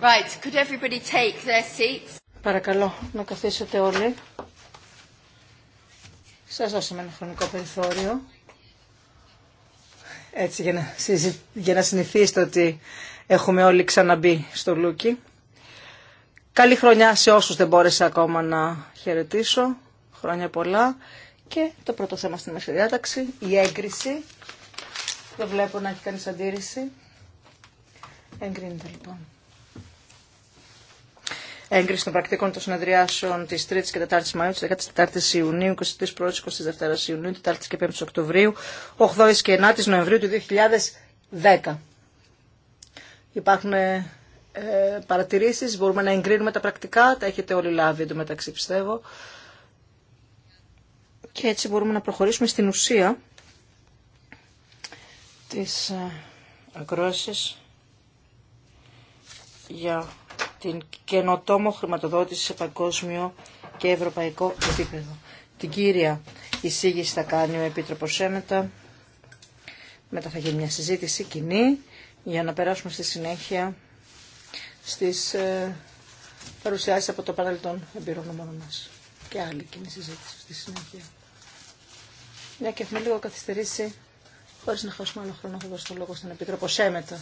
Right, could everybody take their Παρακαλώ να καθίσετε όλοι. Σας δώσαμε ένα χρονικό περιθώριο. Έτσι για να, για να συνηθίσετε ότι έχουμε όλοι ξαναμπεί στο Λούκι. Καλή χρονιά σε όσους δεν μπόρεσα ακόμα να χαιρετήσω. Χρόνια πολλά. Και το πρώτο θέμα στην μέση η έγκριση. Δεν βλέπω να έχει κανείς αντίρρηση. Εγκρίνεται λοιπόν έγκριση των πρακτικών των συνεδριάσεων τη 3η και 4η Μαου, τη 14η Ιουνίου, 23η Πρώτη, 22η Ιουνίου, 4η και 5η Οκτωβρίου, 8η και 9η Νοεμβρίου του 2010. Υπάρχουν ε, παρατηρήσεις, μπορούμε να εγκρίνουμε τα πρακτικά, τα έχετε όλοι λάβει εντωμεταξύ πιστεύω. Και έτσι μπορούμε να προχωρήσουμε στην ουσία της ε, ακρόασης για την καινοτόμο χρηματοδότηση σε παγκόσμιο και ευρωπαϊκό επίπεδο. Την κύρια εισήγηση θα κάνει ο Επίτροπος Σέμετα. Μετά θα γίνει μια συζήτηση κοινή για να περάσουμε στη συνέχεια στις ε, παρουσιάσεις από το παρελθόν εμπειρονομών μας. Και άλλη κοινή συζήτηση στη συνέχεια. Μια και έχουμε λίγο καθυστερήσει, χωρίς να χάσουμε άλλο χρόνο, θα δώσω το λόγο στον Επίτροπο Σέμετα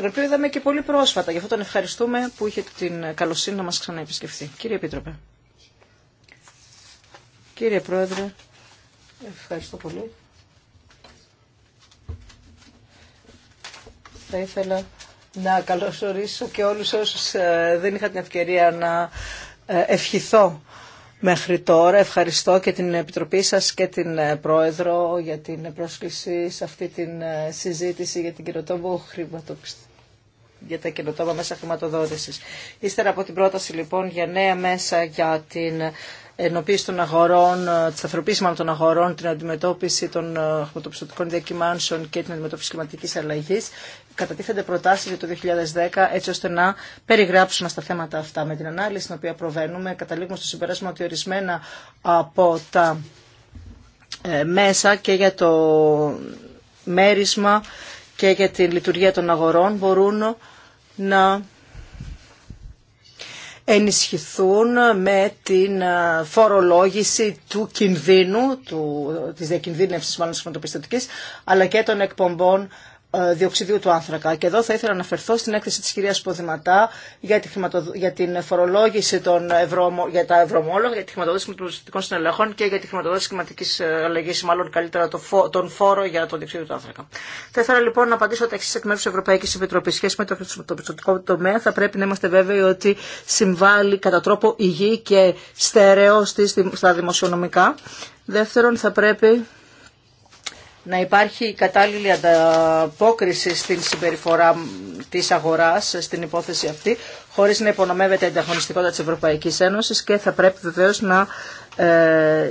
τον οποίο είδαμε και πολύ πρόσφατα. Γι' αυτό τον ευχαριστούμε που είχε την καλοσύνη να μας ξαναεπισκεφθεί. Κύριε Επίτροπε. Κύριε Πρόεδρε, ευχαριστώ πολύ. Θα ήθελα να καλωσορίσω και όλους όσους ε, δεν είχα την ευκαιρία να ε, ευχηθώ μέχρι τώρα. Ευχαριστώ και την Επιτροπή σας και την ε, Πρόεδρο για την πρόσκληση σε αυτή την συζήτηση για την κυριοτόμπο χρηματοπιστή για τα καινοτόμα μέσα χρηματοδότηση. Ύστερα από την πρόταση λοιπόν για νέα μέσα για την ενοποίηση των αγορών, τη σταθεροποίηση μάλλον των αγορών, την αντιμετώπιση των ε, χρηματοπιστωτικών διακυμάνσεων και την αντιμετώπιση κλιματική αλλαγή. κατατίθενται προτάσει για το 2010 έτσι ώστε να περιγράψουμε στα θέματα αυτά. Με την ανάλυση στην οποία προβαίνουμε, καταλήγουμε στο συμπεράσμα ότι ορισμένα από τα ε, μέσα και για το μέρισμα και για τη λειτουργία των αγορών μπορούν να ενισχυθούν με την φορολόγηση του κινδύνου, του, της διακινδύνευσης μάλλον της αλλά και των εκπομπών ε, διοξιδίου του άνθρακα. Και εδώ θα ήθελα να αναφερθώ στην έκθεση της κυρίας Ποδηματά για, τη χρηματοδο... για την φορολόγηση των ευρω... για τα ευρωμόλογα, για τη χρηματοδότηση των πολιτικών συνελεχών και για τη χρηματοδότηση κλιματικής αλλαγή, μάλλον καλύτερα φο... τον φόρο για το διοξίδιο του άνθρακα. Θα ήθελα λοιπόν να απαντήσω ότι εξή εκ μέρου τη Ευρωπαϊκής Επιτροπής. Σχέση με το χρηματοπιστωτικό τομέα θα πρέπει να είμαστε βέβαιοι ότι συμβάλλει κατά τρόπο υγιή και στέρεο στα δημοσιονομικά. Δεύτερον, θα πρέπει να υπάρχει κατάλληλη ανταπόκριση στην συμπεριφορά της αγοράς στην υπόθεση αυτή, χωρίς να υπονομεύεται η ανταγωνιστικότητα της Ευρωπαϊκής Ένωσης και θα πρέπει βεβαίως να ε,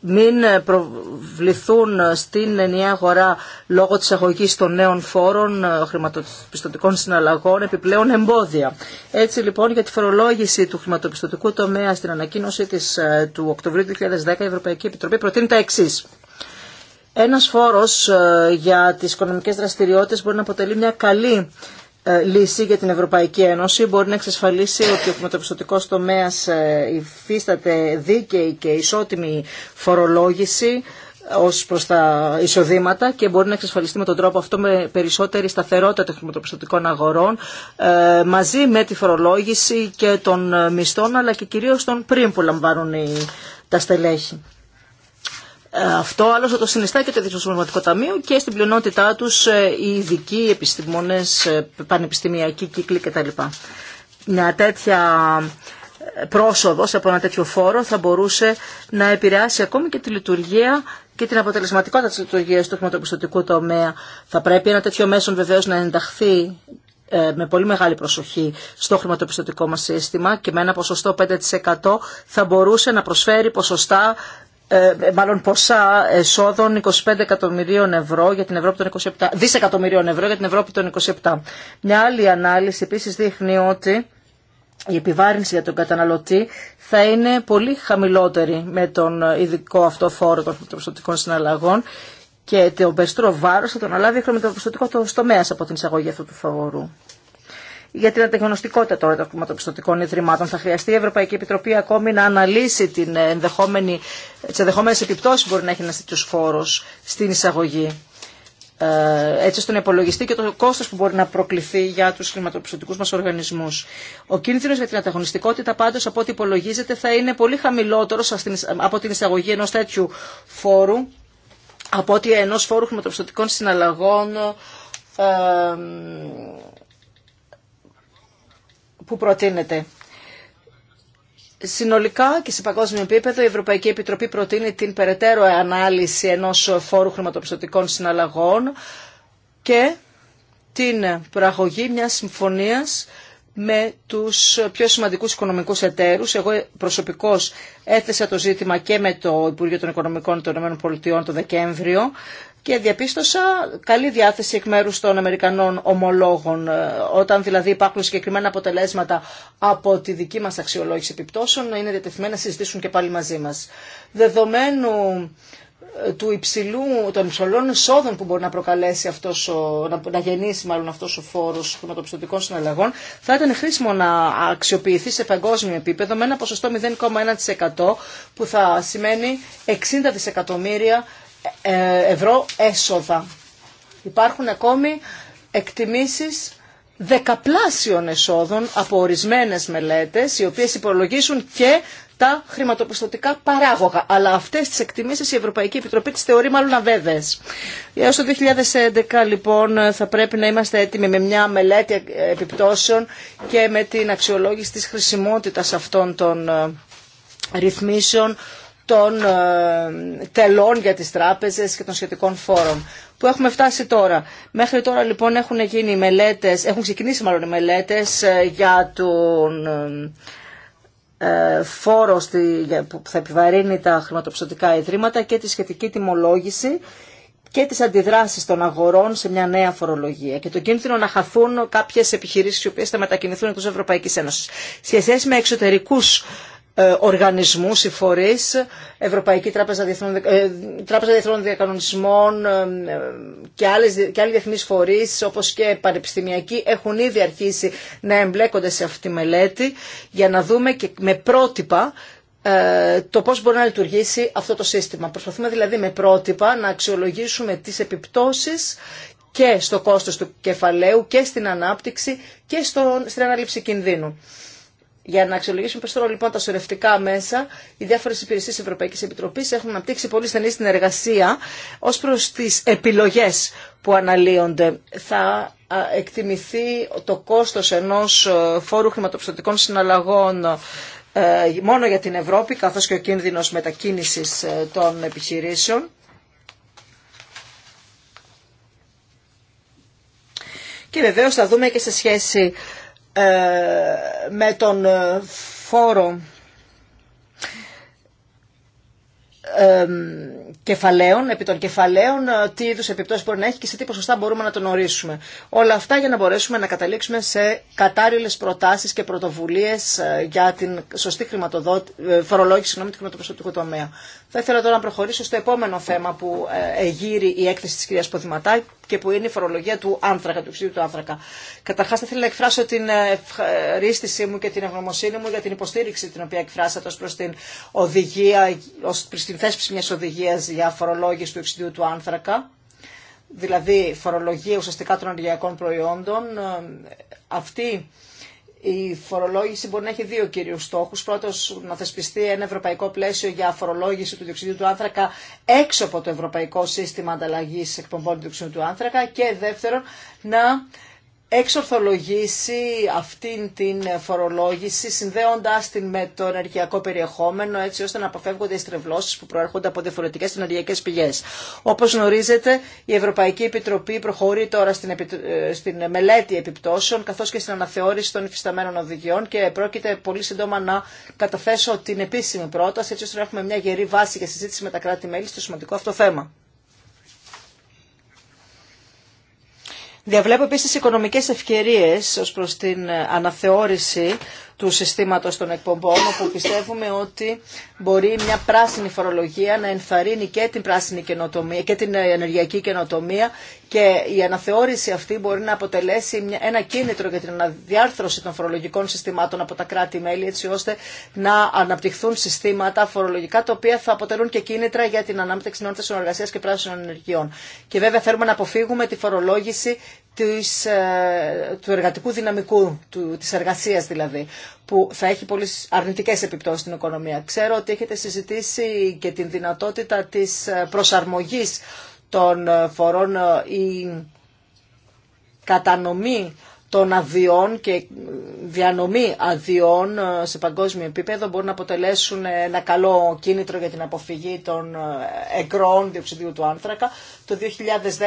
μην προβληθούν στην ενιαία αγορά λόγω της αγωγής των νέων φόρων χρηματοπιστωτικών συναλλαγών επιπλέον εμπόδια. Έτσι λοιπόν για τη φορολόγηση του χρηματοπιστωτικού τομέα στην ανακοίνωση της, ε, του Οκτωβρίου 2010 η Ευρωπαϊκή Επιτροπή προτείνει τα εξής. Ένας φόρος ε, για τις οικονομικές δραστηριότητες μπορεί να αποτελεί μια καλή ε, λύση για την Ευρωπαϊκή Ένωση. Μπορεί να εξασφαλίσει ότι ο χρηματοπιστωτικός τομέας ε, υφίσταται δίκαιη και ισότιμη φορολόγηση ως προς τα εισοδήματα και μπορεί να εξασφαλιστεί με τον τρόπο αυτό με περισσότερη σταθερότητα των χρηματοπιστωτικών αγορών μαζί με τη φορολόγηση και των μισθών αλλά και κυρίως των πριν που λαμβάνουν τα στελέχη. Ε, αυτό, άλλωστε το συνιστά και το Διεθνέ Ταμείο και στην πλειονότητά του ε, οι ειδικοί, επιστημονε, ε, πανεπιστημιακοί κύκλοι κτλ. Μια τέτοια πρόσοδος από ένα τέτοιο φόρο θα μπορούσε να επηρεάσει ακόμη και τη λειτουργία και την αποτελεσματικότητα της λειτουργίας του χρηματοπιστωτικού τομέα. Θα πρέπει ένα τέτοιο μέσο βεβαίω να ενταχθεί με πολύ μεγάλη προσοχή στο χρηματοπιστωτικό μας σύστημα και με ένα ποσοστό 5% θα μπορούσε να προσφέρει ποσοστά ε, μάλλον ποσά εσόδων 25 εκατομμυρίων ευρώ για την Ευρώπη των 27, δισεκατομμυρίων ευρώ για την Ευρώπη των 27. Μια άλλη ανάλυση επίσης δείχνει ότι η επιβάρυνση για τον καταναλωτή θα είναι πολύ χαμηλότερη με τον ειδικό αυτό φόρο των προσωπικών συναλλαγών και το περισσότερο βάρος θα τον αλάβει ο χρηματοπιστωτικό τομέα από την εισαγωγή αυτού του φόρου για την ανταγωνιστικότητα τώρα των χρηματοπιστωτικών ιδρυμάτων. Θα χρειαστεί η Ευρωπαϊκή Επιτροπή ακόμη να αναλύσει την ενδεχόμενη, τις ενδεχόμενες επιπτώσεις που μπορεί να έχει ένας τέτοιος φόρος στην εισαγωγή. Ε, έτσι ώστε να υπολογιστεί και το κόστο που μπορεί να προκληθεί για του χρηματοπιστωτικού μα οργανισμού. Ο κίνδυνο για την ανταγωνιστικότητα πάντω, από ό,τι υπολογίζεται θα είναι πολύ χαμηλότερο από την εισαγωγή ενό τέτοιου φόρου από ότι ενός φόρου χρηματοπιστωτικών συναλλαγών ε, που προτείνεται. Συνολικά και σε παγκόσμιο επίπεδο η Ευρωπαϊκή Επιτροπή προτείνει την περαιτέρω ανάλυση ενός φόρου χρηματοπιστωτικών συναλλαγών και την προαγωγή μιας συμφωνίας με τους πιο σημαντικούς οικονομικούς εταίρους. Εγώ προσωπικώς έθεσα το ζήτημα και με το Υπουργείο των Οικονομικών των ΗΠΑ το Δεκέμβριο και διαπίστωσα καλή διάθεση εκ μέρου των Αμερικανών ομολόγων. Ε, όταν δηλαδή υπάρχουν συγκεκριμένα αποτελέσματα από τη δική μα αξιολόγηση επιπτώσεων, είναι διατεθειμένοι να συζητήσουν και πάλι μαζί μα. Δεδομένου ε, του υψηλού, των υψηλών εισόδων που μπορεί να προκαλέσει αυτός ο, να, να γεννήσει μάλλον αυτός ο φόρος χρηματοπιστωτικών συναλλαγών, θα ήταν χρήσιμο να αξιοποιηθεί σε παγκόσμιο επίπεδο με ένα ποσοστό 0,1% που θα σημαίνει 60 δισεκατομμύρια ε, ευρώ έσοδα. Υπάρχουν ακόμη εκτιμήσεις δεκαπλάσιων εσόδων από ορισμένες μελέτες, οι οποίες υπολογίζουν και τα χρηματοπιστωτικά παράγωγα. Αλλά αυτές τις εκτιμήσεις η Ευρωπαϊκή Επιτροπή τις θεωρεί μάλλον αβέβαιες. Έως το 2011 λοιπόν θα πρέπει να είμαστε έτοιμοι με μια μελέτη επιπτώσεων και με την αξιολόγηση της χρησιμότητας αυτών των ε, ρυθμίσεων των ε, τελών για τις τράπεζες και των σχετικών φόρων. Πού έχουμε φτάσει τώρα. Μέχρι τώρα λοιπόν έχουν, γίνει μελέτες, έχουν ξεκινήσει μάλλον οι μελέτες ε, για τον ε, φόρο που θα επιβαρύνει τα χρηματοπιστωτικά ιδρύματα και τη σχετική τιμολόγηση και τις αντιδράσεις των αγορών σε μια νέα φορολογία και το κίνδυνο να χαθούν κάποιες επιχειρήσεις οι οποίες θα μετακινηθούν εκτός Ευρωπαϊκής Ένωσης. Σχεσεις με εξωτερικούς ε, οργανισμούς ή φορείς, Ευρωπαϊκή Τράπεζα Διεθνών, ε, Τράπεζα Διεθνών Διακανονισμών ε, και, άλλες, και άλλοι διεθνείς φορείς όπως και πανεπιστημιακοί έχουν ήδη αρχίσει να εμπλέκονται σε αυτή τη μελέτη για να δούμε και με πρότυπα το πώς μπορεί να λειτουργήσει αυτό το σύστημα. Προσπαθούμε δηλαδή με πρότυπα να αξιολογήσουμε τις επιπτώσεις και στο κόστος του κεφαλαίου και στην ανάπτυξη και στον, στην ανάληψη κινδύνου. Για να αξιολογήσουμε περισσότερο λοιπόν τα σωρευτικά μέσα, οι διάφορε υπηρεσίε Ευρωπαϊκή Επιτροπή έχουν αναπτύξει πολύ στενή συνεργασία ω προ τι επιλογέ που αναλύονται. Θα εκτιμηθεί το κόστο ενό ε, φόρου χρηματοπιστωτικών συναλλαγών ε, μόνο για την Ευρώπη, καθώς και ο κίνδυνος μετακίνησης ε, των επιχειρήσεων. Και βεβαίως θα δούμε και σε σχέση ε, με τον ε, φόρο ε, κεφαλαίων, επί των κεφαλαίων, τι είδου επιπτώσει μπορεί να έχει και σε τι ποσοστά μπορούμε να τον ορίσουμε. Όλα αυτά για να μπορέσουμε να καταλήξουμε σε κατάλληλε προτάσει και πρωτοβουλίε για την σωστή φορολόγηση συγγνώμη, του χρηματοπιστωτικού τομέα. Θα ήθελα τώρα να προχωρήσω στο επόμενο θέμα που ε, εγείρει η έκθεση τη κυρία Ποδηματά και που είναι η φορολογία του άνθρακα, του οξυδίου του άνθρακα. Καταρχά, θα ήθελα να εκφράσω την ε, ευχαρίστησή μου και την ευγνωμοσύνη μου για την υποστήριξη την οποία εκφράσατε ω προ την οδηγία, ω προ την θέσπιση μια οδηγία για φορολόγηση του οξυδίου του άνθρακα δηλαδή φορολογία ουσιαστικά των ενεργειακών προϊόντων. Ε, αυτή η φορολόγηση μπορεί να έχει δύο κυρίου στόχου. Πρώτο, να θεσπιστεί ένα ευρωπαϊκό πλαίσιο για φορολόγηση του διοξιδίου του άνθρακα έξω από το ευρωπαϊκό σύστημα ανταλλαγή εκπομπών του διοξιδίου του άνθρακα. Και δεύτερον, να εξορθολογήσει αυτήν την φορολόγηση συνδέοντας την με το ενεργειακό περιεχόμενο έτσι ώστε να αποφεύγονται οι στρεβλώσεις που προέρχονται από διαφορετικές ενεργειακές πηγές. Όπως γνωρίζετε η Ευρωπαϊκή Επιτροπή προχωρεί τώρα στην, ε, στην μελέτη επιπτώσεων καθώς και στην αναθεώρηση των υφισταμένων οδηγιών και πρόκειται πολύ σύντομα να καταθέσω την επίσημη πρόταση έτσι ώστε να έχουμε μια γερή βάση για συζήτηση με τα κράτη-μέλη στο σημαντικό αυτό θέμα. Διαβλέπω επίσης οικονομικές ευκαιρίες ως προς την αναθεώρηση του συστήματος των εκπομπών, όπου πιστεύουμε ότι μπορεί μια πράσινη φορολογία να ενθαρρύνει και την, πράσινη καινοτομία, και την ενεργειακή καινοτομία και η αναθεώρηση αυτή μπορεί να αποτελέσει ένα κίνητρο για την αναδιάρθρωση των φορολογικών συστημάτων από τα κράτη-μέλη, έτσι ώστε να αναπτυχθούν συστήματα φορολογικά τα οποία θα αποτελούν και κίνητρα για την ανάπτυξη νέων συνεργασία και πράσινων ενεργειών. Και βέβαια θέλουμε να αποφύγουμε τη φορολόγηση ε, του εργατικού δυναμικού, του, της εργασίας δηλαδή, που θα έχει πολύ αρνητικές επιπτώσεις στην οικονομία. Ξέρω ότι έχετε συζητήσει και την δυνατότητα της ε, προσαρμογής των ε, φορών η κατανομή των αδειών και διανομή αδειών ε, σε παγκόσμιο επίπεδο μπορούν να αποτελέσουν ε, ένα καλό κίνητρο για την αποφυγή των ε, εγκρών διοξιδίου του άνθρακα. Το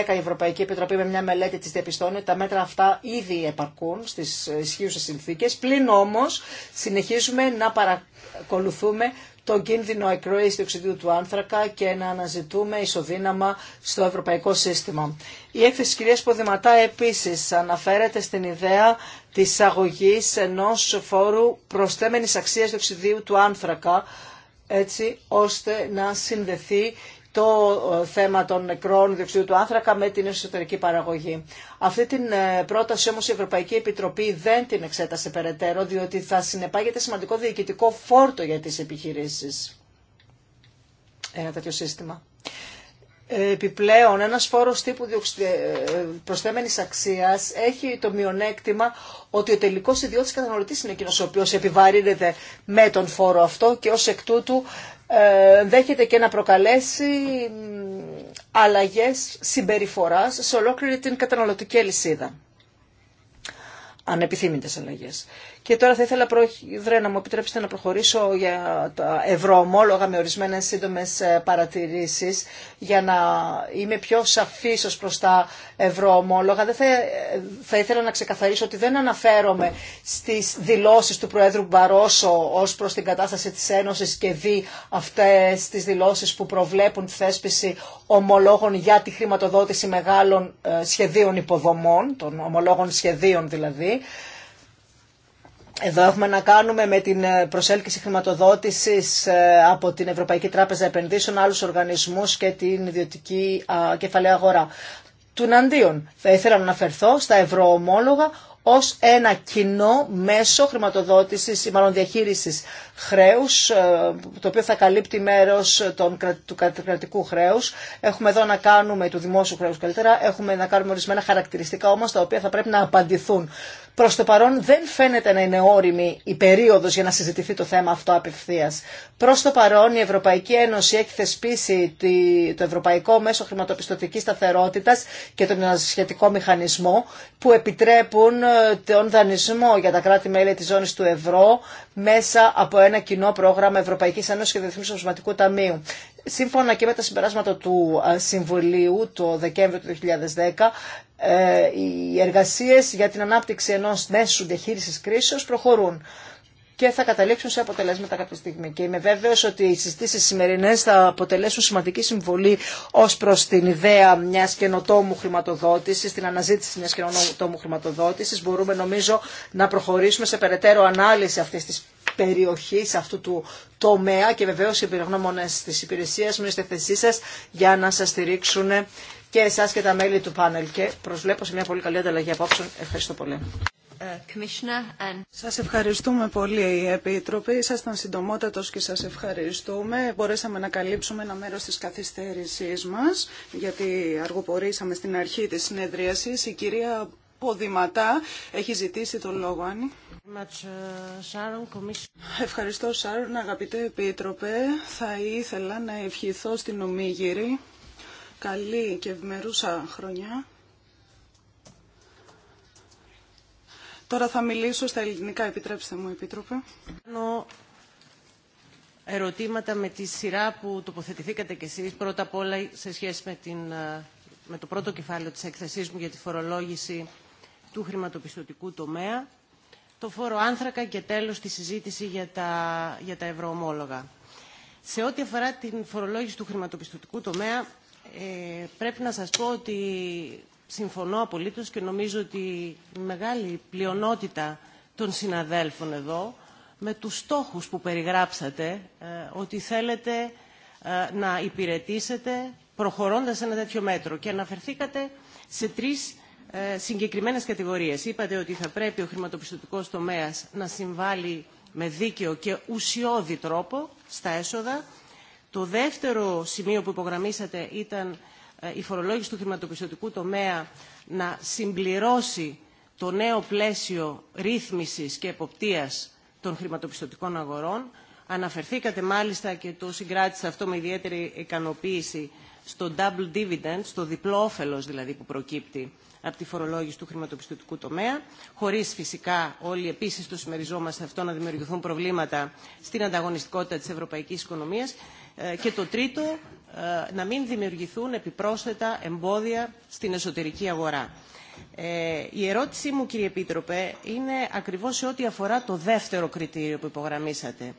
2010 η Ευρωπαϊκή Επιτροπή με μια μελέτη της διαπιστώνει ότι τα μέτρα αυτά ήδη επαρκούν στις ισχύουσες συνθήκες. Πλην όμως συνεχίζουμε να παρακολουθούμε τον κίνδυνο του διοξιδίου του άνθρακα και να αναζητούμε ισοδύναμα στο ευρωπαϊκό σύστημα. Η έκθεση κυρία Ποδηματά επίση αναφέρεται στην ιδέα της αγωγή ενό φόρου προσθέμενης αξίας διοξιδίου του άνθρακα έτσι ώστε να συνδεθεί το ε, θέμα των νεκρών διοξιδίου του άνθρακα με την εσωτερική παραγωγή. Αυτή την ε, πρόταση όμως η Ευρωπαϊκή Επιτροπή δεν την εξέτασε περαιτέρω, διότι θα συνεπάγεται σημαντικό διοικητικό φόρτο για τις επιχειρήσεις. Ένα τέτοιο σύστημα. Επιπλέον, ένας φόρος τύπου ε, προσθέμενης αξίας έχει το μειονέκτημα ότι ο τελικός ιδιώτης καταναλωτής είναι εκείνος ο οποίος επιβαρύνεται με τον φόρο αυτό και ως εκ τούτου ε, δέχεται και να προκαλέσει αλλαγές συμπεριφοράς σε ολόκληρη την καταναλωτική αλυσίδα. Ανεπιθύμητες αλλαγές. Και τώρα θα ήθελα, Πρόεδρε, να μου επιτρέψετε να προχωρήσω για τα ευρωομόλογα με ορισμένε σύντομε ε, παρατηρήσεις για να είμαι πιο σαφή ω προ τα ευρωομόλογα. Δεν θα, ε, θα ήθελα να ξεκαθαρίσω ότι δεν αναφέρομαι στι δηλώσει του Προέδρου Μπαρόσο ω προ την κατάσταση τη Ένωση και δι αυτέ τι δηλώσει που προβλέπουν θέσπιση ομολόγων για τη χρηματοδότηση μεγάλων ε, σχεδίων υποδομών, των ομολόγων σχεδίων δηλαδή, εδώ έχουμε να κάνουμε με την ε, προσέλκυση χρηματοδότησης ε, από την Ευρωπαϊκή Τράπεζα Επενδύσεων, άλλους οργανισμούς και την ιδιωτική κεφαλαία αγορά. Τουναντίον, θα ήθελα να αναφερθώ στα ευρωομόλογα ως ένα κοινό μέσο χρηματοδότησης ή μάλλον διαχείρισης χρέους, ε, το οποίο θα καλύπτει μέρος του κρατικού χρέους. Έχουμε εδώ να κάνουμε, του δημόσιου χρέους καλύτερα, έχουμε να κάνουμε ορισμένα χαρακτηριστικά όμως τα οποία θα πρέπει να απαντηθούν Προ το παρόν δεν φαίνεται να είναι όριμη η περίοδος για να συζητηθεί το θέμα αυτό απευθείας. Προς το παρόν η Ευρωπαϊκή Ένωση έχει θεσπίσει το Ευρωπαϊκό Μέσο Χρηματοπιστωτικής σταθερότητα και τον σχετικό μηχανισμό που επιτρέπουν ε, τον δανεισμό για τα κράτη-μέλη τη ζώνης του ευρώ μέσα από ένα κοινό πρόγραμμα Ευρωπαϊκή Ένωση και Διεθνούς Ταμείου. Σύμφωνα και με τα συμπεράσματα του ε, Συμβουλίου το Δεκέμβριο του 2010, ε, οι εργασίες για την ανάπτυξη ενός μέσου διαχείρισης κρίσεως προχωρούν και θα καταλήξουν σε αποτελέσματα κάποια στιγμή. Και είμαι βέβαιο ότι οι συζητήσει σημερινέ θα αποτελέσουν σημαντική συμβολή ω προ την ιδέα μια καινοτόμου χρηματοδότηση, την αναζήτηση μια καινοτόμου χρηματοδότηση. Μπορούμε, νομίζω, να προχωρήσουμε σε περαιτέρω ανάλυση αυτή τη σε αυτού του τομέα και βεβαίως οι υπηρεγνώμονε τη υπηρεσία μου είναι στη θέσή σα για να σας στηρίξουν και εσάς και τα μέλη του πάνελ και προσβλέπω σε μια πολύ καλή ανταλλαγή απόψεων. Ευχαριστώ πολύ. Ε, σας ευχαριστούμε πολύ, Σας Ήσασταν συντομότατο και σας ευχαριστούμε. Μπορέσαμε να καλύψουμε ένα μέρος της καθυστέρησής μας, γιατί αργοπορήσαμε στην αρχή της συνεδρίασης. Η κυρία Ποδηματά έχει ζητήσει τον λόγο, Άννη. Uh, Ευχαριστώ Σάρων, αγαπητέ Επίτροπε. Θα ήθελα να ευχηθώ στην Ομίγυρη. Καλή και ευμερούσα χρονιά. Τώρα θα μιλήσω στα ελληνικά, επιτρέψτε μου, Επίτροπε. Ερωτήματα με τη σειρά που τοποθετηθήκατε κι εσείς, πρώτα απ' όλα σε σχέση με, την, ε, με το πρώτο κεφάλαιο της έκθεσής μου για τη φορολόγηση του χρηματοπιστωτικού τομέα το φόρο άνθρακα και τέλος τη συζήτηση για τα, για τα ευρωομόλογα. Σε ό,τι αφορά την φορολόγηση του χρηματοπιστωτικού τομέα, ε, πρέπει να σας πω ότι συμφωνώ απολύτως και νομίζω ότι η μεγάλη πλειονότητα των συναδέλφων εδώ με τους στόχους που περιγράψατε, ε, ότι θέλετε ε, να υπηρετήσετε προχωρώντας ένα τέτοιο μέτρο. Και αναφερθήκατε σε τρεις ε, συγκεκριμένες κατηγορίες. Είπατε ότι θα πρέπει ο χρηματοπιστωτικός τομέας να συμβάλλει με δίκαιο και ουσιώδη τρόπο στα έσοδα. Το δεύτερο σημείο που υπογραμμίσατε ήταν ε, η φορολόγηση του χρηματοπιστωτικού τομέα να συμπληρώσει το νέο πλαίσιο ρύθμισης και εποπτείας των χρηματοπιστωτικών αγορών. Αναφερθήκατε μάλιστα και το συγκράτησα αυτό με ιδιαίτερη ικανοποίηση στο double dividend, στο διπλό όφελος δηλαδή που προκύπτει από τη φορολόγηση του χρηματοπιστωτικού τομέα, χωρί φυσικά όλοι επίση το συμμεριζόμαστε αυτό να δημιουργηθούν προβλήματα στην ανταγωνιστικότητα τη ευρωπαϊκή οικονομία. Ε, και το τρίτο, ε, να μην δημιουργηθούν επιπρόσθετα εμπόδια στην εσωτερική αγορά. Ε, η ερώτησή μου, κύριε Επίτροπε, είναι ακριβώς σε ό,τι αφορά το δεύτερο κριτήριο που υπογραμμίσατε.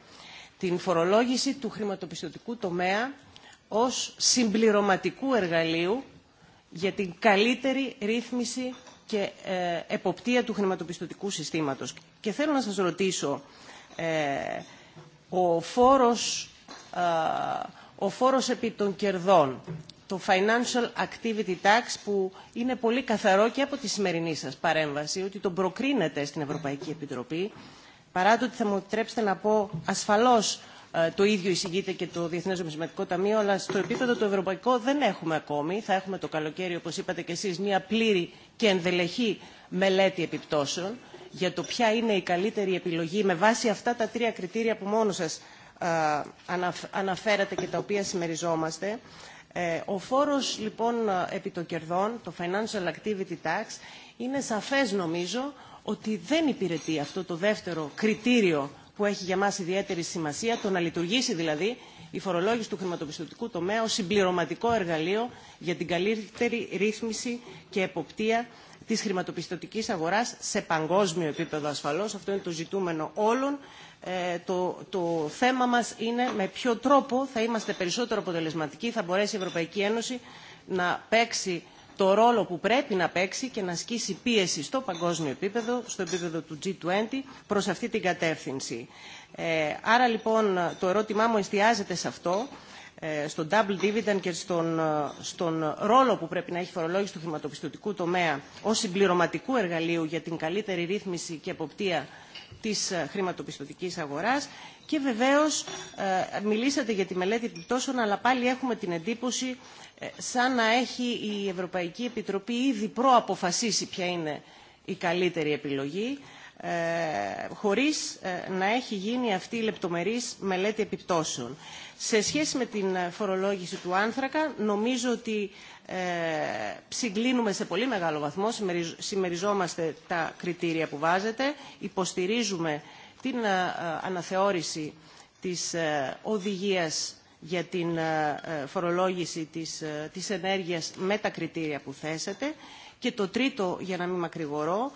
Την φορολόγηση του χρηματοπιστωτικού τομέα ως συμπληρωματικού εργαλείου για την καλύτερη ρύθμιση και ε, εποπτεία του χρηματοπιστωτικού συστήματος. Και θέλω να σας ρωτήσω, ε, ο φόρος, ο φόρος επί των κερδών, το Financial Activity Tax που είναι πολύ καθαρό και από τη σημερινή σας παρέμβαση ότι τον προκρίνεται στην Ευρωπαϊκή Επιτροπή παρά το ότι θα μου επιτρέψετε να πω ασφαλώς ε, το ίδιο εισηγείται και το Διεθνές Νομισματικό Ταμείο, αλλά στο επίπεδο το ευρωπαϊκό δεν έχουμε ακόμη. Θα έχουμε το καλοκαίρι, όπως είπατε και εσείς, μια πλήρη και ενδελεχή μελέτη επιπτώσεων για το ποια είναι η καλύτερη επιλογή με βάση αυτά τα τρία κριτήρια που μόνο σας ε, αναφέρατε και τα οποία συμμεριζόμαστε. Ε, ο φόρος λοιπόν επί των κερδών, το Financial Activity Tax, είναι σαφές νομίζω ότι δεν υπηρετεί αυτό το δεύτερο κριτήριο που έχει για μας ιδιαίτερη σημασία, το να λειτουργήσει δηλαδή η φορολόγηση του χρηματοπιστωτικού τομέα ως συμπληρωματικό εργαλείο για την καλύτερη ρύθμιση και εποπτεία της χρηματοπιστωτικής αγοράς σε παγκόσμιο επίπεδο ασφαλώς. Αυτό είναι το ζητούμενο όλων. Ε, το, το θέμα μας είναι με ποιο τρόπο θα είμαστε περισσότερο αποτελεσματικοί, θα μπορέσει η Ευρωπαϊκή Ένωση να παίξει το ρόλο που πρέπει να παίξει και να ασκήσει πίεση στο παγκόσμιο επίπεδο, στο επίπεδο του G20, προς αυτή την κατεύθυνση. Ε, άρα λοιπόν το ερώτημά μου εστιάζεται σε αυτό, ε, στον double dividend και στον, ε, στον ρόλο που πρέπει να έχει φορολόγηση του χρηματοπιστωτικού τομέα ως συμπληρωματικού εργαλείου για την καλύτερη ρύθμιση και εποπτεία της χρηματοπιστωτικής αγοράς και βεβαίως μιλήσατε για τη μελέτη επιπτώσεων αλλά πάλι έχουμε την εντύπωση ε, σαν να έχει η Ευρωπαϊκή Επιτροπή ήδη προαποφασίσει ποια είναι η καλύτερη επιλογή, ε, χωρίς ε, να έχει γίνει αυτή η λεπτομερής μελέτη επιπτώσεων. Σε σχέση με την φορολόγηση του άνθρακα, νομίζω ότι συγκλίνουμε σε πολύ μεγάλο βαθμό, συμμεριζόμαστε τα κριτήρια που βάζετε, υποστηρίζουμε την αναθεώρηση της οδηγίας για την ε, ε, φορολόγηση της, ε, της ενέργειας με τα κριτήρια που θέσετε. Και το τρίτο, για να μην μακρηγορώ,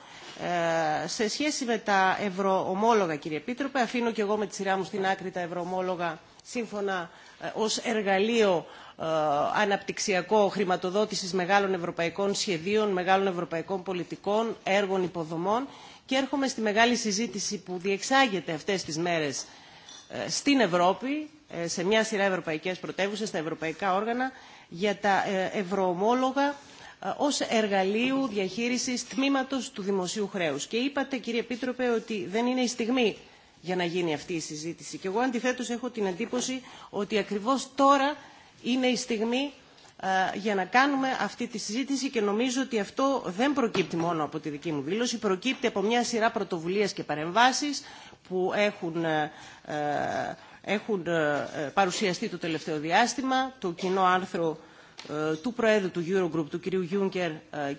σε σχέση με τα ευρωομόλογα, κύριε Πίτροπε, αφήνω και εγώ με τη σειρά μου στην άκρη τα ευρωομόλογα σύμφωνα ως εργαλείο αναπτυξιακό χρηματοδότησης μεγάλων ευρωπαϊκών σχεδίων, μεγάλων ευρωπαϊκών πολιτικών, έργων υποδομών και έρχομαι στη μεγάλη συζήτηση που διεξάγεται αυτές τις μέρες στην Ευρώπη ε, σε μια σειρά ευρωπαϊκές πρωτεύουσες, στα ευρωπαϊκά όργανα, για τα ε, ευρωομόλογα ε, ως εργαλείου διαχείρισης τμήματος του δημοσίου χρέους. Και είπατε, κύριε Επίτροπε, ότι δεν είναι η στιγμή για να γίνει αυτή η συζήτηση. Και εγώ αντιθέτως έχω την εντύπωση ότι ακριβώς τώρα είναι η στιγμή για να κάνουμε αυτή τη συζήτηση και νομίζω ότι αυτό δεν προκύπτει μόνο από τη δική μου δήλωση, προκύπτει από μια σειρά πρωτοβουλίες και παρεμβάσεις που έχουν έχουν ε, ε, παρουσιαστεί το τελευταίο διάστημα, το κοινό άρθρο ε, του Προέδρου του Eurogroup, του κυρίου Juncker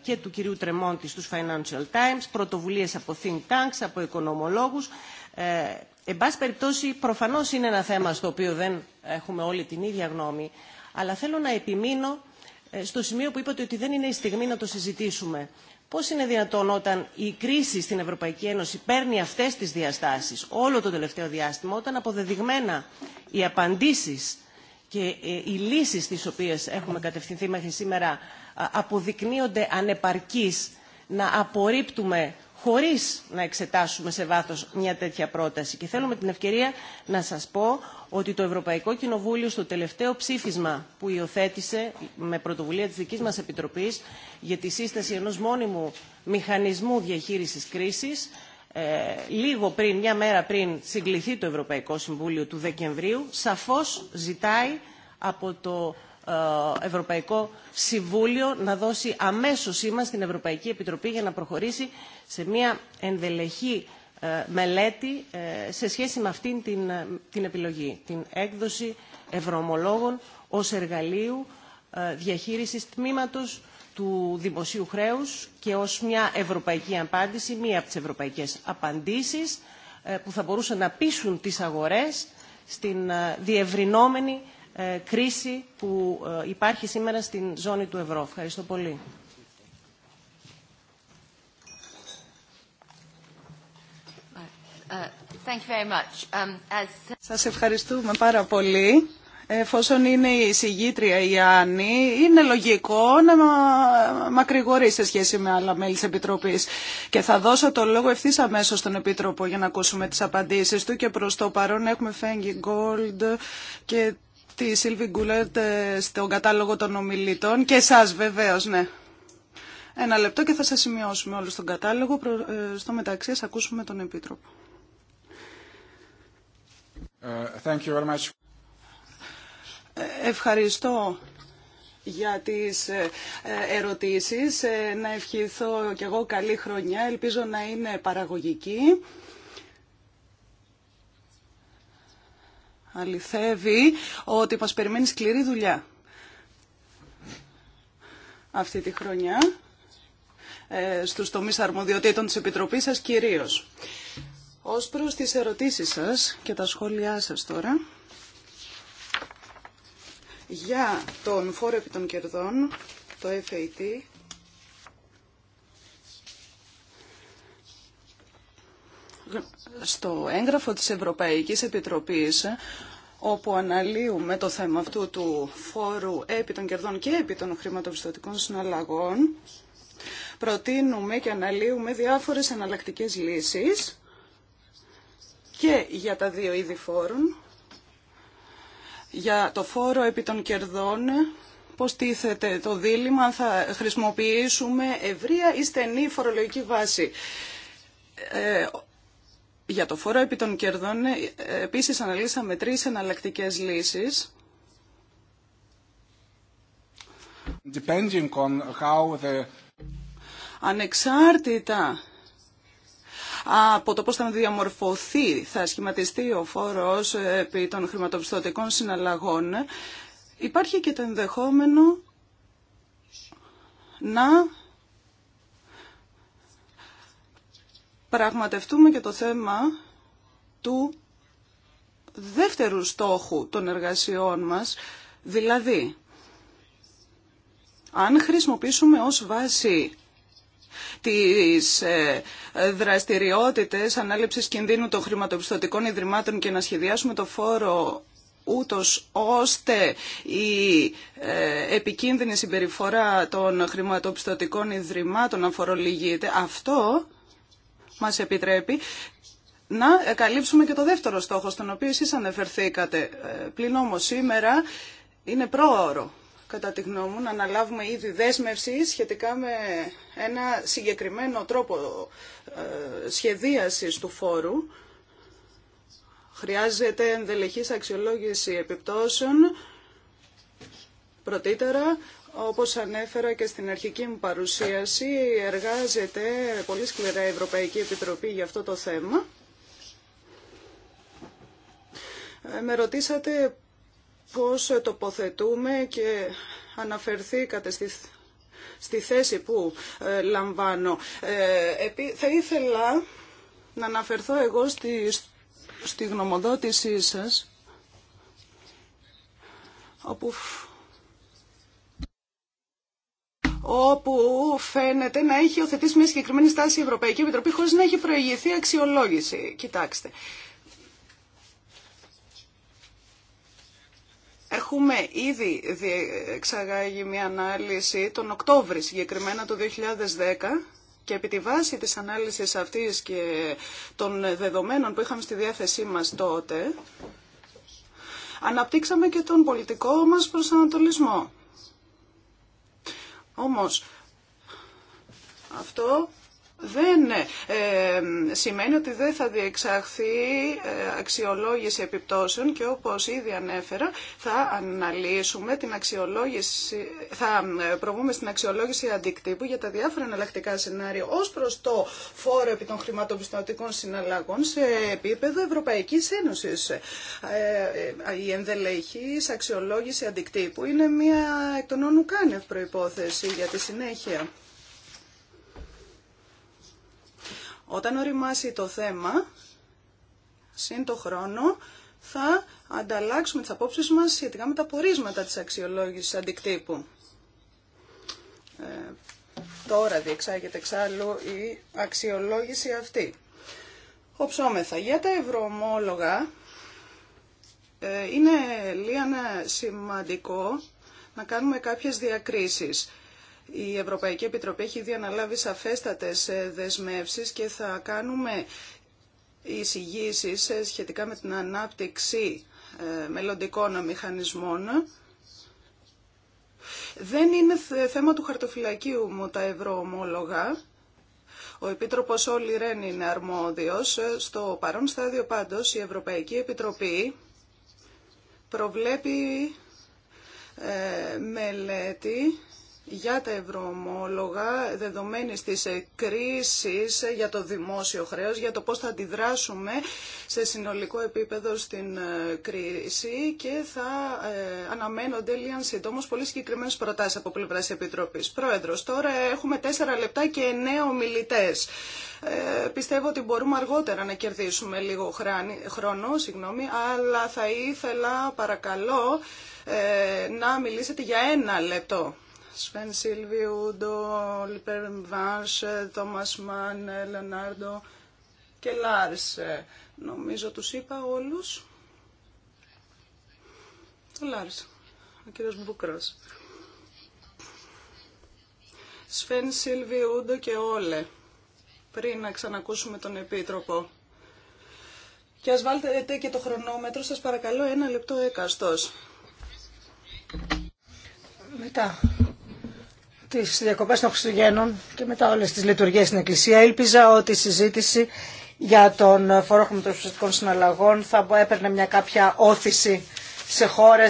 και του κυρίου Τρεμόντι στους Financial Times, πρωτοβουλίες από think tanks, από οικονομολόγους. Εν πάση περιπτώσει, προφανώς είναι ένα θέμα στο οποίο δεν έχουμε όλη την ίδια γνώμη, αλλά θέλω να επιμείνω στο σημείο που είπατε ότι δεν είναι η στιγμή να το συζητήσουμε. Πώς είναι δυνατόν όταν η κρίση στην Ευρωπαϊκή Ένωση παίρνει αυτές τις διαστάσεις όλο το τελευταίο διάστημα, όταν αποδεδειγμένα οι απαντήσεις και ε, οι λύσεις τις οποίες έχουμε κατευθυνθεί μέχρι σήμερα αποδεικνύονται ανεπαρκείς να απορρίπτουμε χωρίς να εξετάσουμε σε βάθος μια τέτοια πρόταση. Και θέλω με την ευκαιρία να σας πω ότι το Ευρωπαϊκό Κοινοβούλιο στο τελευταίο ψήφισμα που υιοθέτησε με πρωτοβουλία της δικής μας Επιτροπής για τη σύσταση ενός μόνιμου μηχανισμού διαχείρισης κρίσης ε, λίγο πριν, μια μέρα πριν συγκληθεί το Ευρωπαϊκό Συμβούλιο του Δεκεμβρίου σαφώς ζητάει από το ε, Ευρωπαϊκό Συμβούλιο να δώσει αμέσως σήμα στην Ευρωπαϊκή Επιτροπή για να προχωρήσει σε μια ενδελεχή ε, μελέτη ε, σε σχέση με αυτήν την, επιλογή, την έκδοση ευρωομολόγων ως εργαλείου διαχείρισης τμήματος του δημοσίου χρέους και ως μια ευρωπαϊκή απάντηση, μία από τις ευρωπαϊκές απαντήσεις που θα μπορούσαν να πείσουν τις αγορές στην διευρυνόμενη ε, κρίση που ε, υπάρχει σήμερα στην ζώνη του ευρώ. Ευχαριστώ πολύ. Uh, thank um, Σας ευχαριστούμε πάρα πολύ. Εφόσον είναι η συγγήτρια η Άννη, είναι λογικό να μακρηγορεί σε σχέση με άλλα μέλη της Επιτροπής. Και θα δώσω το λόγο ευθύ αμέσως στον Επίτροπο για να ακούσουμε τις απαντήσεις του και προς το παρόν έχουμε Φέγγι Γκόλντ και τη Σίλβι Γκουλέρτ ε, στον κατάλογο των ομιλητών και εσάς βεβαίω, ναι. Ένα λεπτό και θα σας σημειώσουμε όλους τον κατάλογο. Ε, στο μεταξύ ας ακούσουμε τον Επίτροπο. Ε, ευχαριστώ για τις ερωτήσεις. Να ευχηθώ κι εγώ καλή χρονιά. Ελπίζω να είναι παραγωγική. αληθεύει ότι μας περιμένει σκληρή δουλειά αυτή τη χρονιά ε, στους τομείς αρμοδιοτήτων της Επιτροπής σας κυρίως. Ως προς τις ερωτήσεις σας και τα σχόλιά σας τώρα για τον φόρο επί των κερδών, το FAT, στο έγγραφο της Ευρωπαϊκής Επιτροπής όπου αναλύουμε το θέμα αυτού του φόρου επί των κερδών και επί των χρηματοπιστωτικών συναλλαγών, προτείνουμε και αναλύουμε διάφορες εναλλακτικές λύσεις και για τα δύο είδη φόρων. Για το φόρο επί των κερδών, πώς τίθεται το δίλημα, αν θα χρησιμοποιήσουμε ευρεία ή στενή φορολογική βάση. Ε, για το φόρο επί των κερδών ε, επίσης αναλύσαμε τρεις εναλλακτικές λύσεις. on how the... Ανεξάρτητα από το πώς θα διαμορφωθεί, θα σχηματιστεί ο φόρος ε, επί των χρηματοπιστωτικών συναλλαγών, υπάρχει και το ενδεχόμενο να πραγματευτούμε και το θέμα του δεύτερου στόχου των εργασιών μας, δηλαδή αν χρησιμοποιήσουμε ως βάση τις ε, δραστηριότητες ανάληψης κινδύνου των χρηματοπιστωτικών ιδρυμάτων και να σχεδιάσουμε το φόρο ούτως ώστε η ε, επικίνδυνη συμπεριφορά των χρηματοπιστωτικών ιδρυμάτων να φορολογείται, αυτό μας επιτρέπει να καλύψουμε και το δεύτερο στόχο, στον οποίο εσείς αναφερθήκατε. Ε, πλην όμως σήμερα είναι πρόωρο, κατά τη γνώμη μου, να αναλάβουμε ήδη δέσμευση σχετικά με ένα συγκεκριμένο τρόπο ε, σχεδίασης του φόρου. Χρειάζεται ενδελεχής αξιολόγηση επιπτώσεων, πρωτήτερα, όπως ανέφερα και στην αρχική μου παρουσίαση, εργάζεται πολύ σκληρά η Ευρωπαϊκή Επιτροπή για αυτό το θέμα. Ε, με ρωτήσατε πώς τοποθετούμε και αναφερθήκατε στη στη θέση που ε, λαμβάνω. Ε, θα ήθελα να αναφερθώ εγώ στη, στη γνωμοδότησή σας, όπου όπου φαίνεται να έχει οθετήσει μια συγκεκριμένη στάση η Ευρωπαϊκή Επιτροπή χωρίς να έχει προηγηθεί αξιολόγηση. Κοιτάξτε. Έχουμε ήδη εξαγάγει μια ανάλυση τον Οκτώβρη συγκεκριμένα το 2010 και επί τη βάση της ανάλυσης αυτής και των δεδομένων που είχαμε στη διάθεσή μας τότε, αναπτύξαμε και τον πολιτικό μας προσανατολισμό. Όμως αυτό δεν ε, σημαίνει ότι δεν θα διεξαχθεί ε, αξιολόγηση επιπτώσεων και όπως ήδη ανέφερα θα αναλύσουμε την αξιολόγηση, θα ε, προβούμε στην αξιολόγηση αντικτύπου για τα διάφορα εναλλακτικά σενάρια ως προς το φόρο επί των χρηματοπιστωτικών συναλλαγών σε επίπεδο Ευρωπαϊκής Ένωσης. Η ενδελεχής αξιολόγηση αντικτύπου είναι μια εκ των όνου προϋπόθεση για τη συνέχεια. Όταν οριμάσει το θέμα, σύν το χρόνο, θα ανταλλάξουμε τις απόψεις μας σχετικά με τα πορίσματα της αξιολόγησης αντικτύπου. Ε, τώρα διεξάγεται εξάλλου η αξιολόγηση αυτή. Οψόμεθα. Για τα ευρωομόλογα ε, είναι λίγα σημαντικό να κάνουμε κάποιες διακρίσεις. Η Ευρωπαϊκή Επιτροπή έχει ήδη αναλάβει σαφέστατες ε, δεσμεύσεις και θα κάνουμε εισηγήσει ε, σχετικά με την ανάπτυξη ε, μελλοντικών μηχανισμών. Δεν είναι θέμα του χαρτοφυλακίου μου τα ευρωομόλογα. Ο Επίτροπος Όλη Ρέν είναι αρμόδιος. Στο παρόν στάδιο πάντως η Ευρωπαϊκή Επιτροπή προβλέπει μελέτη για τα ευρωομόλογα δεδομένης της ε, κρίσης ε, για το δημόσιο χρέος, για το πώς θα αντιδράσουμε σε συνολικό επίπεδο στην ε, κρίση και θα αναμένονται λίγαν συντόμως πολύ συγκεκριμένε προτάσεις από πλευρά της Επιτροπής. Πρόεδρος, τώρα έχουμε τέσσερα λεπτά και 9 ομιλητές. πιστεύω ότι μπορούμε αργότερα να κερδίσουμε λίγο χρόνο, συγγνώμη, αλλά θα ήθελα παρακαλώ να μιλήσετε για ένα λεπτό. Σφέν Σίλβιου, Ούντο, Λιπέρ Βάνς, Τόμας Μαν, Λενάρντο και Λάρς. Νομίζω τους είπα όλους. Το Λάρς, ο κύριος Μπουκρός. Σφέν Σίλβιου, Ούντο και Όλε. Πριν να ξανακούσουμε τον Επίτροπο. Και ας βάλετε και το χρονόμετρο, σας παρακαλώ, ένα λεπτό έκαστος. Μετά τις διακοπέ των Χριστουγέννων και μετά όλε τι λειτουργίε στην Εκκλησία ήλπιζα ότι η συζήτηση για τον των χρηματοπιστωτικών συναλλαγών θα έπαιρνε μια κάποια όθηση σε χώρε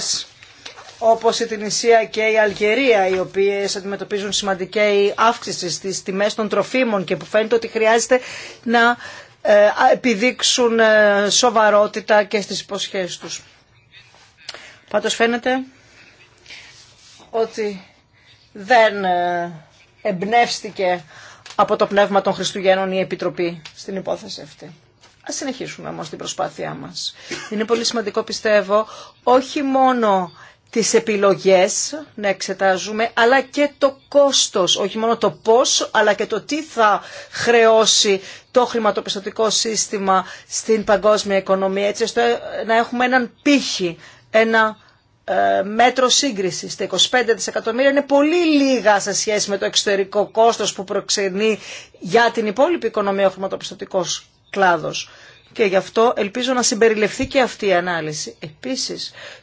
όπω η Τινησία και η Αλγερία, οι οποίε αντιμετωπίζουν σημαντική αύξηση στι τιμέ των τροφίμων και που φαίνεται ότι χρειάζεται να ε, επιδείξουν ε, σοβαρότητα και στις υποσχέσεις τους. Πάντως φαίνεται ότι δεν ε, εμπνεύστηκε από το πνεύμα των Χριστουγέννων η Επιτροπή στην υπόθεση αυτή. Α συνεχίσουμε όμω την προσπάθειά μα. Είναι πολύ σημαντικό, πιστεύω, όχι μόνο τις επιλογές να εξετάζουμε, αλλά και το κόστος, όχι μόνο το πώς, αλλά και το τι θα χρεώσει το χρηματοπιστωτικό σύστημα στην παγκόσμια οικονομία, έτσι ώστε να έχουμε έναν πύχη, ένα ε, μέτρο σύγκριση. Τα 25 δισεκατομμύρια είναι πολύ λίγα σε σχέση με το εξωτερικό κόστος που προξενεί για την υπόλοιπη οικονομία ο χρηματοπιστωτικό κλάδος. Και γι' αυτό ελπίζω να συμπεριληφθεί και αυτή η ανάλυση. Επίση,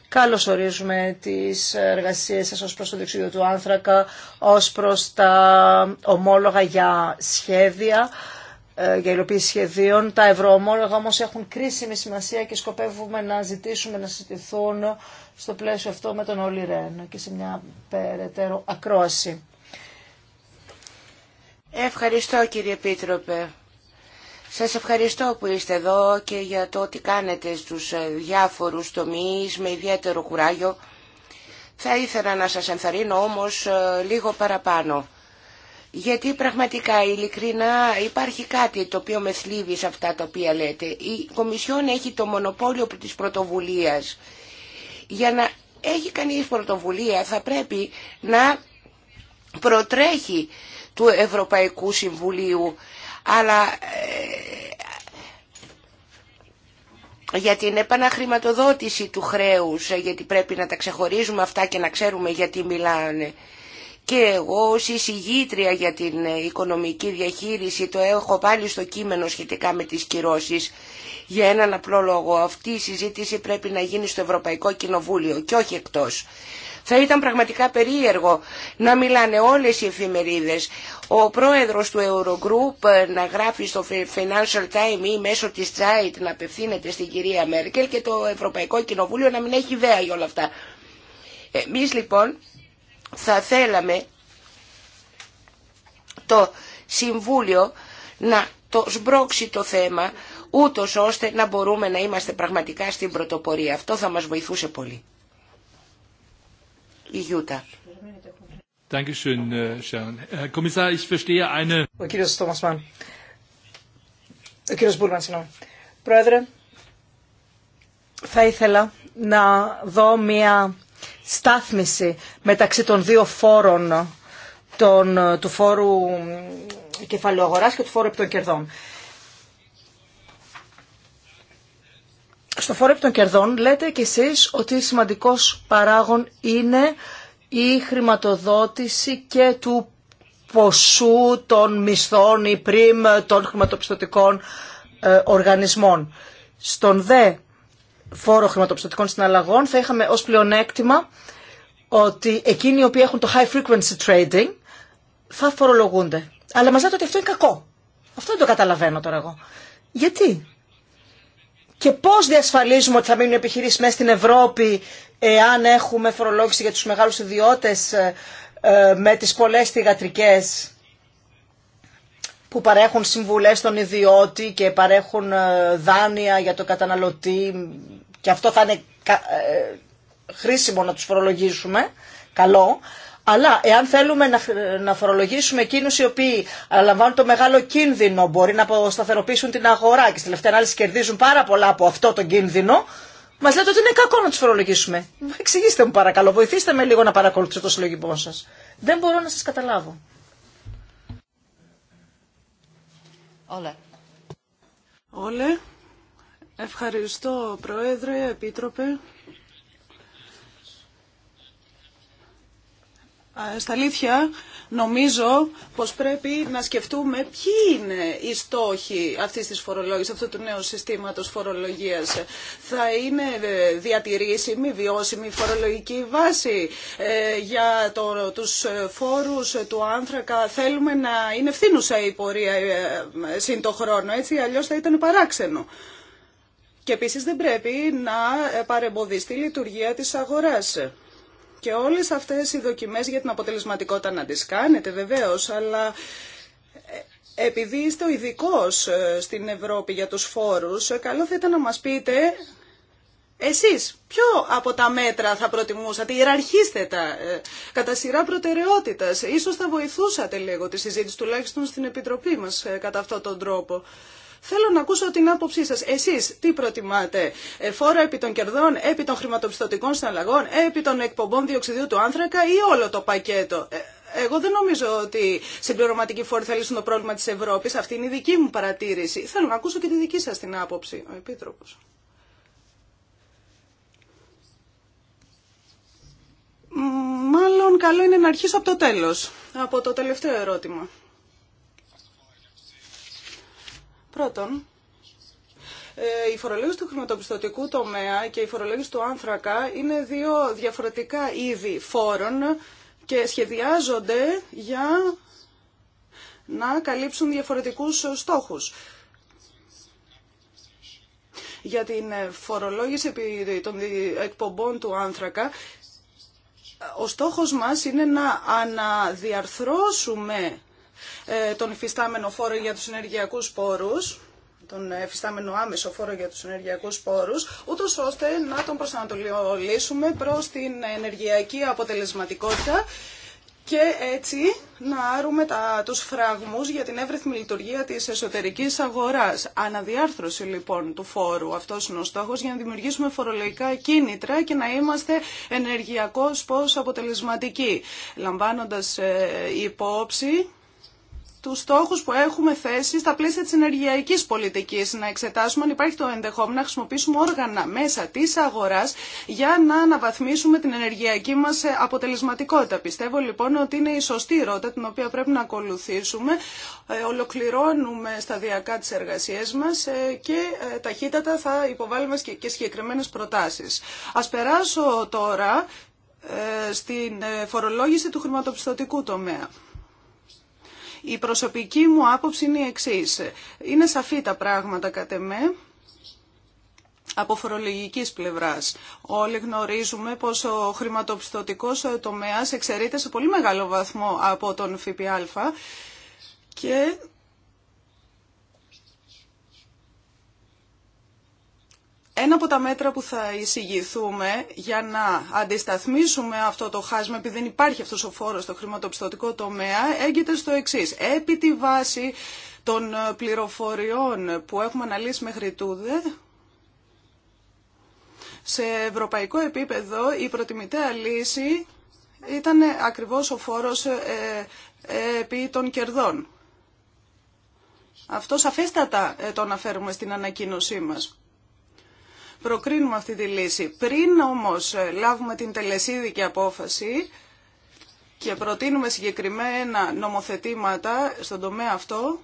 καλώ ορίζουμε τι εργασίε σα ω προ το διοξείδιο του άνθρακα, ω προ τα ομόλογα για σχέδια ε, για υλοποίηση σχεδίων. Τα ευρωομόλογα όμως έχουν κρίσιμη σημασία και σκοπεύουμε να ζητήσουμε να συζητηθούν στο πλαίσιο αυτό με τον Όλυ Ρέν και σε μια περαιτέρω ακρόαση. Ευχαριστώ κύριε Πίτροπε. Σας ευχαριστώ που είστε εδώ και για το ότι κάνετε στους ε, διάφορους τομείς με ιδιαίτερο κουράγιο. Θα ήθελα να σας ενθαρρύνω όμως ε, λίγο παραπάνω. Γιατί πραγματικά, ειλικρινά, υπάρχει κάτι το οποίο με θλίβει σε αυτά τα οποία λέτε. Η Κομισιόν έχει το μονοπόλιο της πρωτοβουλίας για να έχει κανείς πρωτοβουλία θα πρέπει να προτρέχει του Ευρωπαϊκού Συμβουλίου αλλά ε, για την επαναχρηματοδότηση του χρέους ε, γιατί πρέπει να τα ξεχωρίζουμε αυτά και να ξέρουμε γιατί μιλάνε και εγώ ως εισηγήτρια για την ε, οικονομική διαχείριση το έχω πάλι στο κείμενο σχετικά με τις κυρώσεις για έναν απλό λόγο. Αυτή η συζήτηση πρέπει να γίνει στο Ευρωπαϊκό Κοινοβούλιο και όχι εκτός. Θα ήταν πραγματικά περίεργο να μιλάνε όλες οι εφημερίδες. Ο πρόεδρος του Eurogroup ε, να γράφει στο Financial Times ή μέσω της Zeit να απευθύνεται στην κυρία Μέρκελ και το Ευρωπαϊκό Κοινοβούλιο να μην έχει ιδέα για όλα αυτά. Εμείς λοιπόν θα θέλαμε το Συμβούλιο να το σμπρώξει το θέμα ούτως ώστε να μπορούμε να είμαστε πραγματικά στην πρωτοπορία. Αυτό θα μας βοηθούσε πολύ. Η Γιούτα. Äh, Ο κύριος Τόμας Μαν. Ο κύριος Μπούρμαν, συγγνώμη. Πρόεδρε, θα ήθελα να δω μια στάθμιση μεταξύ των δύο φόρων των, του φόρου κεφαλαιοαγοράς και του φόρου επί των κερδών. Στο φόρο επί των κερδών λέτε κι εσείς ότι σημαντικός παράγον είναι η χρηματοδότηση και του ποσού των μισθών ή πριμ των χρηματοπιστωτικών ε, οργανισμών. Στον δε φόρο χρηματοπιστωτικών συναλλαγών θα είχαμε ως πλεονέκτημα ότι εκείνοι οι οποίοι έχουν το high frequency trading θα φορολογούνται. Αλλά μας λέτε ότι αυτό είναι κακό. Αυτό δεν το καταλαβαίνω τώρα εγώ. Γιατί. Και πώς διασφαλίζουμε ότι θα μείνουν επιχειρήσεις μέσα στην Ευρώπη εάν έχουμε φορολόγηση για τους μεγάλους ιδιώτες ε, ε, με τις πολλές θηγατρικές που παρέχουν συμβουλές στον ιδιώτη και παρέχουν ε, δάνεια για τον καταναλωτή και αυτό θα είναι ε, χρήσιμο να τους φορολογήσουμε, καλό. Αλλά εάν θέλουμε να ε, φορολογήσουμε εκείνους οι οποίοι αναλαμβάνουν το μεγάλο κίνδυνο, μπορεί να αποσταθεροποιήσουν την αγορά και στη τελευταία ανάλυση κερδίζουν πάρα πολλά από αυτό το κίνδυνο, Μα λέτε ότι είναι κακό να του φορολογήσουμε. Εξηγήστε μου παρακαλώ, βοηθήστε με λίγο να παρακολουθήσω το συλλογικό σα. Δεν μπορώ να σα καταλάβω. Όλε. Όλε. Ευχαριστώ, Πρόεδρε, Επίτροπε. Στα αλήθεια, νομίζω πως πρέπει να σκεφτούμε ποιοι είναι οι στόχοι αυτής της φορολόγησης, αυτού του νέου συστήματος φορολογίας. Θα είναι ε, διατηρήσιμη, βιώσιμη φορολογική βάση ε, για το, τους φόρους του άνθρακα. Θέλουμε να είναι ευθύνουσα η πορεία ε, συν το χρόνο, έτσι, αλλιώς θα ήταν παράξενο. Και επίσης δεν πρέπει να παρεμποδίσει η λειτουργία της αγοράς. Και όλες αυτές οι δοκιμές για την αποτελεσματικότητα να τις κάνετε βεβαίως, αλλά ε, επειδή είστε ο ειδικό ε, στην Ευρώπη για τους φόρους, ε, καλό θα ήταν να μας πείτε εσείς ποιο από τα μέτρα θα προτιμούσατε, ιεραρχήστε τα κατά σειρά προτεραιότητας. Ίσως θα βοηθούσατε λίγο τη συζήτηση, τουλάχιστον στην Επιτροπή μας, κατά αυτόν τον τρόπο. Θέλω να ακούσω την άποψή σα. Εσείς τι προτιμάτε, ε, φόρο επί των κερδών, επί των χρηματοπιστωτικών συναλλαγών, επί των εκπομπών διοξιδίου του άνθρακα ή όλο το πακέτο. Ε, εγώ δεν νομίζω ότι συμπληρωματικοί φόροι θα λύσουν το πρόβλημα της Ευρώπης. Αυτή είναι η δική μου παρατήρηση. Θέλω να ακούσω και τη δική σα την άποψη, ο επίτροπο. Μάλλον καλό είναι να αρχίσω από το τέλος, από το τελευταίο ερώτημα. Πρώτον, ε, η φορολόγηση του χρηματοπιστωτικού τομέα και η φορολόγηση του άνθρακα είναι δύο διαφορετικά είδη φόρων και σχεδιάζονται για να καλύψουν διαφορετικούς στόχους. Για την φορολόγηση των εκπομπών του άνθρακα, ο στόχος μας είναι να αναδιαρθρώσουμε ε, τον υφιστάμενο φόρο για τους ενεργειακούς πόρους τον εφιστάμενο άμεσο φόρο για τους ενεργειακούς πόρους, ούτω ώστε να τον προσανατολίσουμε προς την ενεργειακή αποτελεσματικότητα και έτσι να άρουμε τα, τους φραγμούς για την εύρεθμη λειτουργία της εσωτερικής αγοράς. Αναδιάρθρωση λοιπόν του φόρου, αυτός είναι ο στόχος, για να δημιουργήσουμε φορολογικά κίνητρα και να είμαστε ενεργειακώς πώς αποτελεσματικοί, λαμβάνοντας ε, υπόψη τους στόχους που έχουμε θέσει στα πλαίσια της ενεργειακής πολιτικής, να εξετάσουμε αν υπάρχει το ενδεχόμενο να χρησιμοποιήσουμε όργανα μέσα της αγοράς για να αναβαθμίσουμε την ενεργειακή μας αποτελεσματικότητα. Πιστεύω λοιπόν ότι είναι η σωστή ρότα την οποία πρέπει να ακολουθήσουμε. Ε, ολοκληρώνουμε σταδιακά τις εργασίες μας ε, και ε, ταχύτατα θα υποβάλουμε και συγκεκριμένες προτάσεις. Ας περάσω τώρα στην φορολόγηση του χρηματοπιστωτικού τομέα. Η προσωπική μου άποψη είναι η εξή. Είναι σαφή τα πράγματα κατ' εμέ από φορολογικής πλευράς. Όλοι γνωρίζουμε πως ο χρηματοπιστωτικός τομέας εξαιρείται σε πολύ μεγάλο βαθμό από τον ΦΠΑ και Ένα από τα μέτρα που θα εισηγηθούμε για να αντισταθμίσουμε αυτό το χάσμα, επειδή δεν υπάρχει αυτός ο φόρος στο χρηματοπιστωτικό τομέα, έγκυται στο εξή. Επί τη βάση των πληροφοριών που έχουμε αναλύσει μέχρι τούδε, σε ευρωπαϊκό επίπεδο η προτιμητέα λύση ήταν ακριβώς ο φόρος ε, επί των κερδών. Αυτό σαφέστατα ε, το αναφέρουμε στην ανακοίνωσή μας προκρίνουμε αυτή τη λύση. Πριν όμως ε, λάβουμε την τελεσίδικη απόφαση και προτείνουμε συγκεκριμένα νομοθετήματα στον τομέα αυτό,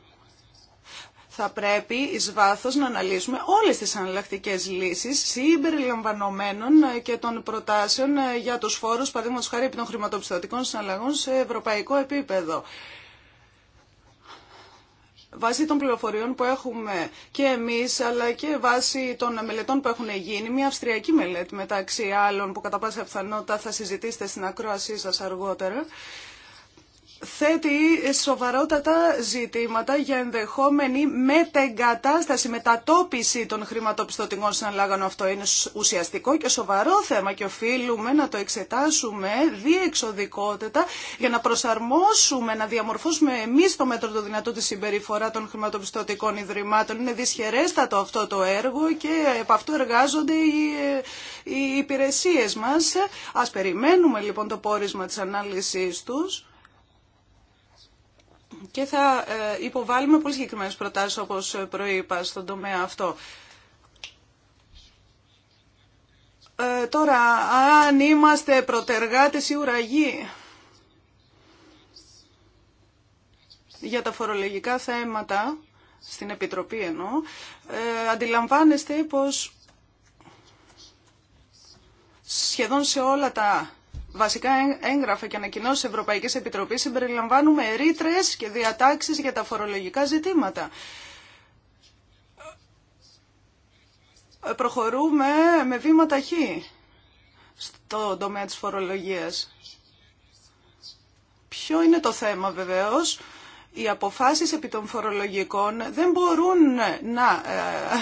θα πρέπει εις βάθος να αναλύσουμε όλες τις αναλλακτικέ λύσεις συμπεριλαμβανομένων ε, και των προτάσεων ε, για τους φόρους, παραδείγματος χάρη επί των χρηματοπιστωτικών συναλλαγών σε ευρωπαϊκό επίπεδο βάσει των πληροφοριών που έχουμε και εμείς, αλλά και βάσει των μελετών που έχουν γίνει, μια αυστριακή μελέτη μεταξύ άλλων που κατά πάσα πιθανότητα θα συζητήσετε στην ακρόασή σας αργότερα, θέτει σοβαρότατα ζητήματα για ενδεχόμενη μετεγκατάσταση, μετατόπιση των χρηματοπιστωτικών συναλλάγων. Αυτό είναι ουσιαστικό και σοβαρό θέμα και οφείλουμε να το εξετάσουμε διεξοδικότητα για να προσαρμόσουμε, να διαμορφώσουμε εμεί το μέτρο του δυνατού τη συμπεριφορά των χρηματοπιστωτικών ιδρυμάτων. Είναι δυσχερέστατο αυτό το έργο και από αυτού εργάζονται οι, ε, οι υπηρεσίες μας. Ας περιμένουμε λοιπόν το πόρισμα τη ανάλυσή του και θα ε, υποβάλουμε πολύ συγκεκριμένες προτάσεις όπως προείπα στον τομέα αυτό. Ε, τώρα, αν είμαστε προτεργάτες ή ουραγοί για τα φορολογικά θέματα, στην Επιτροπή εννοώ, ε, αντιλαμβάνεστε πως σχεδόν σε όλα τα βασικά έγγραφα και ανακοινώσει Ευρωπαϊκή Επιτροπή συμπεριλαμβάνουμε ρήτρε και διατάξει για τα φορολογικά ζητήματα. Προχωρούμε με βήμα ταχύ στο τομέα της φορολογίας. Ποιο είναι το θέμα βεβαίως οι αποφάσεις επί των φορολογικών δεν μπορούν να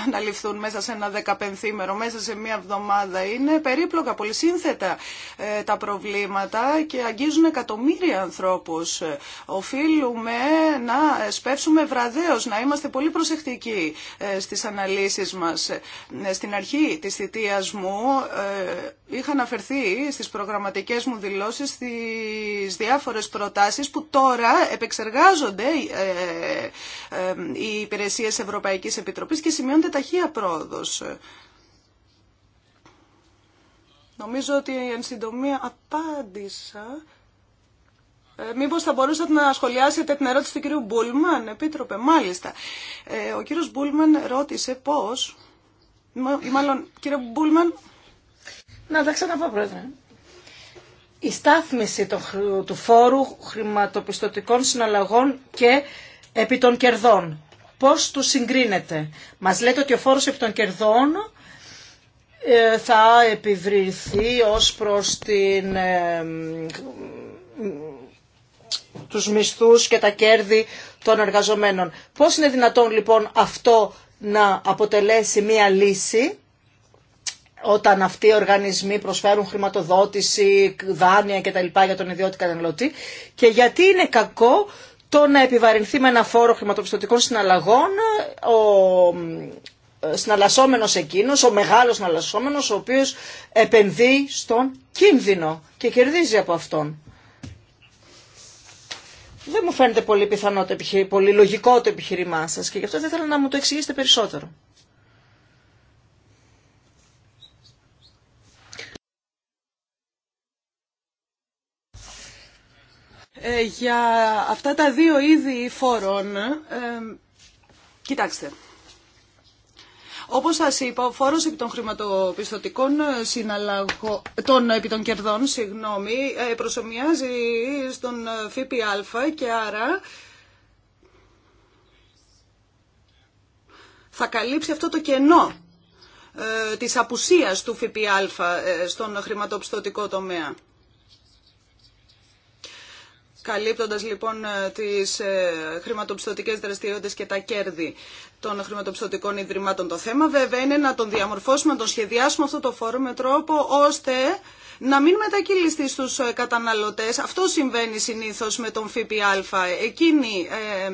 αναλυφθούν ε, μέσα σε ένα δεκαπενθήμερο, μέσα σε μία εβδομάδα. Είναι περίπλοκα, πολύ σύνθετα ε, τα προβλήματα και αγγίζουν εκατομμύρια ανθρώπους. Οφείλουμε να σπεύσουμε βραδέως, να είμαστε πολύ προσεκτικοί ε, στις αναλύσεις μας. Στην αρχή της θητείας μου είχα αναφερθεί στις προγραμματικές μου δηλώσεις στις διάφορες προτάσεις που τώρα επεξεργάζονται ε, ε, οι υπηρεσίες Ευρωπαϊκής Επιτροπής και σημειώνεται ταχεία πρόοδος. Νομίζω ότι εν συντομία απάντησα. Ε, μήπως θα μπορούσατε να σχολιάσετε την ερώτηση του κυρίου Μπούλμαν, επίτροπε, μάλιστα. Ε, ο κύριος Μπούλμαν ρώτησε πώς, μάλλον κύριε Μπούλμαν, να τα ξαναπώ, Πρόεδρε. Η στάθμιση του φόρου χρηματοπιστωτικών συναλλαγών και επί των κερδών. Πώς του συγκρίνεται. Μας λέτε ότι ο φόρος επί των κερδών ε, θα επιβρυνθεί ως προς την, ε, τους μισθούς και τα κέρδη των εργαζομένων. Πώς είναι δυνατόν λοιπόν αυτό να αποτελέσει μία λύση όταν αυτοί οι οργανισμοί προσφέρουν χρηματοδότηση, δάνεια κτλ. για τον ιδιώτη καταναλωτή και γιατί είναι κακό το να επιβαρυνθεί με ένα φόρο χρηματοπιστωτικών συναλλαγών ο συναλλασσόμενος εκείνος, ο μεγάλος συναλλασσόμενος, ο οποίος επενδύει στον κίνδυνο και κερδίζει από αυτόν. Δεν μου φαίνεται πολύ, πιθανό, πολύ λογικό το επιχείρημά σας και γι' αυτό θα ήθελα να μου το εξηγήσετε περισσότερο. Ε, για αυτά τα δύο είδη φόρων, ε, κοιτάξτε, όπως σας είπα, ο φόρος επί των χρηματοπιστωτικών ε, συναλλαγών, των, επί κερδών, συγγνώμη, προσωμιάζει στον ΦΠΑ και άρα θα καλύψει αυτό το κενό της απουσίας του ΦΠΑ στον χρηματοπιστωτικό τομέα καλύπτοντας λοιπόν ε, τις ε, χρηματοπιστωτικές δραστηριότητες και τα κέρδη των χρηματοπιστωτικών ιδρυμάτων. Το θέμα βέβαια είναι να τον διαμορφώσουμε, να τον σχεδιάσουμε αυτό το φόρο με τρόπο ώστε να μην μετακυλιστεί στους ε, καταναλωτές. Αυτό συμβαίνει συνήθως με τον ΦΠΑ. Εκείνοι ε,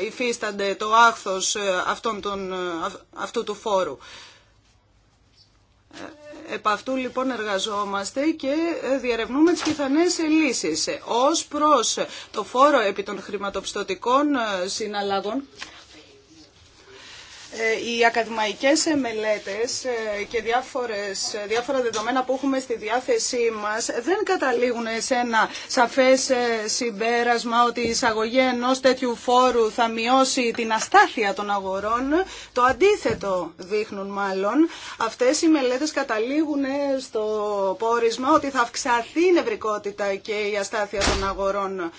ε, υφίστανται το άχθος αυτών αυτού του φόρου. Επ' αυτού λοιπόν εργαζόμαστε και ε, διαρευνούμε τις πιθανές λύσεις. Ε, ως προς το φόρο επί των χρηματοπιστωτικών ε, συναλλαγών, ε, οι ακαδημαϊκές μελέτες ε, και διάφορες, ε, διάφορα δεδομένα που έχουμε στη διάθεσή μας δεν καταλήγουν σε ένα σαφές συμπέρασμα ότι η εισαγωγή ενός τέτοιου φόρου θα μειώσει την αστάθεια των αγορών. Το αντίθετο δείχνουν μάλλον. Αυτές οι μελέτες καταλήγουν στο πόρισμα ότι θα αυξαθεί η νευρικότητα και η αστάθεια των αγορών.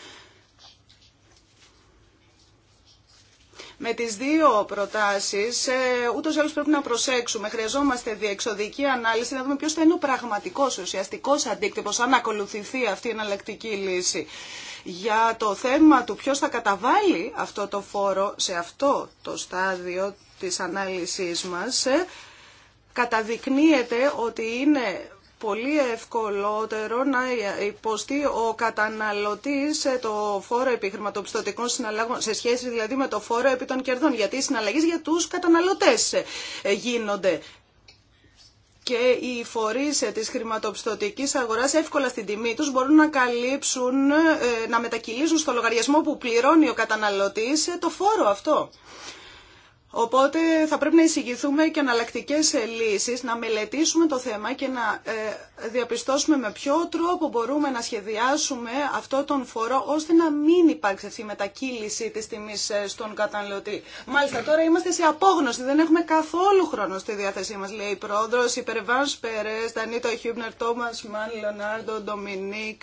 Με τις δύο προτάσεις, ε, ούτως ή άλλως πρέπει να προσέξουμε. Χρειαζόμαστε διεξοδική ανάλυση, να δούμε ποιος θα είναι ο πραγματικός, ουσιαστικός αντίκτυπος, αν ακολουθηθεί αυτή η εναλλακτική λύση. Για το θέμα του ποιος θα καταβάλει αυτό το φόρο σε αυτό το στάδιο της ανάλυσης μας, ε, καταδεικνύεται ότι είναι πολύ ευκολότερο να υποστεί ο καταναλωτής ε, το φόρο επιχρηματοπιστωτικών συναλλαγών, σε σχέση δηλαδή με το φόρο επί των κερδών, γιατί οι συναλλαγές για τους καταναλωτές ε, γίνονται και οι φορείς ε, της χρηματοπιστωτικής αγοράς εύκολα στην τιμή τους μπορούν να καλύψουν, να μετακυλήσουν στο λογαριασμό που πληρώνει ο καταναλωτής το φόρο αυτό. Οπότε θα πρέπει να εισηγηθούμε και εναλλακτικέ ε, λύσει να μελετήσουμε το θέμα και να ε, διαπιστώσουμε με ποιο τρόπο μπορούμε να σχεδιάσουμε αυτό τον φορό ώστε να μην υπάρξει αυτή η μετακύληση της τιμής ε, στον καταναλωτή. Μάλιστα τώρα είμαστε σε απόγνωση, δεν έχουμε καθόλου χρόνο στη διάθεσή μας, λέει η πρόεδρο, η Περβάνς Περές, Ντανίτα Χιούμπνερ, Τόμα Μαν, Λεωνάρντο, Ντομινίκ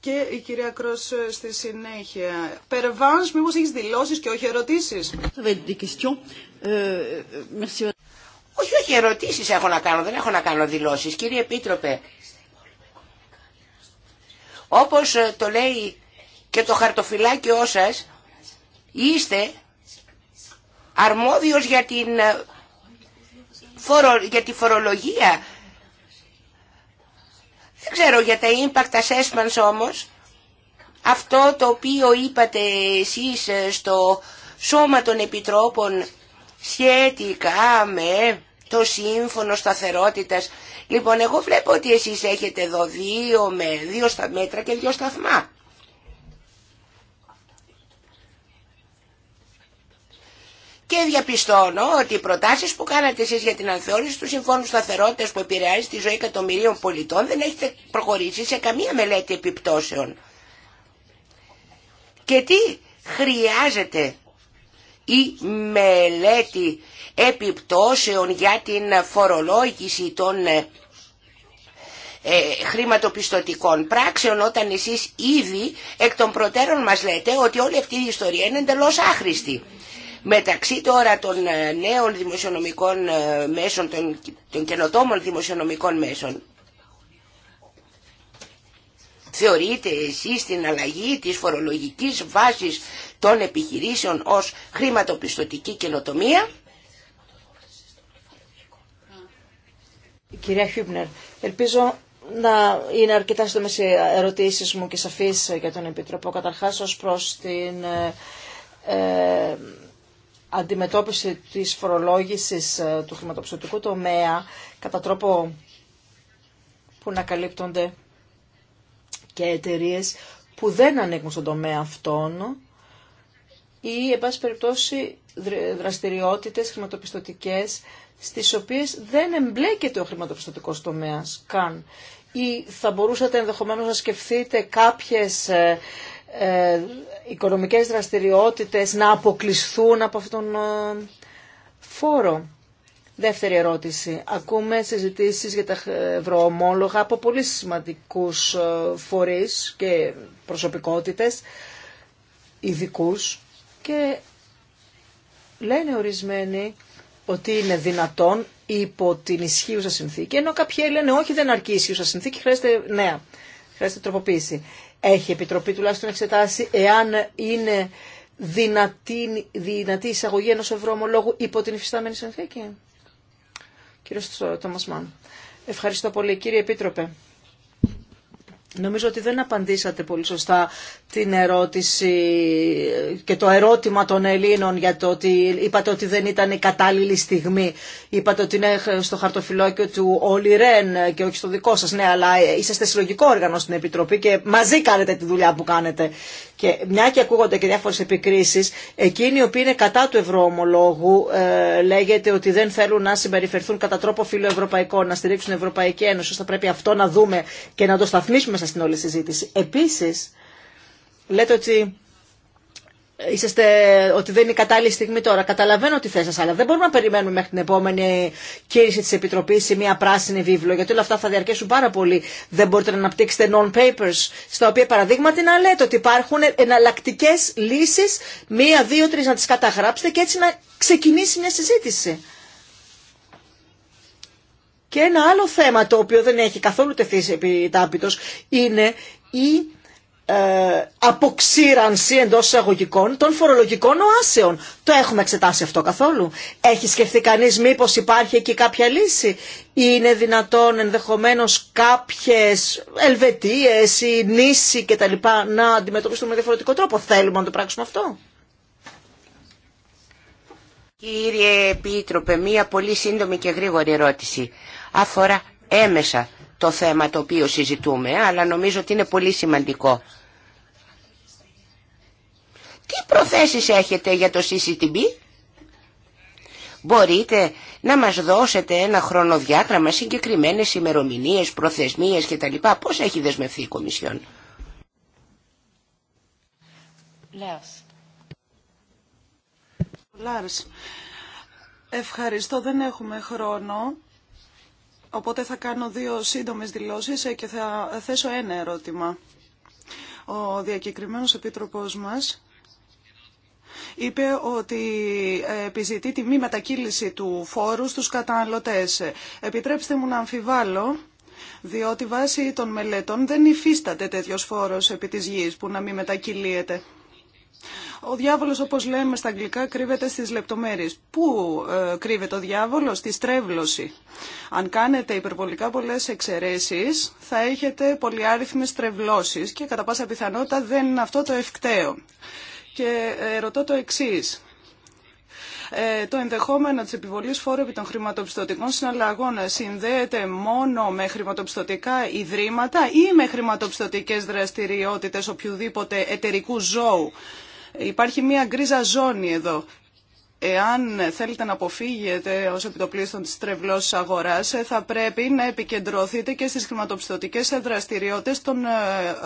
και η κυρία Κρός ε, στη συνέχεια. Περβάνς, μήπως έχεις δηλώσεις και όχι ερωτήσεις. Euh, euh, όχι, όχι, ερωτήσεις έχω να κάνω, δεν έχω να κάνω δηλώσεις. Κύριε Επίτροπε, όπως ε, το λέει και το χαρτοφυλάκιό σας, είστε αρμόδιος για, την, ε, για τη φορολογία δεν ξέρω για τα impact assessments όμως. Αυτό το οποίο είπατε εσείς ε, στο Σώμα των Επιτρόπων σχετικά με το Σύμφωνο Σταθερότητας. Λοιπόν, εγώ βλέπω ότι εσείς έχετε εδώ δύο, με, δύο στα μέτρα και δύο σταθμά. και διαπιστώνω ότι οι προτάσεις που κάνατε εσείς για την ανθεώρηση του Συμφώνου Σταθερότητας που επηρεάζει τη ζωή εκατομμυρίων πολιτών δεν έχετε προχωρήσει σε καμία μελέτη επιπτώσεων. Και τι χρειάζεται η μελέτη επιπτώσεων για την φορολόγηση των ε, ε, χρηματοπιστωτικών πράξεων όταν εσείς ήδη εκ των προτέρων μας λέτε ότι όλη αυτή η ιστορία είναι εντελώς άχρηστη μεταξύ τώρα των ε, νέων δημοσιονομικών ε, μέσων, των, των καινοτόμων δημοσιονομικών μέσων, θεωρείτε εσείς την αλλαγή της φορολογικής βάσης των επιχειρήσεων ως χρηματοπιστωτική καινοτομία. Κυρία Χιούμπνερ, ελπίζω να είναι αρκετά σύντομες οι ερωτήσεις μου και σαφείς για τον Επιτροπό. Καταρχάς ως προς την ε, αντιμετώπιση της φορολόγησης ε, του χρηματοπιστωτικού τομέα κατά τρόπο που να καλύπτονται και εταιρείε που δεν ανήκουν στον τομέα αυτών ή, εν πάση περιπτώσει, δραστηριότητες χρηματοπιστωτικές στις οποίες δεν εμπλέκεται ο χρηματοπιστωτικός τομέας καν. Ή θα μπορούσατε ενδεχομένως να σκεφτείτε κάποιες ε, ε, οικονομικές δραστηριότητες να αποκλειστούν από αυτόν τον ε, φόρο. Δεύτερη ερώτηση. Ακούμε συζητήσεις για τα ευρωομόλογα από πολύ σημαντικούς ε, φορείς και προσωπικότητες, ειδικού και λένε ορισμένοι ότι είναι δυνατόν υπό την ισχύουσα συνθήκη, ενώ κάποιοι λένε όχι δεν αρκεί η ισχύουσα συνθήκη, χρειάζεται νέα, χρειάζεται τροποποίηση. Έχει Επιτροπή τουλάχιστον εξετάσει εάν είναι δυνατή, δυνατή εισαγωγή ενός ευρωομολόγου υπό την υφιστάμενη συνθήκη. Κύριος Τόμας Μάν. Ευχαριστώ πολύ. Κύριε Επίτροπε. Νομίζω ότι δεν απαντήσατε πολύ σωστά την ερώτηση και το ερώτημα των Ελλήνων για το ότι είπατε ότι δεν ήταν η κατάλληλη στιγμή. Είπατε ότι είναι στο χαρτοφυλάκιο του όλοι Ρεν και όχι στο δικό σας. Ναι, αλλά είσαστε συλλογικό όργανο στην Επιτροπή και μαζί κάνετε τη δουλειά που κάνετε. Και μια και ακούγονται και διάφορες επικρίσεις, εκείνοι οι οποίοι είναι κατά του ευρωομολόγου ε, λέγεται ότι δεν θέλουν να συμπεριφερθούν κατά τρόπο φιλοευρωπαϊκό, να στηρίξουν Ευρωπαϊκή Ένωση. Θα πρέπει αυτό να δούμε και να το σταθμίσουμε μέσα στην όλη συζήτηση. Επίσης, λέτε ότι είσαστε ότι δεν είναι η κατάλληλη στιγμή τώρα. Καταλαβαίνω τη θέση αλλά δεν μπορούμε να περιμένουμε μέχρι την επόμενη κήρυξη τη επιτροπή σε μια πράσινη βίβλο, γιατί όλα αυτά θα διαρκέσουν πάρα πολύ. Δεν μπορείτε να αναπτύξετε non-papers, στα οποία παραδείγματι να λέτε ότι υπάρχουν εναλλακτικέ εναλλακτικέ μία, δύο, τρει να τι καταγράψετε και έτσι να ξεκινήσει μια συζήτηση. Και ένα άλλο θέμα το οποίο δεν έχει καθόλου τεθεί επιτάπητος είναι η ε, αποξήρανση εντό εισαγωγικών των φορολογικών οάσεων. Το έχουμε εξετάσει αυτό καθόλου. Έχει σκεφτεί κανεί μήπω υπάρχει εκεί κάποια λύση. Είναι δυνατόν ενδεχομένω κάποιε Ελβετίε ή νήσοι κτλ. να αντιμετωπιστούν με διαφορετικό τρόπο. Θέλουμε να το πράξουμε αυτό. Κύριε Επίτροπε, μία πολύ σύντομη και γρήγορη ερώτηση. Αφορά έμεσα το θέμα το οποίο συζητούμε, αλλά νομίζω ότι είναι πολύ σημαντικό. Τι προθέσεις έχετε για το CCTB? Μπορείτε να μας δώσετε ένα χρονοδιάγραμμα, συγκεκριμένες ημερομηνίες, προθεσμίες κτλ. Πώς έχει δεσμευθεί η Κομισιόν. Λάρς. Λάρς. Ευχαριστώ, δεν έχουμε χρόνο. Οπότε θα κάνω δύο σύντομες δηλώσεις και θα θέσω ένα ερώτημα. Ο διακεκριμένος επίτροπός μας είπε ότι επιζητεί τη μη μετακύληση του φόρου στους καταναλωτές. Επιτρέψτε μου να αμφιβάλλω διότι βάσει των μελετών δεν υφίσταται τέτοιος φόρος επί της γης που να μην μετακυλίεται. Ο διάβολος, όπως λέμε στα αγγλικά, κρύβεται στις λεπτομέρειες. Πού ε, κρύβεται ο διάβολος? Στη στρέβλωση. Αν κάνετε υπερβολικά πολλές εξαιρέσεις, θα έχετε πολυάριθμες στρεβλώσεις και κατά πάσα πιθανότητα δεν είναι αυτό το ευκταίο και ε, ρωτώ το εξής ε, το ενδεχόμενο της επιβολής φόρου επί των χρηματοπιστωτικών συναλλαγών συνδέεται μόνο με χρηματοπιστωτικά ιδρύματα ή με χρηματοπιστωτικές δραστηριότητες οποιοδήποτε εταιρικού ζώου. Υπάρχει μια γκρίζα ζώνη εδώ Εάν θέλετε να αποφύγετε ως επιτοπλίστων της τρευλώσης αγοράς, ε, θα πρέπει να επικεντρωθείτε και στις χρηματοπιστωτικές δραστηριότητες των ε,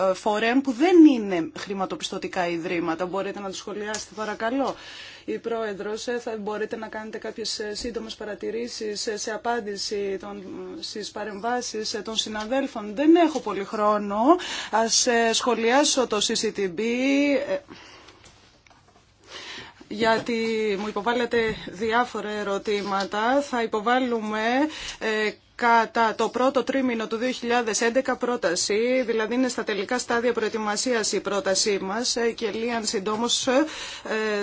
ε, φορέων που δεν είναι χρηματοπιστωτικά ιδρύματα. Μπορείτε να τους σχολιάσετε παρακαλώ. Η Πρόεδρος, θα μπορείτε να κάνετε κάποιες σύντομες παρατηρήσεις σε απάντηση των, στις των συναδέλφων. Δεν έχω πολύ χρόνο. Ας σχολιάσω το CCTV γιατί μου υποβάλλετε διάφορα ερωτήματα. Θα υποβάλλουμε ε, κατά το πρώτο τρίμηνο του 2011 πρόταση, δηλαδή είναι στα τελικά στάδια προετοιμασίας η πρότασή μας ε, και Λίαν, συντόμως ε,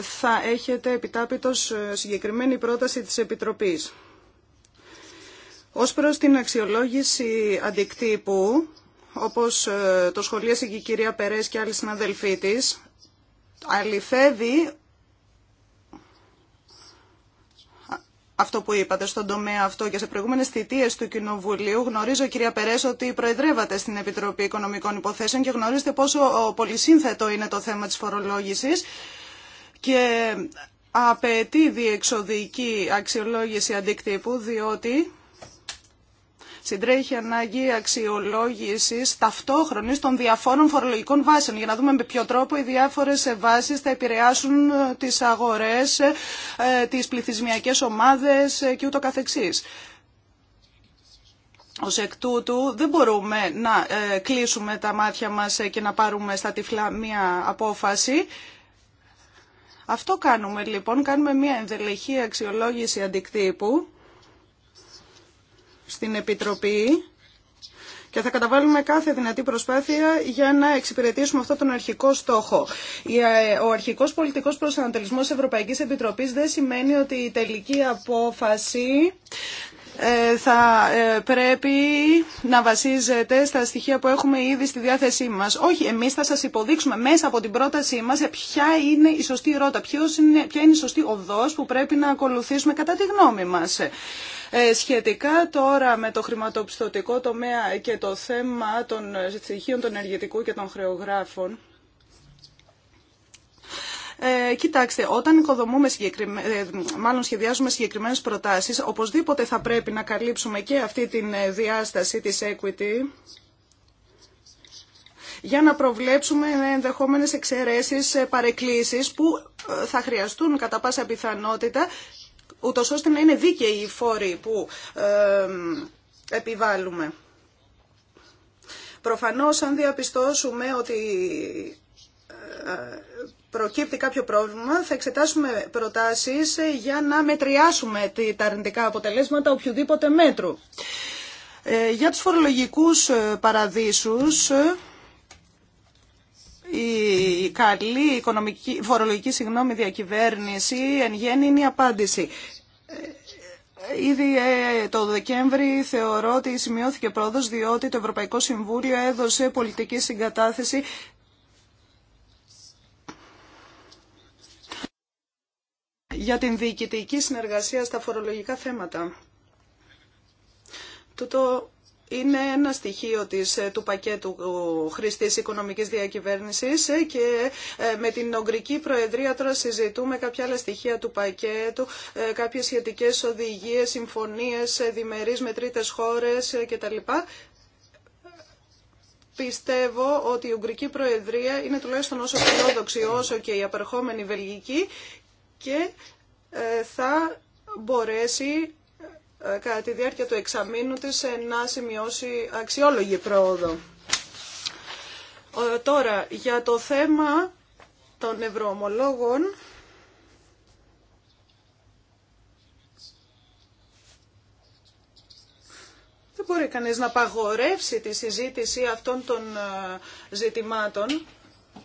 θα έχετε επιτάπητος συγκεκριμένη πρόταση της Επιτροπής. Ως προς την αξιολόγηση αντικτύπου, όπως το σχολίασε και η κυρία Περές και άλλοι συναδελφοί της, αληθεύει αυτό που είπατε στον τομέα αυτό και σε προηγούμενες θητείες του Κοινοβουλίου. Γνωρίζω, κυρία περέσο ότι προεδρεύατε στην Επιτροπή Οικονομικών Υποθέσεων και γνωρίζετε πόσο πολυσύνθετο είναι το θέμα της φορολόγηση και απαιτεί διεξοδική αξιολόγηση αντικτύπου, διότι συντρέχει ανάγκη αξιολόγηση ταυτόχρονη των διαφόρων φορολογικών βάσεων για να δούμε με ποιο τρόπο οι διάφορες βάσει θα επηρεάσουν ε, τις αγορές, ε, τις πληθυσμιακές ομάδες ε, και ούτω Ως εκ τούτου δεν μπορούμε να κλείσουμε τα μάτια μας και να πάρουμε στα τυφλά μία απόφαση. Αυτό κάνουμε λοιπόν, κάνουμε μία ενδελεχή αξιολόγηση αντικτύπου στην Επιτροπή και θα καταβάλουμε κάθε δυνατή προσπάθεια για να εξυπηρετήσουμε αυτό τον αρχικό στόχο. Ε, ο αρχικός πολιτικός προσανατολισμός της Ευρωπαϊκής Επιτροπής δεν σημαίνει ότι η τελική απόφαση ε, θα ε, πρέπει να βασίζεται στα στοιχεία που έχουμε ήδη στη διάθεσή μας. Όχι, εμείς θα σας υποδείξουμε μέσα από την πρότασή μας ποια είναι η σωστή ρότα, ποια είναι η σωστή οδός που πρέπει να ακολουθήσουμε κατά τη γνώμη μας. Ε, σχετικά τώρα με το χρηματοπιστωτικό τομέα και το θέμα των στοιχείων των ενεργητικού και των χρεογράφων, ε, κοιτάξτε, όταν οικοδομούμε συγκεκριμέ... Ε, μάλλον σχεδιάζουμε συγκεκριμένε προτάσει, οπωσδήποτε θα πρέπει να καλύψουμε και αυτή τη διάσταση της equity για να προβλέψουμε ενδεχόμενες εξαιρέσεις, παρεκκλήσεις που θα χρειαστούν κατά πάσα πιθανότητα ούτως ώστε να είναι δίκαιοι οι φόροι που επιβάλλουμε. Προφανώς αν διαπιστώσουμε ότι ε, προκύπτει κάποιο πρόβλημα, θα εξετάσουμε προτάσεις για να μετριάσουμε τα αρνητικά αποτελέσματα οποιοδήποτε μέτρου. Ε, για τους φορολογικούς ε, παραδείσους, η καλή οικονομική, φορολογική συγγνώμη, διακυβέρνηση εν γέννη είναι η απάντηση. Ήδη ε, το Δεκέμβρη θεωρώ ότι σημειώθηκε πρόοδος διότι το Ευρωπαϊκό Συμβούλιο έδωσε πολιτική συγκατάθεση για την διοικητική συνεργασία στα φορολογικά θέματα. Τούτο είναι ένα στοιχείο της, ε, του πακέτου χρηστής οικονομικής διακυβέρνησης ε, και ε, με την Ουγγρική Προεδρία τώρα συζητούμε κάποια άλλα στοιχεία του πακέτου, κάποιες σχετικές οδηγίες, συμφωνίες διμερείς με τρίτες χώρες κτλ. Πιστεύω ότι η Ουγγρική Προεδρία είναι τουλάχιστον όσο φιλόδοξη όσο και η απερχόμενη Βελγική και θα μπορέσει ε, κατά τη διάρκεια του εξαμήνου της ε, να σημειώσει αξιόλογη πρόοδο. Ε, τώρα, για το θέμα των ευρωομολόγων, δεν μπορεί κανείς να παγορεύσει τη συζήτηση αυτών των ζητημάτων,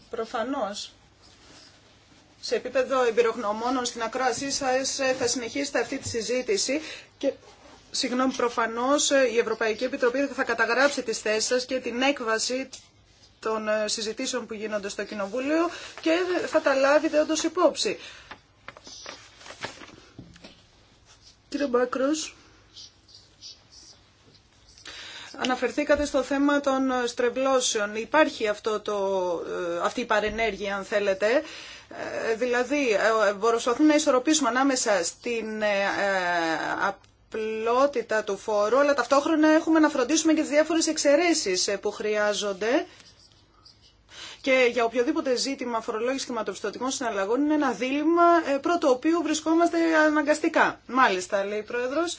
προφανώς σε επίπεδο εμπειρογνωμόνων στην ακρόασή σα ε, θα συνεχίσετε αυτή τη συζήτηση και συγγνώμη προφανώς ε, η Ευρωπαϊκή Επιτροπή θα καταγράψει τις θέσεις σα και την έκβαση των ε, συζητήσεων που γίνονται στο Κοινοβούλιο και θα τα λάβετε όντω υπόψη. Κύριε Μπάκρος. Αναφερθήκατε στο θέμα των στρεβλώσεων. Υπάρχει αυτό το, αυτή η παρενέργεια, αν θέλετε, ε, δηλαδή ε, προσπαθούμε να ισορροπήσουμε ανάμεσα στην ε, απλότητα του φόρου, αλλά ταυτόχρονα έχουμε να φροντίσουμε και τις διάφορες εξαιρέσεις που χρειάζονται. Και για οποιοδήποτε ζήτημα φορολόγηση χρηματοπιστωτικών συναλλαγών είναι ένα δίλημα πρώτο οποίο βρισκόμαστε αναγκαστικά. Μάλιστα, λέει η Πρόεδρος.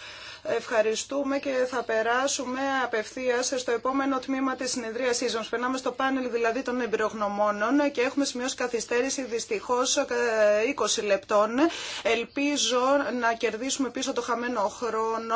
Ευχαριστούμε και θα περάσουμε απευθείας στο επόμενο τμήμα της συνεδρίας μα. Περνάμε στο πάνελ δηλαδή των εμπειρογνωμόνων και έχουμε σημειώσει καθυστέρηση δυστυχώς 20 ε, λεπτών. Ελπίζω να κερδίσουμε πίσω το χαμένο χρόνο,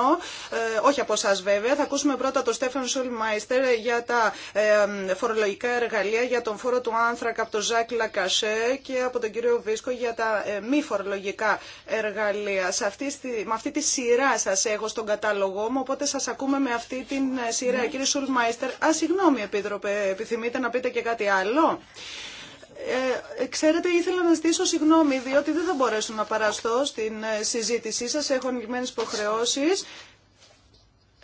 ε, όχι από εσά βέβαια. Θα ακούσουμε πρώτα τον Στέφαν Σολμάιστερ για τα ε, φορολογικά εργαλεία, για τον φόρο του άνθρακα από τον Ζακ Λακασέ και από τον κύριο Βίσκο για τα ε, μη φορολογικά εργαλεία. Σε αυτή, με αυτή τη σειρά σας έχω στον κατάλογό μου, οπότε σας ακούμε με αυτή την ε, σειρά. Ναι. Κύριε Σουρμάιστερ, α, συγγνώμη Επίτροπε, επιθυμείτε να πείτε και κάτι άλλο. Ε, ξέρετε, ήθελα να ζητήσω συγγνώμη, διότι δεν θα μπορέσω να παραστώ στην ε, συζήτησή σας. Έχω ανοιγμένες υποχρεώσεις.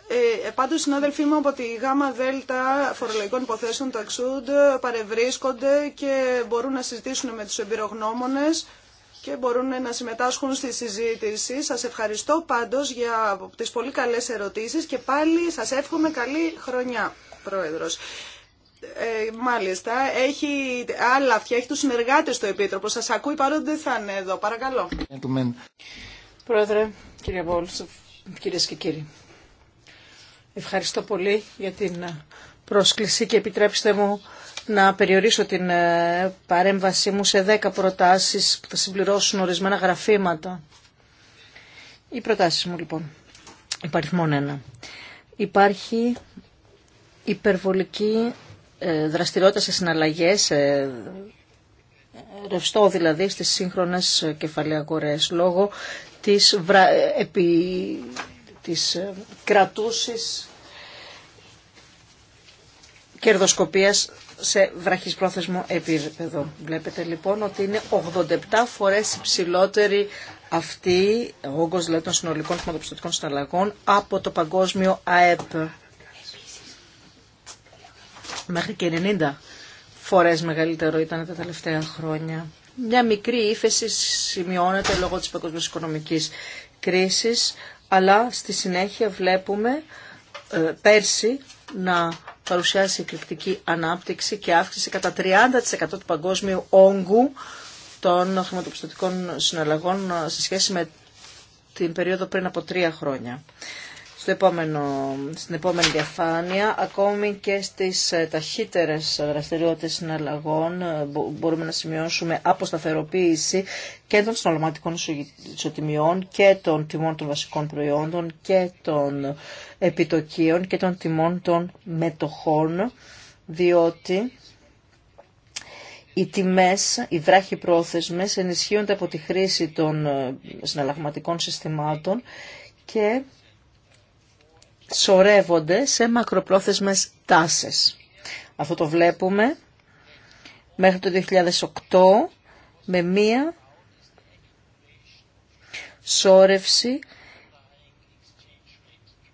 Ε, ε, πάντως, συνάδελφοί μου από τη ΓΑΜΑ ΔΕΛΤΑ φορολογικών υποθέσεων του ΑΞΟΥΝΤ παρευρίσκονται και μπορούν να συζητήσουν με τους εμπειρογνώμονε και μπορούν να συμμετάσχουν στη συζήτηση. Σας ευχαριστώ πάντως για τις πολύ καλές ερωτήσεις και πάλι σας εύχομαι καλή χρονιά, Πρόεδρος. Ε, μάλιστα, έχει άλλα αυτιά, έχει τους συνεργάτες στο Επίτροπο. Σας ακούει παρότι δεν θα είναι εδώ. Παρακαλώ. Πρόεδρε, κύριε Βόλς, κυρίες και κύριοι. Ευχαριστώ πολύ για την πρόσκληση και επιτρέψτε μου να περιορίσω την ε, παρέμβασή μου σε δέκα προτάσεις που θα συμπληρώσουν ορισμένα γραφήματα. Οι προτάσεις μου λοιπόν. Υπάρχει μόνο ένα. Υπάρχει υπερβολική ε, δραστηριότητα σε συναλλαγές, σε ρευστό δηλαδή στις σύγχρονες κεφαλαία λόγω της, βρα... Ε, επί... της κρατούσης κερδοσκοπίας σε πρόθεσμο επίπεδο. Βλέπετε λοιπόν ότι είναι 87 φορές υψηλότερη αυτή, ο όγκος δηλαδή των συνολικών χρηματοπιστωτικών συναλλαγών από το παγκόσμιο ΑΕΠ. Μέχρι και 90 φορές μεγαλύτερο ήταν τα τελευταία χρόνια. Μια μικρή ύφεση σημειώνεται λόγω της παγκόσμιας οικονομικής κρίσης, αλλά στη συνέχεια βλέπουμε ε, πέρσι να παρουσιάσει εκρηκτική ανάπτυξη και αύξηση κατά 30% του παγκόσμιου όγκου των χρηματοπιστωτικών συναλλαγών ε, σε σχέση με την περίοδο πριν από τρία χρόνια στο στην επόμενη διαφάνεια, ακόμη και στις ε, ταχύτερες δραστηριότητες συναλλαγών ε, μπορούμε να σημειώσουμε αποσταθεροποίηση και των συναλλαγματικών ισοτιμιών και των τιμών των βασικών προϊόντων και των επιτοκίων και των τιμών των μετοχών, διότι οι τιμές, οι βράχοι πρόθεσμες ενισχύονται από τη χρήση των ε, συναλλαγματικών συστημάτων και σορεύονται σε μακροπρόθεσμες τάσεις. Αυτό το βλέπουμε μέχρι το 2008 με μία σόρευση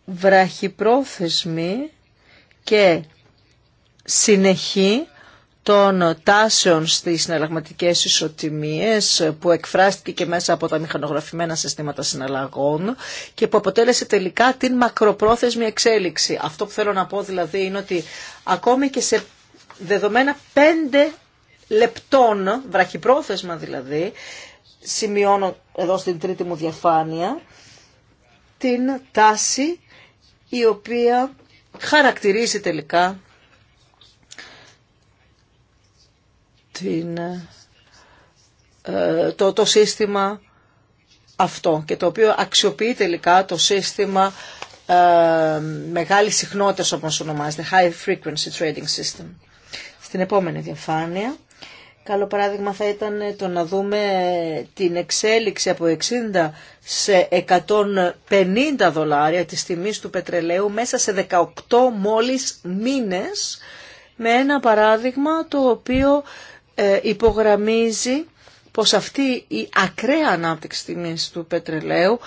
βραχυπρόθεσμη και συνεχή των τάσεων στις συναλλαγματικές ισοτιμίες που εκφράστηκε και μέσα από τα μηχανογραφημένα συστήματα συναλλαγών και που αποτέλεσε τελικά την μακροπρόθεσμη εξέλιξη. Αυτό που θέλω να πω δηλαδή είναι ότι ακόμη και σε δεδομένα πέντε λεπτών, βραχυπρόθεσμα δηλαδή, σημειώνω εδώ στην τρίτη μου διαφάνεια, την τάση η οποία χαρακτηρίζει τελικά την, ε, το, το σύστημα αυτό και το οποίο αξιοποιεί τελικά το σύστημα ε, μεγάλη συχνότητα όπως ονομάζεται, High Frequency Trading System. Στην επόμενη διαφάνεια, καλό παράδειγμα θα ήταν το να δούμε την εξέλιξη από 60 σε 150 δολάρια της τιμής του πετρελαίου μέσα σε 18 μόλις μήνες με ένα παράδειγμα το οποίο ε, υπογραμμίζει πως αυτή η ακραία ανάπτυξη τιμής του πετρελαίου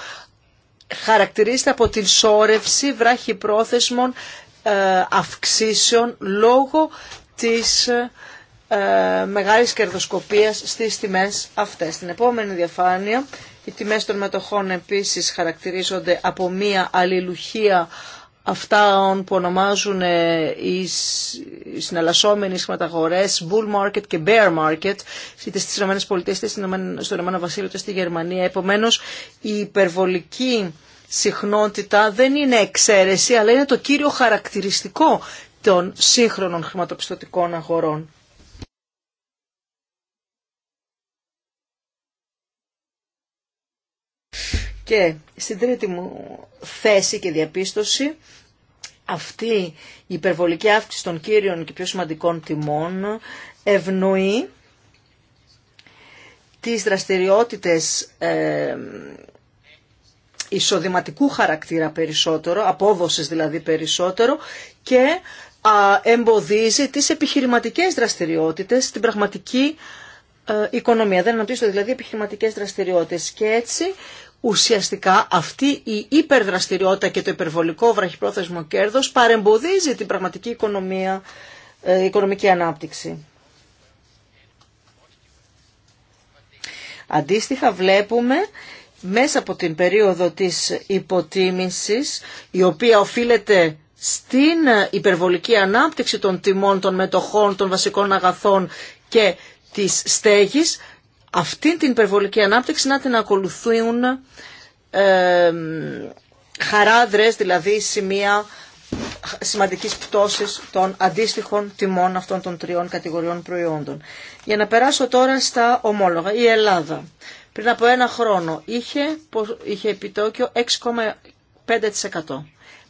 χαρακτηρίζεται από την σόρευση βράχη πρόθεσμων ε, αυξήσεων λόγω της ε, μεγάλης κερδοσκοπίας στις τιμές αυτές. Στην επόμενη διαφάνεια οι τιμές των μετοχών επίσης χαρακτηρίζονται από μία αλληλουχία αυτά που ονομάζουν ε, οι συναλλασσόμενοι σχηματαγορές bull market και bear market είτε στις ΗΠΑ είτε στο ΗΠΑ Βασίλειο είτε στη Γερμανία. Επομένως η υπερβολική συχνότητα δεν είναι εξαίρεση αλλά είναι το κύριο χαρακτηριστικό των σύγχρονων χρηματοπιστωτικών αγορών. Και στην τρίτη μου θέση και διαπίστωση, αυτή η υπερβολική αύξηση των κύριων και πιο σημαντικών τιμών ευνοεί τις δραστηριότητες ε, εισοδηματικού χαρακτήρα περισσότερο, απόδοσης δηλαδή περισσότερο και εμποδίζει τις επιχειρηματικές δραστηριότητες στην πραγματική ε, οικονομία. Δεν αναπτύσσονται δηλαδή επιχειρηματικές δραστηριότητες και έτσι ουσιαστικά αυτή η υπερδραστηριότητα και το υπερβολικό βραχυπρόθεσμο κέρδος παρεμποδίζει την πραγματική οικονομία, ε, οικονομική ανάπτυξη. Αντίστοιχα βλέπουμε μέσα από την περίοδο της υποτίμησης, η οποία οφείλεται στην υπερβολική ανάπτυξη των τιμών των μετοχών, των βασικών αγαθών και της στέγης, αυτή την υπερβολική ανάπτυξη να την ακολουθούν ε, χαράδρες, δηλαδή σημεία σημαντικής πτώσης των αντίστοιχων τιμών αυτών των τριών κατηγοριών προϊόντων. Για να περάσω τώρα στα ομόλογα. Η Ελλάδα πριν από ένα χρόνο είχε, είχε επιτόκιο 6,5%.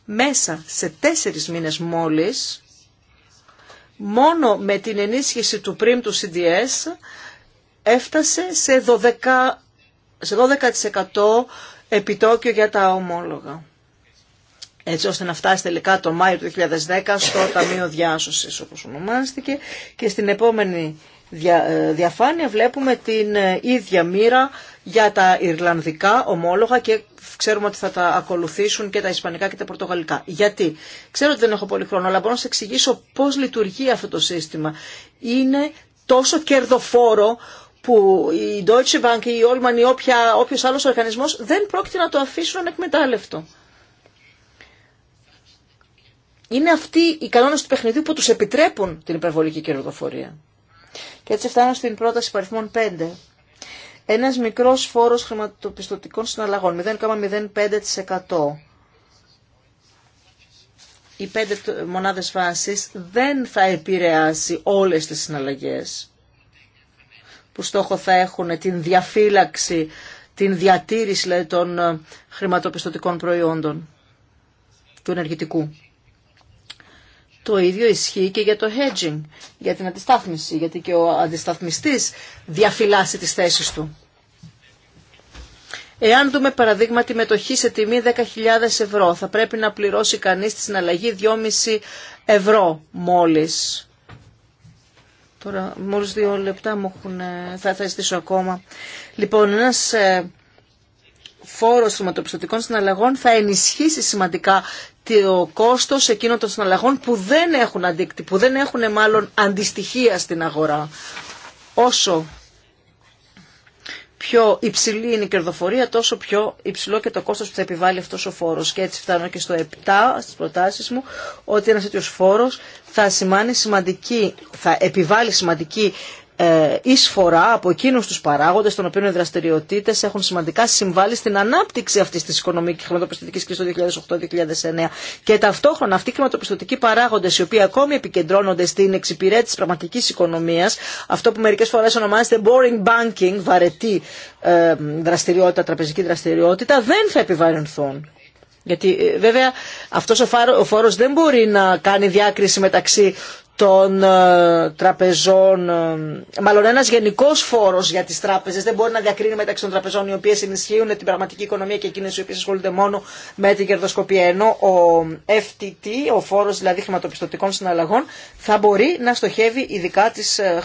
Μέσα σε τέσσερις μήνες μόλις, μόνο με την ενίσχυση του πριμ του CDS, έφτασε σε 12%, σε 12% επιτόκιο για τα ομόλογα. Έτσι ώστε να φτάσει τελικά το Μάιο του 2010 στο Ταμείο Διάσωσης όπως ονομάστηκε και στην επόμενη ε, διαφάνεια βλέπουμε την ε, ίδια μοίρα για τα Ιρλανδικά ομόλογα και ξέρουμε ότι θα τα ακολουθήσουν και τα Ισπανικά και τα Πορτογαλικά. Γιατί. Ξέρω ότι δεν έχω πολύ χρόνο, αλλά μπορώ να σας εξηγήσω πώς λειτουργεί αυτό το σύστημα. Είναι τόσο κερδοφόρο που η Deutsche Bank ή η Allman ή όποια, όποιος άλλος οργανισμός δεν πρόκειται να το αφήσουν ανεκμετάλλευτο. Είναι αυτοί οι κανόνες του παιχνιδιού που τους επιτρέπουν την υπερβολική κερδοφορία. Και έτσι φτάνω στην πρόταση παριθμών 5. Ένα μικρό φόρο χρηματοπιστωτικών συναλλαγών, 0,05%. Οι πέντε μονάδες βάσης δεν θα επηρεάσει όλες τις συναλλαγές που στόχο θα έχουν την διαφύλαξη, την διατήρηση δηλαδή, των ε, χρηματοπιστωτικών προϊόντων του ενεργητικού. Το ίδιο ισχύει και για το hedging, για την αντιστάθμιση, γιατί και ο αντισταθμιστής διαφυλάσσει τις θέσεις του. Εάν δούμε παραδείγμα τη μετοχή σε τιμή 10.000 ευρώ, θα πρέπει να πληρώσει κανείς τη συναλλαγή 2,5 ευρώ μόλις. Τώρα μόλις δύο λεπτά μου έχουν, θα, θα ζητήσω ακόμα. Λοιπόν, ένας ε, φόρος χρηματοπιστωτικών συναλλαγών θα ενισχύσει σημαντικά το κόστος εκείνων των συναλλαγών που δεν έχουν αντίκτυπο, που δεν έχουν μάλλον αντιστοιχεία στην αγορά. Όσο πιο υψηλή είναι η κερδοφορία, τόσο πιο υψηλό και το κόστος που θα επιβάλλει αυτός ο φόρος. Και έτσι φτάνω και στο 7 στι προτάσεις μου, ότι ένας τέτοιο φόρο θα, σημάνει σημαντική, θα επιβάλλει σημαντική ε, εισφορά από εκείνου του παράγοντε, των οποίων οι δραστηριοτήτε έχουν σημαντικά συμβάλει στην ανάπτυξη αυτή τη οικονομική χρηματοπιστωτική κρίση το 2008-2009. Και ταυτόχρονα αυτοί οι χρηματοπιστωτικοί παράγοντε, οι οποίοι ακόμη επικεντρώνονται στην εξυπηρέτηση πραγματική οικονομία, αυτό που μερικέ φορέ ονομάζεται boring banking, βαρετή ε, δραστηριότητα, τραπεζική δραστηριότητα, δεν θα επιβαρυνθούν. Γιατί ε, βέβαια αυτός ο φόρος δεν μπορεί να κάνει διάκριση μεταξύ των ε, τραπεζών, ε, μάλλον ένα γενικό φόρο για τι τράπεζε δεν μπορεί να διακρίνει μεταξύ των τραπεζών οι οποίε ενισχύουν την πραγματική οικονομία και εκείνε οι οποίε ασχολούνται μόνο με την κερδοσκοπία. Ενώ ο FTT, ο φόρο δηλαδή χρηματοπιστωτικών συναλλαγών, θα μπορεί να στοχεύει ειδικά τι τις ε,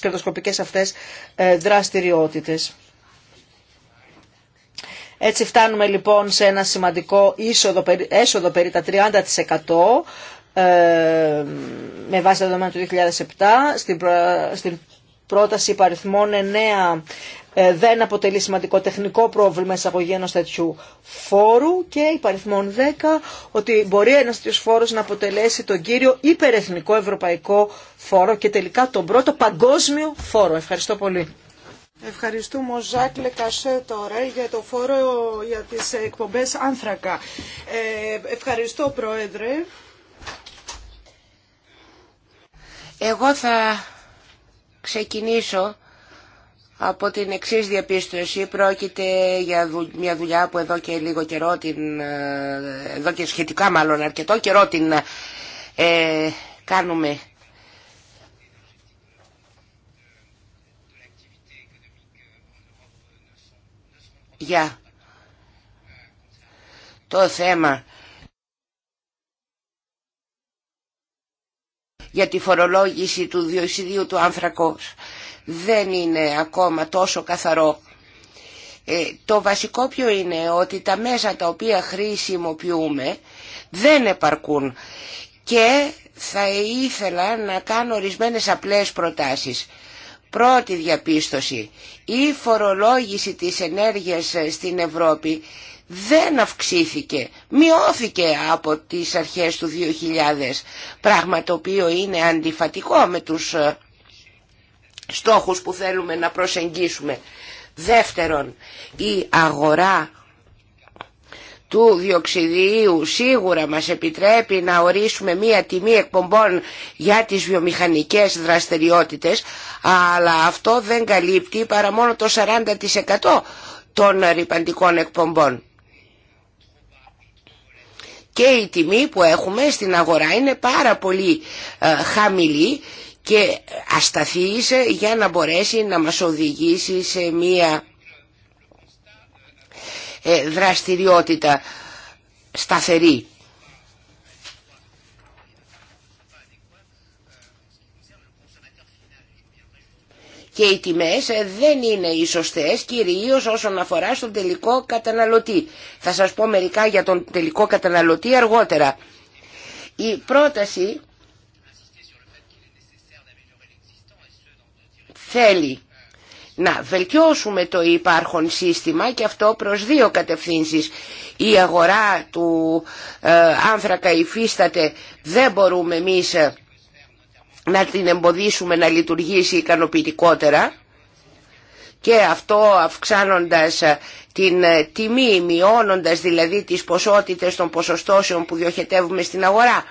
κερδοσκοπικέ αυτέ δραστηριότητε. Έτσι φτάνουμε λοιπόν σε ένα σημαντικό έσοδο περί τα 30% ε, με βάση τα δεδομένα του 2007 στην, στην πρόταση υπαριθμών 9 ε, δεν αποτελεί σημαντικό τεχνικό πρόβλημα εισαγωγή ενό τέτοιου φόρου και υπαριθμών 10 ότι μπορεί ένα τέτοιο φόρος να αποτελέσει τον κύριο υπερεθνικό ευρωπαϊκό φόρο και τελικά τον πρώτο παγκόσμιο φόρο. Ευχαριστώ πολύ. Ευχαριστούμε ο Ζακ Λεκασέ τώρα για το φόρο για τις εκπομπές άνθρακα. Ε, ευχαριστώ Πρόεδρε. Εγώ θα ξεκινήσω από την εξή διαπίστωση. Πρόκειται για μια δουλειά που εδώ και λίγο καιρό, την, ε, εδώ και σχετικά μάλλον αρκετό καιρό την ε, κάνουμε. Για το θέμα για τη φορολόγηση του διοξιδίου του άνθρακος δεν είναι ακόμα τόσο καθαρό. Ε, το βασικό πιο είναι ότι τα μέσα τα οποία χρησιμοποιούμε δεν επαρκούν και θα ήθελα να κάνω ορισμένες απλές προτάσεις. Πρώτη διαπίστωση, η φορολόγηση της ενέργειας στην Ευρώπη δεν αυξήθηκε, μειώθηκε από τις αρχές του 2000, πράγμα το οποίο είναι αντιφατικό με τους ε, στόχους που θέλουμε να προσεγγίσουμε. Δεύτερον, η αγορά του διοξιδίου σίγουρα μας επιτρέπει να ορίσουμε μία τιμή εκπομπών για τις βιομηχανικές δραστηριότητες, αλλά αυτό δεν καλύπτει παρά μόνο το 40% των ρηπαντικών εκπομπών και η τιμή που έχουμε στην αγορά είναι πάρα πολύ ε, χαμηλή και ασταθείς για να μπορέσει να μας οδηγήσει σε μία ε, δραστηριότητα σταθερή. και οι τιμές ε, δεν είναι οι σωστές κυρίως όσον αφορά στον τελικό καταναλωτή. Θα σας πω μερικά για τον τελικό καταναλωτή αργότερα. Η πρόταση θέλει να βελτιώσουμε το υπάρχον σύστημα και αυτό προς δύο κατευθύνσεις. Η αγορά του ε, άνθρακα υφίσταται, δεν μπορούμε εμείς ε, να την εμποδίσουμε να λειτουργήσει ικανοποιητικότερα και αυτό αυξάνοντας ε, την ε, τιμή, μειώνοντας δηλαδή τις ποσότητες των ποσοστώσεων που διοχετεύουμε στην αγορά.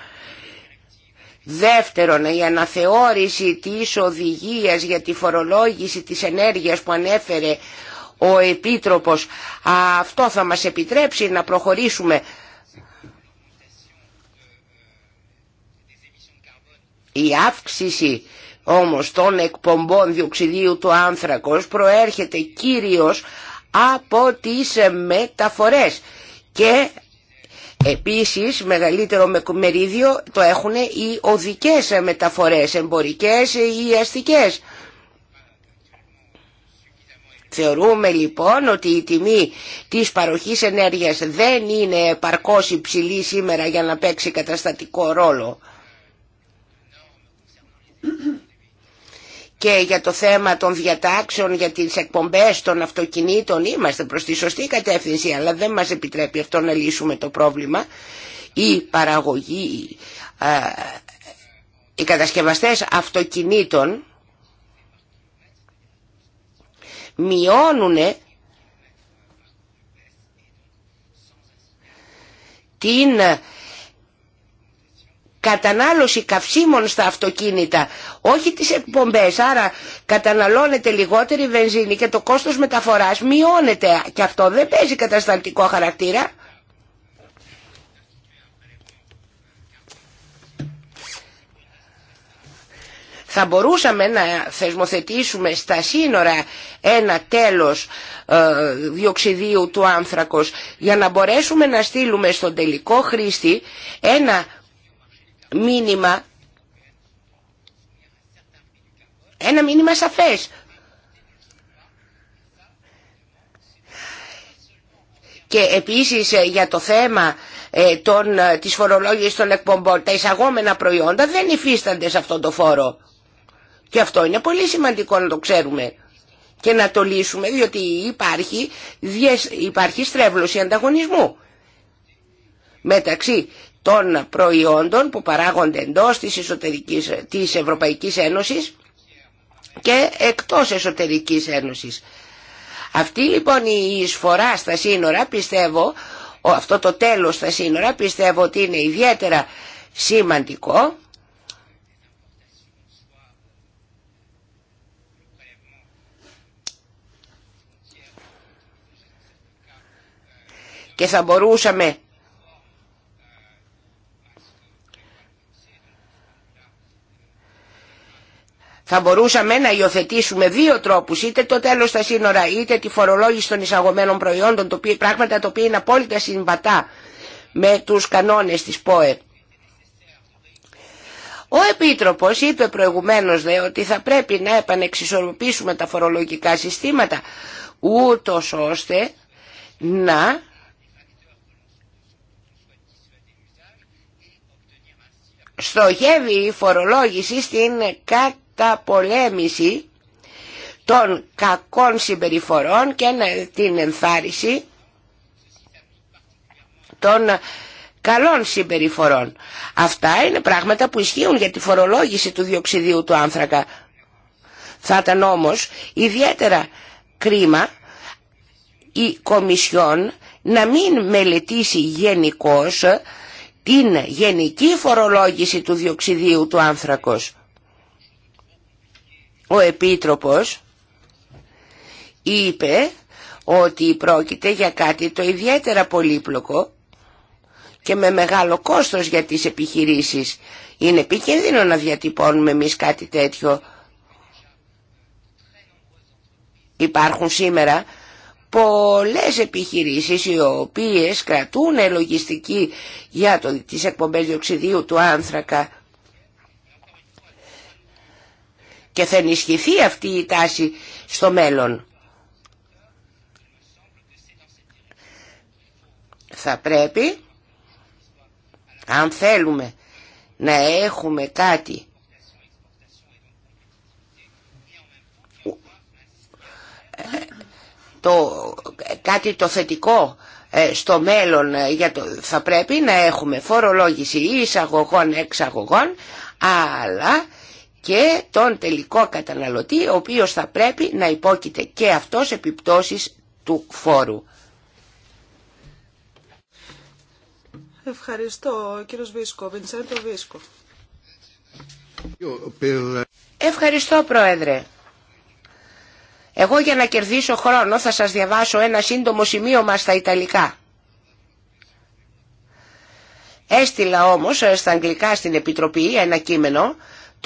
Δεύτερον, η αναθεώρηση της οδηγίας για τη φορολόγηση της ενέργειας που ανέφερε ο Επίτροπος, αυτό θα μας επιτρέψει να προχωρήσουμε Η αύξηση όμως των εκπομπών διοξιδίου του άνθρακος προέρχεται κυρίως από τις μεταφορές και επίσης μεγαλύτερο μερίδιο το έχουν οι οδικές μεταφορές, εμπορικές ή αστικές. Θεωρούμε λοιπόν ότι η τιμή της παροχής ενέργειας δεν είναι επαρκώς υψηλή σήμερα για να παίξει καταστατικό ρόλο και για το θέμα των διατάξεων για τις εκπομπές των αυτοκινήτων είμαστε προς τη σωστή κατεύθυνση αλλά δεν μας επιτρέπει αυτό να λύσουμε το πρόβλημα η παραγωγή οι κατασκευαστές αυτοκινήτων μειώνουν την κατανάλωση καυσίμων στα αυτοκίνητα, όχι τις εκπομπές. Άρα καταναλώνεται λιγότερη βενζίνη και το κόστος μεταφοράς μειώνεται. Και αυτό δεν παίζει κατασταλτικό χαρακτήρα. Θα μπορούσαμε να θεσμοθετήσουμε στα σύνορα ένα τέλος ε, διοξιδίου του άνθρακος για να μπορέσουμε να στείλουμε στον τελικό χρήστη ένα μήνυμα, ένα μήνυμα σαφές. Και επίσης ε, για το θέμα ε, των, ε, της φορολόγησης των εκπομπών, τα εισαγόμενα προϊόντα δεν υφίστανται σε αυτό το φόρο. Και αυτό είναι πολύ σημαντικό να το ξέρουμε και να το λύσουμε, διότι υπάρχει, υπάρχει στρέβλωση ανταγωνισμού μεταξύ των προϊόντων που παράγονται εντός της, εσωτερικής, της Ευρωπαϊκής Ένωσης και εκτός Εσωτερικής Ένωσης. Αυτή λοιπόν η εισφορά στα σύνορα πιστεύω, αυτό το τέλος στα σύνορα πιστεύω ότι είναι ιδιαίτερα σημαντικό και θα μπορούσαμε θα μπορούσαμε να υιοθετήσουμε δύο τρόπους, είτε το τέλος στα σύνορα, είτε τη φορολόγηση των εισαγωμένων προϊόντων, το οποίο, πράγματα τα οποία είναι απόλυτα συμβατά με τους κανόνες της ΠΟΕ. Ο Επίτροπος είπε προηγουμένως δε ότι θα πρέπει να επανεξισορροπήσουμε τα φορολογικά συστήματα, ούτω ώστε να στοχεύει η φορολόγηση στην κατάσταση τα πολέμηση των κακών συμπεριφορών και την ενθάρρυση των καλών συμπεριφορών. Αυτά είναι πράγματα που ισχύουν για τη φορολόγηση του διοξιδίου του άνθρακα. Θα ήταν όμως ιδιαίτερα κρίμα η Κομισιόν να μην μελετήσει γενικώς την γενική φορολόγηση του διοξιδίου του άνθρακος. Ο Επίτροπος είπε ότι πρόκειται για κάτι το ιδιαίτερα πολύπλοκο και με μεγάλο κόστος για τις επιχειρήσεις. Είναι επικίνδυνο να διατυπώνουμε εμείς κάτι τέτοιο. Υπάρχουν σήμερα πολλές επιχειρήσεις οι οποίες κρατούν λογιστική για το, τις εκπομπές διοξιδίου του άνθρακα και θα ενισχυθεί αυτή η τάση στο μέλλον. Θα πρέπει, αν θέλουμε να έχουμε κάτι το, κάτι το θετικό ε, στο μέλλον ε, για το, θα πρέπει να έχουμε φορολόγηση εισαγωγών, εξαγωγών αλλά και τον τελικό καταναλωτή, ο οποίος θα πρέπει να υπόκειται και αυτός επιπτώσεις του φόρου. Ευχαριστώ, κύριος Βίσκο, Βινσέντο Βίσκο. Ευχαριστώ, Πρόεδρε. Εγώ για να κερδίσω χρόνο θα σας διαβάσω ένα σύντομο σημείωμα στα Ιταλικά. Έστειλα όμως ε, στα Αγγλικά στην Επιτροπή ένα κείμενο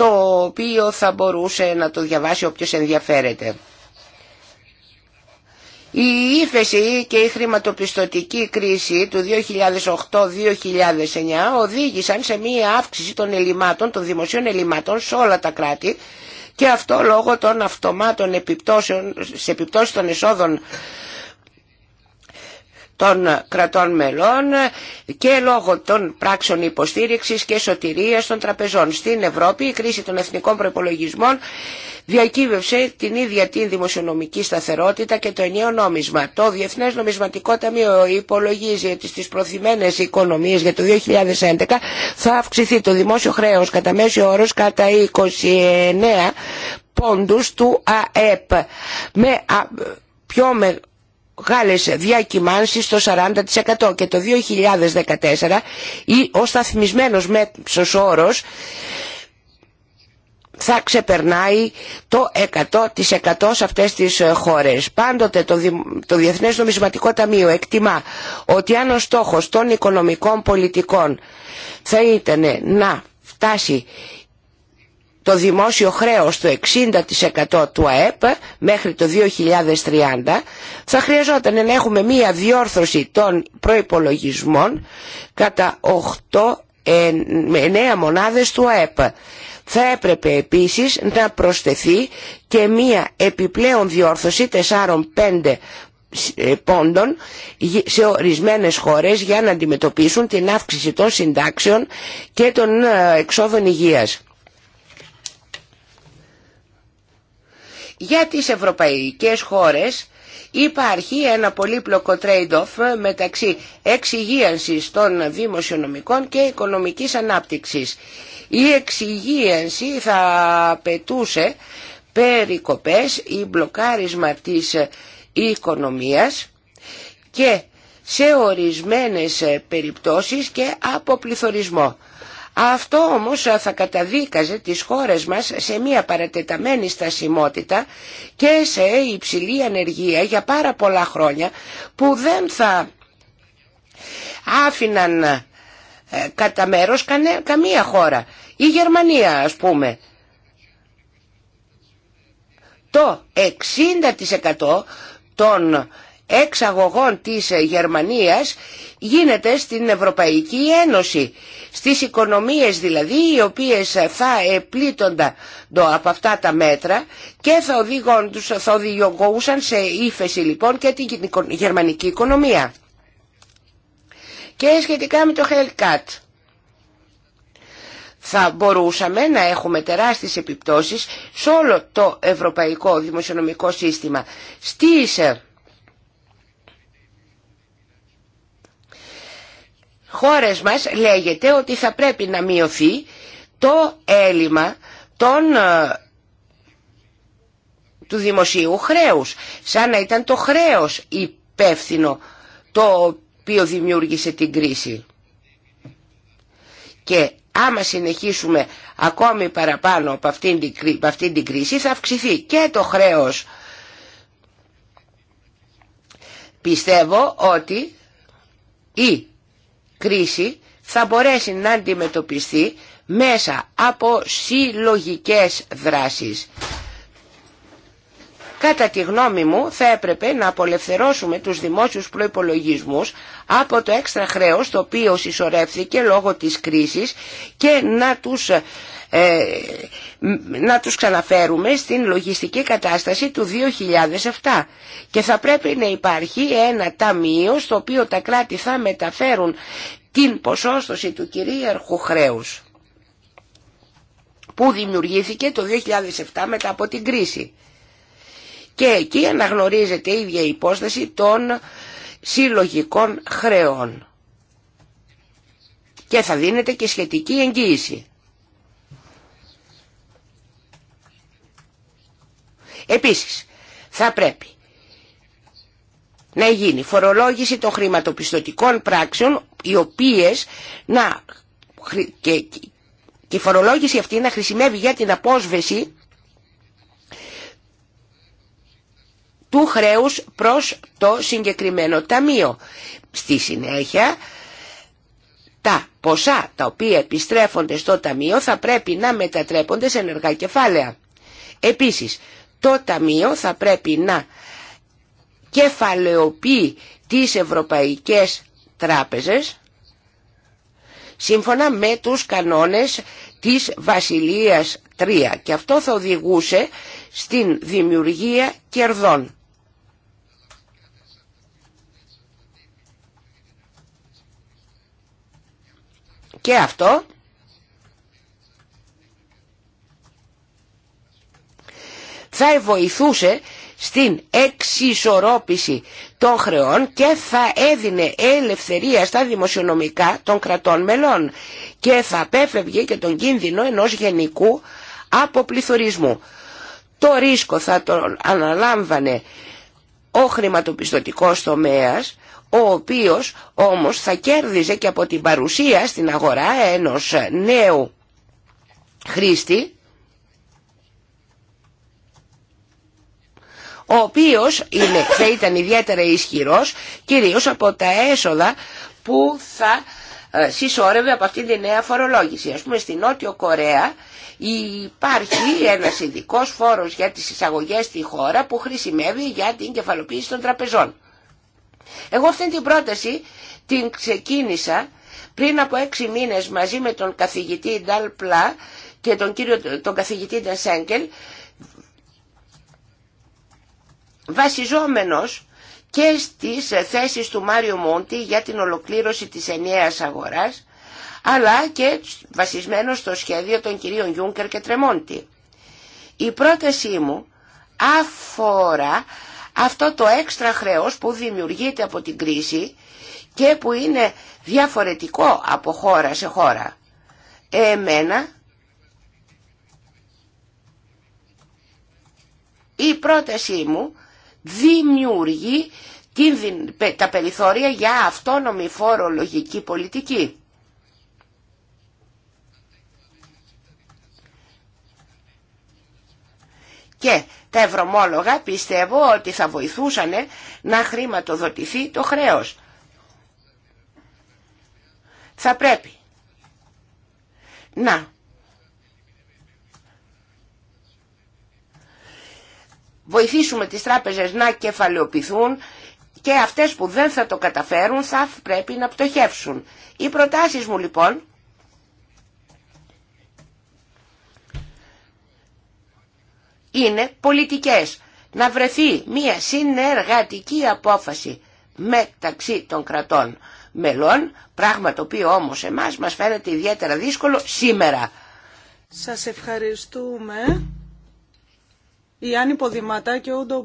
το οποίο θα μπορούσε να το διαβάσει όποιος ενδιαφέρεται. Η ύφεση και η χρηματοπιστωτική κρίση του 2008-2009 οδήγησαν σε μία αύξηση των ελλημάτων, των δημοσίων ελλημάτων σε όλα τα κράτη και αυτό λόγω των αυτομάτων επιπτώσεων, σε επιπτώσεις των εσόδων των κρατών μελών και λόγω των πράξεων υποστήριξης και σωτηρίας των τραπεζών. Στην Ευρώπη η κρίση των εθνικών προπολογισμών διακύβευσε την ίδια την δημοσιονομική σταθερότητα και το ενιαίο νόμισμα. Το Διεθνές Νομισματικό Ταμείο υπολογίζει ότι στις προθυμένες οικονομίες για το 2011 θα αυξηθεί το δημόσιο χρέος κατά μέσο όρο κατά 29 πόντους του ΑΕΠ με πιο γάλλες διακυμάνσεις στο 40% και το 2014 ή ο σταθμισμένος μέσος όρος θα ξεπερνάει το 100% σε αυτές τις ε, χώρες. Πάντοτε το, Διεθνέ το Διεθνές Νομισματικό Ταμείο εκτιμά ότι αν ο στόχος των οικονομικών πολιτικών θα ήταν να φτάσει το δημόσιο χρέος το 60% του ΑΕΠ μέχρι το 2030 θα χρειαζόταν να έχουμε μία διόρθωση των προϋπολογισμών κατά 8 9 μονάδες του ΑΕΠ. Θα έπρεπε επίσης να προσθεθεί και μία επιπλέον διόρθωση 4-5 ε, πόντων σε ορισμένες χώρες για να αντιμετωπίσουν την αύξηση των συντάξεων και των ε, εξόδων υγείας. Για τις ευρωπαϊκές χώρες υπάρχει ένα πολύπλοκο trade-off μεταξύ εξυγίανσης των δημοσιονομικών και οικονομικής ανάπτυξης. Η εξυγίανση θα απαιτούσε περικοπές ή μπλοκάρισμα της οικονομίας και σε ορισμένες περιπτώσεις και αποπληθωρισμό. Αυτό όμως θα καταδίκαζε τις χώρες μας σε μια παρατεταμένη στασιμότητα και σε υψηλή ανεργία για πάρα πολλά χρόνια που δεν θα άφηναν ε, κατά μέρο καμία χώρα. Η Γερμανία ας πούμε. Το 60% των εξαγωγών της Γερμανίας γίνεται στην Ευρωπαϊκή Ένωση. Στις οικονομίες δηλαδή οι οποίες θα επλήττονταν από αυτά τα μέτρα και θα, θα οδηγούσαν σε ύφεση λοιπόν και την γερμανική οικονομία. Και σχετικά με το Hellcat. Θα μπορούσαμε να έχουμε τεράστιες επιπτώσεις σε όλο το ευρωπαϊκό δημοσιονομικό σύστημα. Στις χώρες μας λέγεται ότι θα πρέπει να μειωθεί το έλλειμμα των, ε, του δημοσίου χρέους, σαν να ήταν το χρέος υπεύθυνο το οποίο δημιούργησε την κρίση. Και άμα συνεχίσουμε ακόμη παραπάνω από αυτήν την, την κρίση θα αυξηθεί και το χρέος. Πιστεύω ότι η κρίση θα μπορέσει να αντιμετωπιστεί μέσα από συλλογικές δράσεις. Κατά τη γνώμη μου θα έπρεπε να απολευθερώσουμε τους δημόσιους προϋπολογισμούς από το έξτρα χρέος το οποίο συσσωρεύθηκε λόγω της κρίσης και να τους ε, να τους ξαναφέρουμε στην λογιστική κατάσταση του 2007 και θα πρέπει να υπάρχει ένα ταμείο στο οποίο τα κράτη θα μεταφέρουν την ποσόστοση του κυρίαρχου χρέους που δημιουργήθηκε το 2007 μετά από την κρίση. Και εκεί αναγνωρίζεται η ίδια υπόσταση των συλλογικών χρεών. Και θα δίνεται και σχετική εγγύηση. Επίσης, θα πρέπει να γίνει φορολόγηση των χρηματοπιστωτικών πράξεων, οι οποίες να... και η φορολόγηση αυτή να χρησιμεύει για την απόσβεση του χρέους προς το συγκεκριμένο ταμείο. Στη συνέχεια, τα ποσά τα οποία επιστρέφονται στο ταμείο θα πρέπει να μετατρέπονται σε ενεργά κεφάλαια. Επίσης, το Ταμείο θα πρέπει να κεφαλαιοποιεί τις ευρωπαϊκές τράπεζες σύμφωνα με τους κανόνες της Βασιλείας 3 και αυτό θα οδηγούσε στην δημιουργία κερδών. Και αυτό θα βοηθούσε στην εξισορρόπηση των χρεών και θα έδινε ελευθερία στα δημοσιονομικά των κρατών μελών και θα απέφευγε και τον κίνδυνο ενός γενικού αποπληθωρισμού. Το ρίσκο θα τον αναλάμβανε ο χρηματοπιστωτικός τομέας, ο οποίος όμως θα κέρδιζε και από την παρουσία στην αγορά ενός νέου χρήστη, ο οποίος θα ήταν ιδιαίτερα ισχυρός κυρίως από τα έσοδα που θα ε, συσσόρευε από αυτή τη νέα φορολόγηση. Ας πούμε στην Νότιο Κορέα υπάρχει ένας ειδικό φόρος για τις εισαγωγές στη χώρα που χρησιμεύει για την κεφαλοποίηση των τραπεζών. Εγώ αυτή την πρόταση την ξεκίνησα πριν από έξι μήνες μαζί με τον καθηγητή Πλά και τον, κύριο, τον καθηγητή Ντασέγκελ βασιζόμενος και στις θέσεις του Μάριου Μόντι για την ολοκλήρωση της ενιαίας αγοράς, αλλά και βασισμένος στο σχέδιο των κυρίων Γιούνκερ και Τρεμόντι. Η πρότασή μου αφορά αυτό το έξτρα χρέος που δημιουργείται από την κρίση και που είναι διαφορετικό από χώρα σε χώρα. Εμένα η πρότασή μου δημιουργεί τα περιθώρια για αυτόνομη φορολογική πολιτική. Και τα ευρωμόλογα πιστεύω ότι θα βοηθούσαν να χρηματοδοτηθεί το χρέος. Θα πρέπει να βοηθήσουμε τις τράπεζες να κεφαλαιοποιηθούν και αυτές που δεν θα το καταφέρουν θα πρέπει να πτωχεύσουν. Οι προτάσεις μου λοιπόν είναι πολιτικές. Να βρεθεί μια συνεργατική απόφαση μεταξύ των κρατών μελών, πράγμα το οποίο όμως εμάς μας φαίνεται ιδιαίτερα δύσκολο σήμερα. Σας ευχαριστούμε. Η Άννη Ποδηματά και ο Ούντο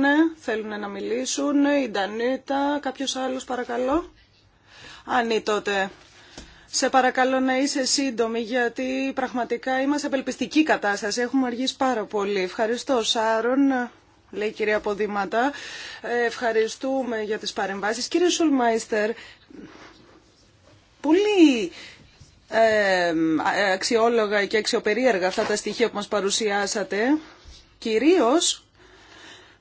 ναι, θέλουν να μιλήσουν. Η Ντανίτα, κάποιος άλλος παρακαλώ. Άννη τότε. Σε παρακαλώ να είσαι σύντομη γιατί πραγματικά είμαστε απελπιστική κατάσταση. Έχουμε αργήσει πάρα πολύ. Ευχαριστώ Σάρον. Λέει η κυρία Ποδήματα, ε, ευχαριστούμε για τις παρεμβάσεις. Κύριε Σουλμάιστερ, πολύ ε, ε, αξιόλογα και αξιοπερίεργα αυτά τα στοιχεία που μας παρουσιάσατε κυρίως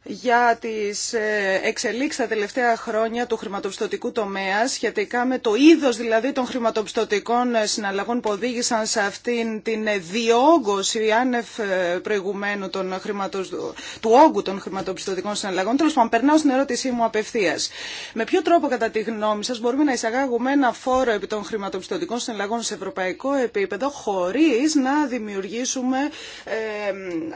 για τις ε, εξελίξεις τα τελευταία χρόνια του χρηματοπιστωτικού τομέα σχετικά με το είδος δηλαδή των χρηματοπιστωτικών ε, συναλλαγών που οδήγησαν σε αυτήν την ε, διόγκωση άνευ προηγουμένου των του όγκου των χρηματοπιστωτικών συναλλαγών. Τέλος πάντων, περνάω στην ερώτησή μου απευθείας. Με ποιο τρόπο κατά τη γνώμη σας μπορούμε να εισαγάγουμε ένα φόρο επί των χρηματοπιστωτικών συναλλαγών σε ευρωπαϊκό επίπεδο χωρίς να δημιουργήσουμε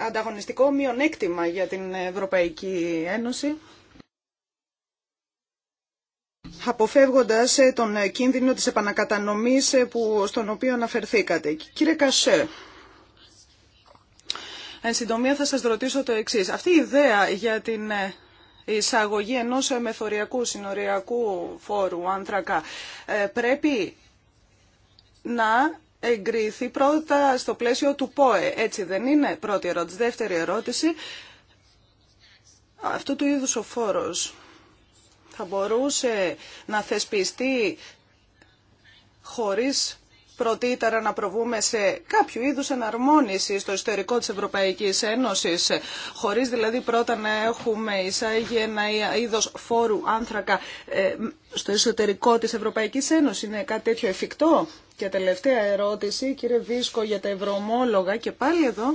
ανταγωνιστικό μειονέκτημα για την Ευρωπαϊκή Ευρωπαϊκή Ένωση αποφεύγοντας ε, τον ε, κίνδυνο της επανακατανομής ε, που, στον οποίο αναφερθήκατε. Κύριε Κασέ, εν συντομία θα σας ρωτήσω το εξής. Αυτή η ιδέα για την εισαγωγή ενός μεθοριακού συνοριακού φόρου άνθρακα πρέπει να εγκριθεί πρώτα στο πλαίσιο του ΠΟΕ. Έτσι δεν είναι. Πρώτη ερώτηση. Δεύτερη ερώτηση αυτού του είδους ο φόρος θα μπορούσε να θεσπιστεί χωρίς πρωτήτερα να προβούμε σε κάποιο είδους εναρμόνιση στο εσωτερικό της Ευρωπαϊκής Ένωσης, χωρίς δηλαδή πρώτα να έχουμε εισάγει ένα είδος φόρου άνθρακα ε, στο εσωτερικό της Ευρωπαϊκής Ένωσης. Είναι κάτι τέτοιο εφικτό. Και τελευταία ερώτηση, κύριε Βίσκο, για τα ευρωομόλογα και πάλι εδώ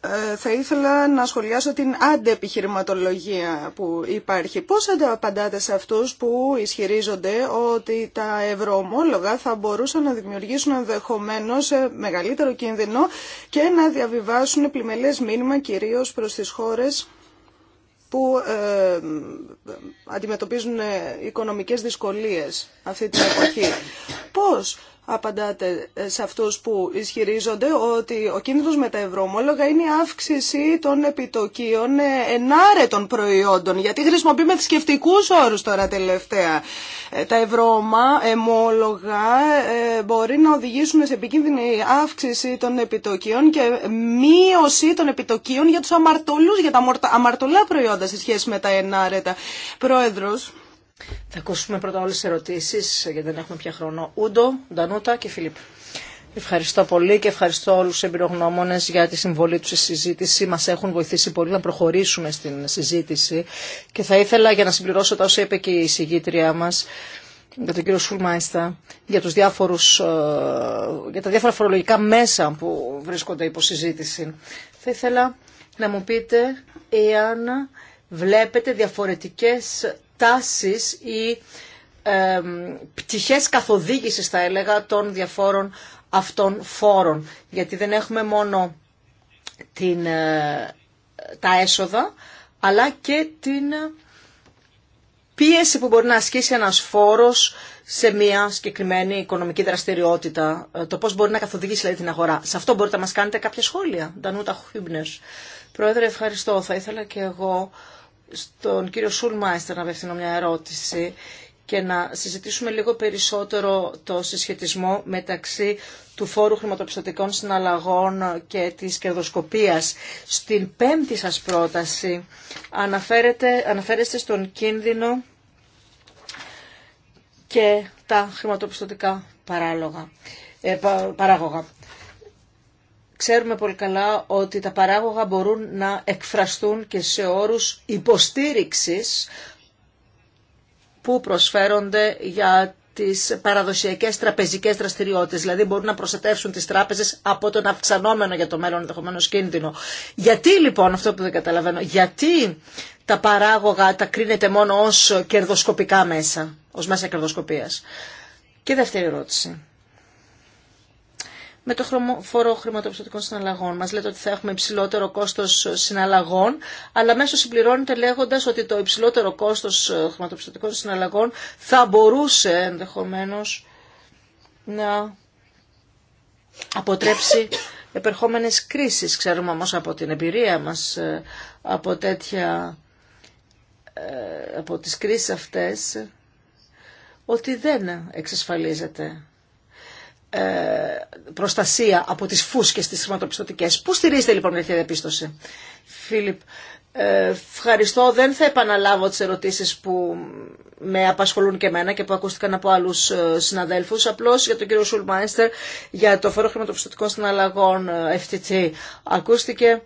ε, θα ήθελα να σχολιάσω την αντεπιχειρηματολογία που υπάρχει. Πώς ανταπαντάτε σε αυτούς που ισχυρίζονται ότι τα ευρωομόλογα θα μπορούσαν να δημιουργήσουν ενδεχομένω μεγαλύτερο κίνδυνο και να διαβιβάσουν πλημελές μήνυμα κυρίως προς τις χώρες που ε, αντιμετωπίζουν οικονομικές δυσκολίες αυτή την εποχή. Πώς απαντάτε σε αυτούς που ισχυρίζονται ότι ο κίνδυνος με τα ευρωομόλογα είναι η αύξηση των επιτοκίων ενάρετων προϊόντων. Γιατί χρησιμοποιούμε θρησκευτικού όρους τώρα τελευταία. Ε, τα ευρωομόλογα ε, μπορεί να οδηγήσουν σε επικίνδυνη αύξηση των επιτοκίων και μείωση των επιτοκίων για τους αμαρτωλούς, για τα αμαρτωλά προϊόντα σε σχέση με τα ενάρετα. Πρόεδρος. Θα ακούσουμε πρώτα όλες τις ερωτήσεις, γιατί δεν έχουμε πια χρόνο. Ούντο, Ντανούτα και Φιλίπ. Ευχαριστώ πολύ και ευχαριστώ όλου του εμπειρογνώμονε για τη συμβολή του στη συζήτηση. Μα έχουν βοηθήσει πολύ να προχωρήσουμε στην συζήτηση. Και θα ήθελα για να συμπληρώσω τα όσα είπε και η συγγήτριά μα, για τον κύριο Σουλμάιστα, για, τους διάφορους, ε, για τα διάφορα φορολογικά μέσα που βρίσκονται υπό συζήτηση. Θα ήθελα να μου πείτε εάν βλέπετε διαφορετικές τάσεις ή ε, πτυχές καθοδήγησης θα έλεγα των διαφόρων αυτών φόρων. Γιατί δεν έχουμε μόνο την, ε, τα έσοδα αλλά και την πίεση που μπορεί να ασκήσει ένας φόρος σε μια συγκεκριμένη οικονομική δραστηριότητα, ε, το πώς μπορεί να καθοδηγήσει δηλαδή, την αγορά. Σε αυτό μπορείτε να μας κάνετε κάποια σχόλια, Ντανούτα Χούμπνερς. Πρόεδρε, ευχαριστώ. Θα ήθελα και εγώ στον κύριο Σουλμάιστερ να απευθύνω μια ερώτηση και να συζητήσουμε λίγο περισσότερο το συσχετισμό μεταξύ του Φόρου Χρηματοπιστωτικών Συναλλαγών και της κερδοσκοπίας. Στην πέμπτη σας πρόταση αναφέρετε, αναφέρεστε στον κίνδυνο και τα χρηματοπιστωτικά παράλογα, ε, παράγωγα. Ξέρουμε πολύ καλά ότι τα παράγωγα μπορούν να εκφραστούν και σε όρους υποστήριξης που προσφέρονται για τις παραδοσιακές τραπεζικές δραστηριότητες. Δηλαδή μπορούν να προστατεύσουν τις τράπεζες από τον αυξανόμενο για το μέλλον ενδεχομένω κίνδυνο. Γιατί λοιπόν, αυτό που δεν καταλαβαίνω, γιατί τα παράγωγα τα κρίνεται μόνο ως κερδοσκοπικά μέσα, ως μέσα κερδοσκοπίας. Και δεύτερη ερώτηση με το φορό χρηματοπιστωτικών συναλλαγών. Μας λέτε ότι θα έχουμε υψηλότερο κόστος συναλλαγών, αλλά μέσω συμπληρώνεται λέγοντα ότι το υψηλότερο κόστος ε, χρηματοπιστωτικών συναλλαγών θα μπορούσε ενδεχομένως να αποτρέψει επερχόμενες κρίσεις. Ξέρουμε όμω από την εμπειρία μας, ε, από τέτοια, ε, από τις κρίσεις αυτές, ότι δεν εξασφαλίζεται ε, προστασία από τις φούσκες τις χρηματοπιστωτικές. Πού στηρίζετε λοιπόν αυτή η διαπίστωση. Φίλιπ, ε, ευχαριστώ. Δεν θα επαναλάβω τις ερωτήσεις που με απασχολούν και εμένα και που ακούστηκαν από άλλους ε, συναδέλφους. Απλώς για τον κύριο Σουλμάινστερ για το φόρο χρηματοπιστωτικών συναλλαγών FTT. Ακούστηκε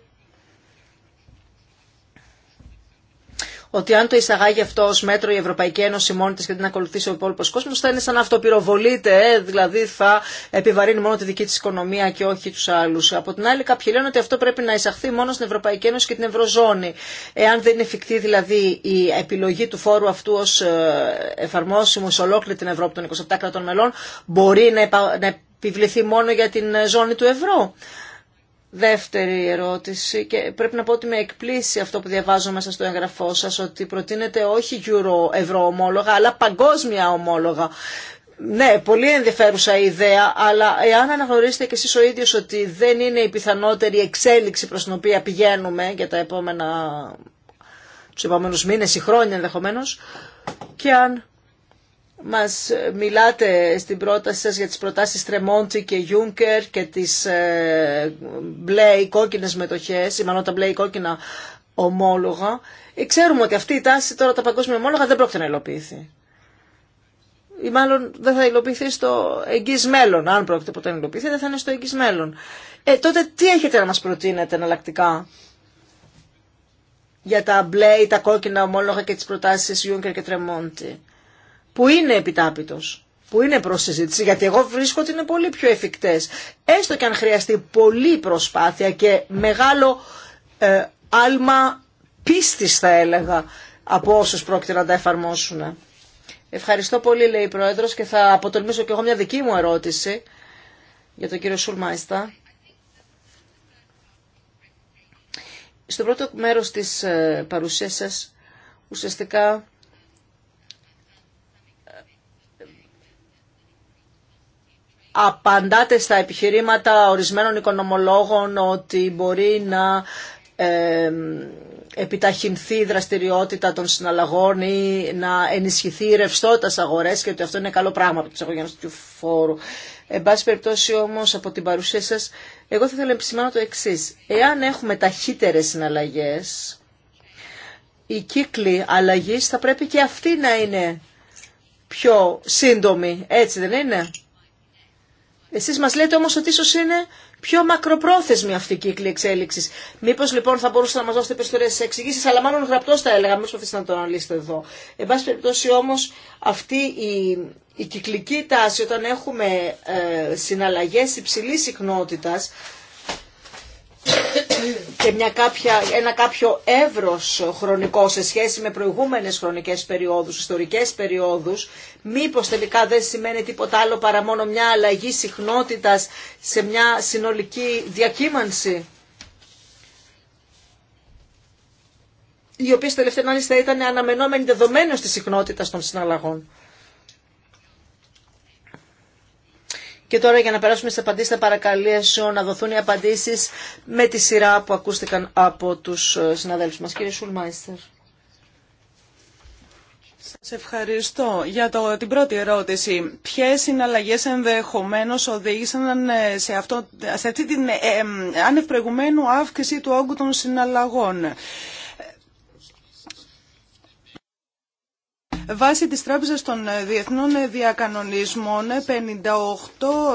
ότι αν το εισαγάγει αυτό ω μέτρο η Ευρωπαϊκή Ένωση μόνη τη και την ακολουθήσει ο υπόλοιπο κόσμο, θα είναι σαν να αυτοπυροβολείται, ε, δηλαδή θα επιβαρύνει μόνο τη δική τη οικονομία και όχι του άλλου. Από την άλλη κάποιοι λένε ότι αυτό πρέπει να εισαχθεί μόνο στην Ευρωπαϊκή Ένωση και την Ευρωζώνη. Εάν δεν είναι εφικτή δηλαδή η επιλογή του φόρου αυτού ω ε, εφαρμόσιμου σε ολόκληρη την Ευρώπη των 27 κρατών μελών, μπορεί να επιβληθεί μόνο για την ε, ζώνη του ευρώ. Δεύτερη ερώτηση, και πρέπει να πω ότι με εκπλήσει αυτό που διαβάζω μέσα στο εγγραφό σας, ότι προτείνεται όχι ευρωομόλογα, αλλά παγκόσμια ομόλογα. Ναι, πολύ ενδιαφέρουσα η ιδέα, αλλά εάν αναγνωρίσετε κι εσείς ο ίδιος ότι δεν είναι η πιθανότερη εξέλιξη προς την οποία πηγαίνουμε για τα επόμενα, τους επόμενους μήνες ή χρόνια ενδεχομένως, και αν μας μιλάτε στην πρόταση σας για τις προτάσεις Τρεμόντι και Γιούνκερ και τις ε, μπλε ή κόκκινες μετοχές, ή μάλλον τα μπλε ή κόκκινα ομόλογα. Ε, ξέρουμε ότι αυτή η τάση τώρα τα παγκόσμια ομόλογα δεν πρόκειται να υλοποιηθεί. Ή μάλλον δεν θα υλοποιηθεί στο εγγύς μέλλον. Αν πρόκειται ποτέ να υλοποιηθεί δεν θα είναι στο εγγύς μέλλον. Ε, τότε τι έχετε να μας προτείνετε εναλλακτικά για τα μπλε ή τα κόκκινα ομόλογα και τις προτάσεις Γιούνκερ και Τρεμόντι που είναι επιτάπητος, που είναι προς συζήτηση, γιατί εγώ βρίσκω ότι είναι πολύ πιο εφικτές, έστω και αν χρειαστεί πολλή προσπάθεια και μεγάλο ε, άλμα πίστης θα έλεγα από όσους πρόκειται να τα εφαρμόσουν. Ευχαριστώ πολύ λέει η Πρόεδρος και θα αποτολμήσω και εγώ μια δική μου ερώτηση για τον κύριο Σουλμάιστα. Στο πρώτο μέρος της ε, παρουσίας σας ουσιαστικά απαντάτε στα επιχειρήματα ορισμένων οικονομολόγων ότι μπορεί να ε, επιταχυνθεί η δραστηριότητα των συναλλαγών ή να ενισχυθεί η ρευστότητα στις αγορές και ότι αυτό είναι καλό πράγμα από την εξαγωγή του φόρου. Εν πάση περιπτώσει όμως από την παρουσία σας, εγώ θα ήθελα να επισημάνω το εξής. Εάν έχουμε ταχύτερες συναλλαγές, οι κύκλοι αλλαγής θα πρέπει και οτι αυτο ειναι καλο πραγμα απο τους του φορου εν παση περιπτωσει ομως απο την παρουσια σας εγω θα ηθελα να επισημανω το εξη εαν εχουμε ταχυτερες συναλλαγες οι κυκλοι αλλαγης θα πρεπει και αυτη να ειναι πιο σύντομοι. Έτσι δεν είναι. Εσείς μας λέτε όμως ότι ίσως είναι πιο μακροπρόθεσμη αυτή η κύκλη εξέλιξη. Μήπως λοιπόν θα μπορούσατε να μας δώσετε περισσότερες εξηγήσεις, αλλά μάλλον γραπτό τα έλεγα, μήπως προσπαθήσετε να το αναλύσετε εδώ. Εν πάση περιπτώσει όμως αυτή η, η κυκλική τάση όταν έχουμε ε, συναλλαγές υψηλής συχνότητας, και μια κάποια, ένα κάποιο εύρος χρονικό σε σχέση με προηγούμενες χρονικές περιόδους, ιστορικές περιόδους, μήπως τελικά δεν σημαίνει τίποτα άλλο παρά μόνο μια αλλαγή συχνότητας σε μια συνολική διακύμανση. Η οποία τελευταία ανάλυση θα ήταν αναμενόμενη δεδομένως της συχνότητας των συναλλαγών. Και τώρα για να περάσουμε στα απαντήσεις θα παρακαλέσω να δοθούν οι απαντήσεις με τη σειρά που ακούστηκαν από τους ε, συναδέλφους μας. Κύριε Σουλμάιστερ. Σας ευχαριστώ για το, την πρώτη ερώτηση. Ποιες συναλλαγές ενδεχομένως οδήγησαν ε, σε, αυτό, σε αυτή την ε, ανευπροηγουμένου ε, αύξηση του όγκου των συναλλαγών. Βάσει της Τράπεζας των Διεθνών Διακανονισμών,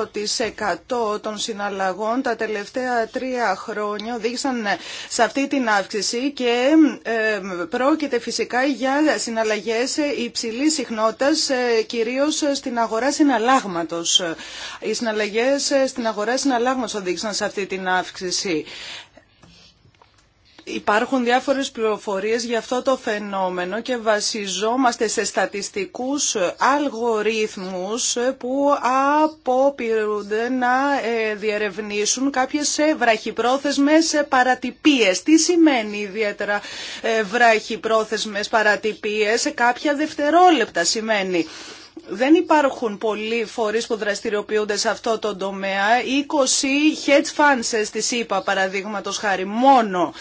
58% των συναλλαγών τα τελευταία τρία χρόνια οδήγησαν σε αυτή την αύξηση και ε, πρόκειται φυσικά για συναλλαγές υψηλής συχνότητας, ε, κυρίως στην αγορά συναλλάγματος. Οι συναλλαγές στην αγορά συναλλάγματος οδήγησαν σε αυτή την αύξηση. Υπάρχουν διάφορες πληροφορίες για αυτό το φαινόμενο και βασιζόμαστε σε στατιστικούς αλγορίθμους που αποπειρούνται να ε, διερευνήσουν κάποιες ε, βραχυπρόθεσμες παρατυπίες. Τι σημαίνει ιδιαίτερα ε, βραχυπρόθεσμες παρατυπίες, κάποια δευτερόλεπτα σημαίνει. Δεν υπάρχουν πολλοί φορείς που δραστηριοποιούνται σε αυτό το τομέα. 20 hedge funds τις είπα παραδείγματος χάρη μόνο.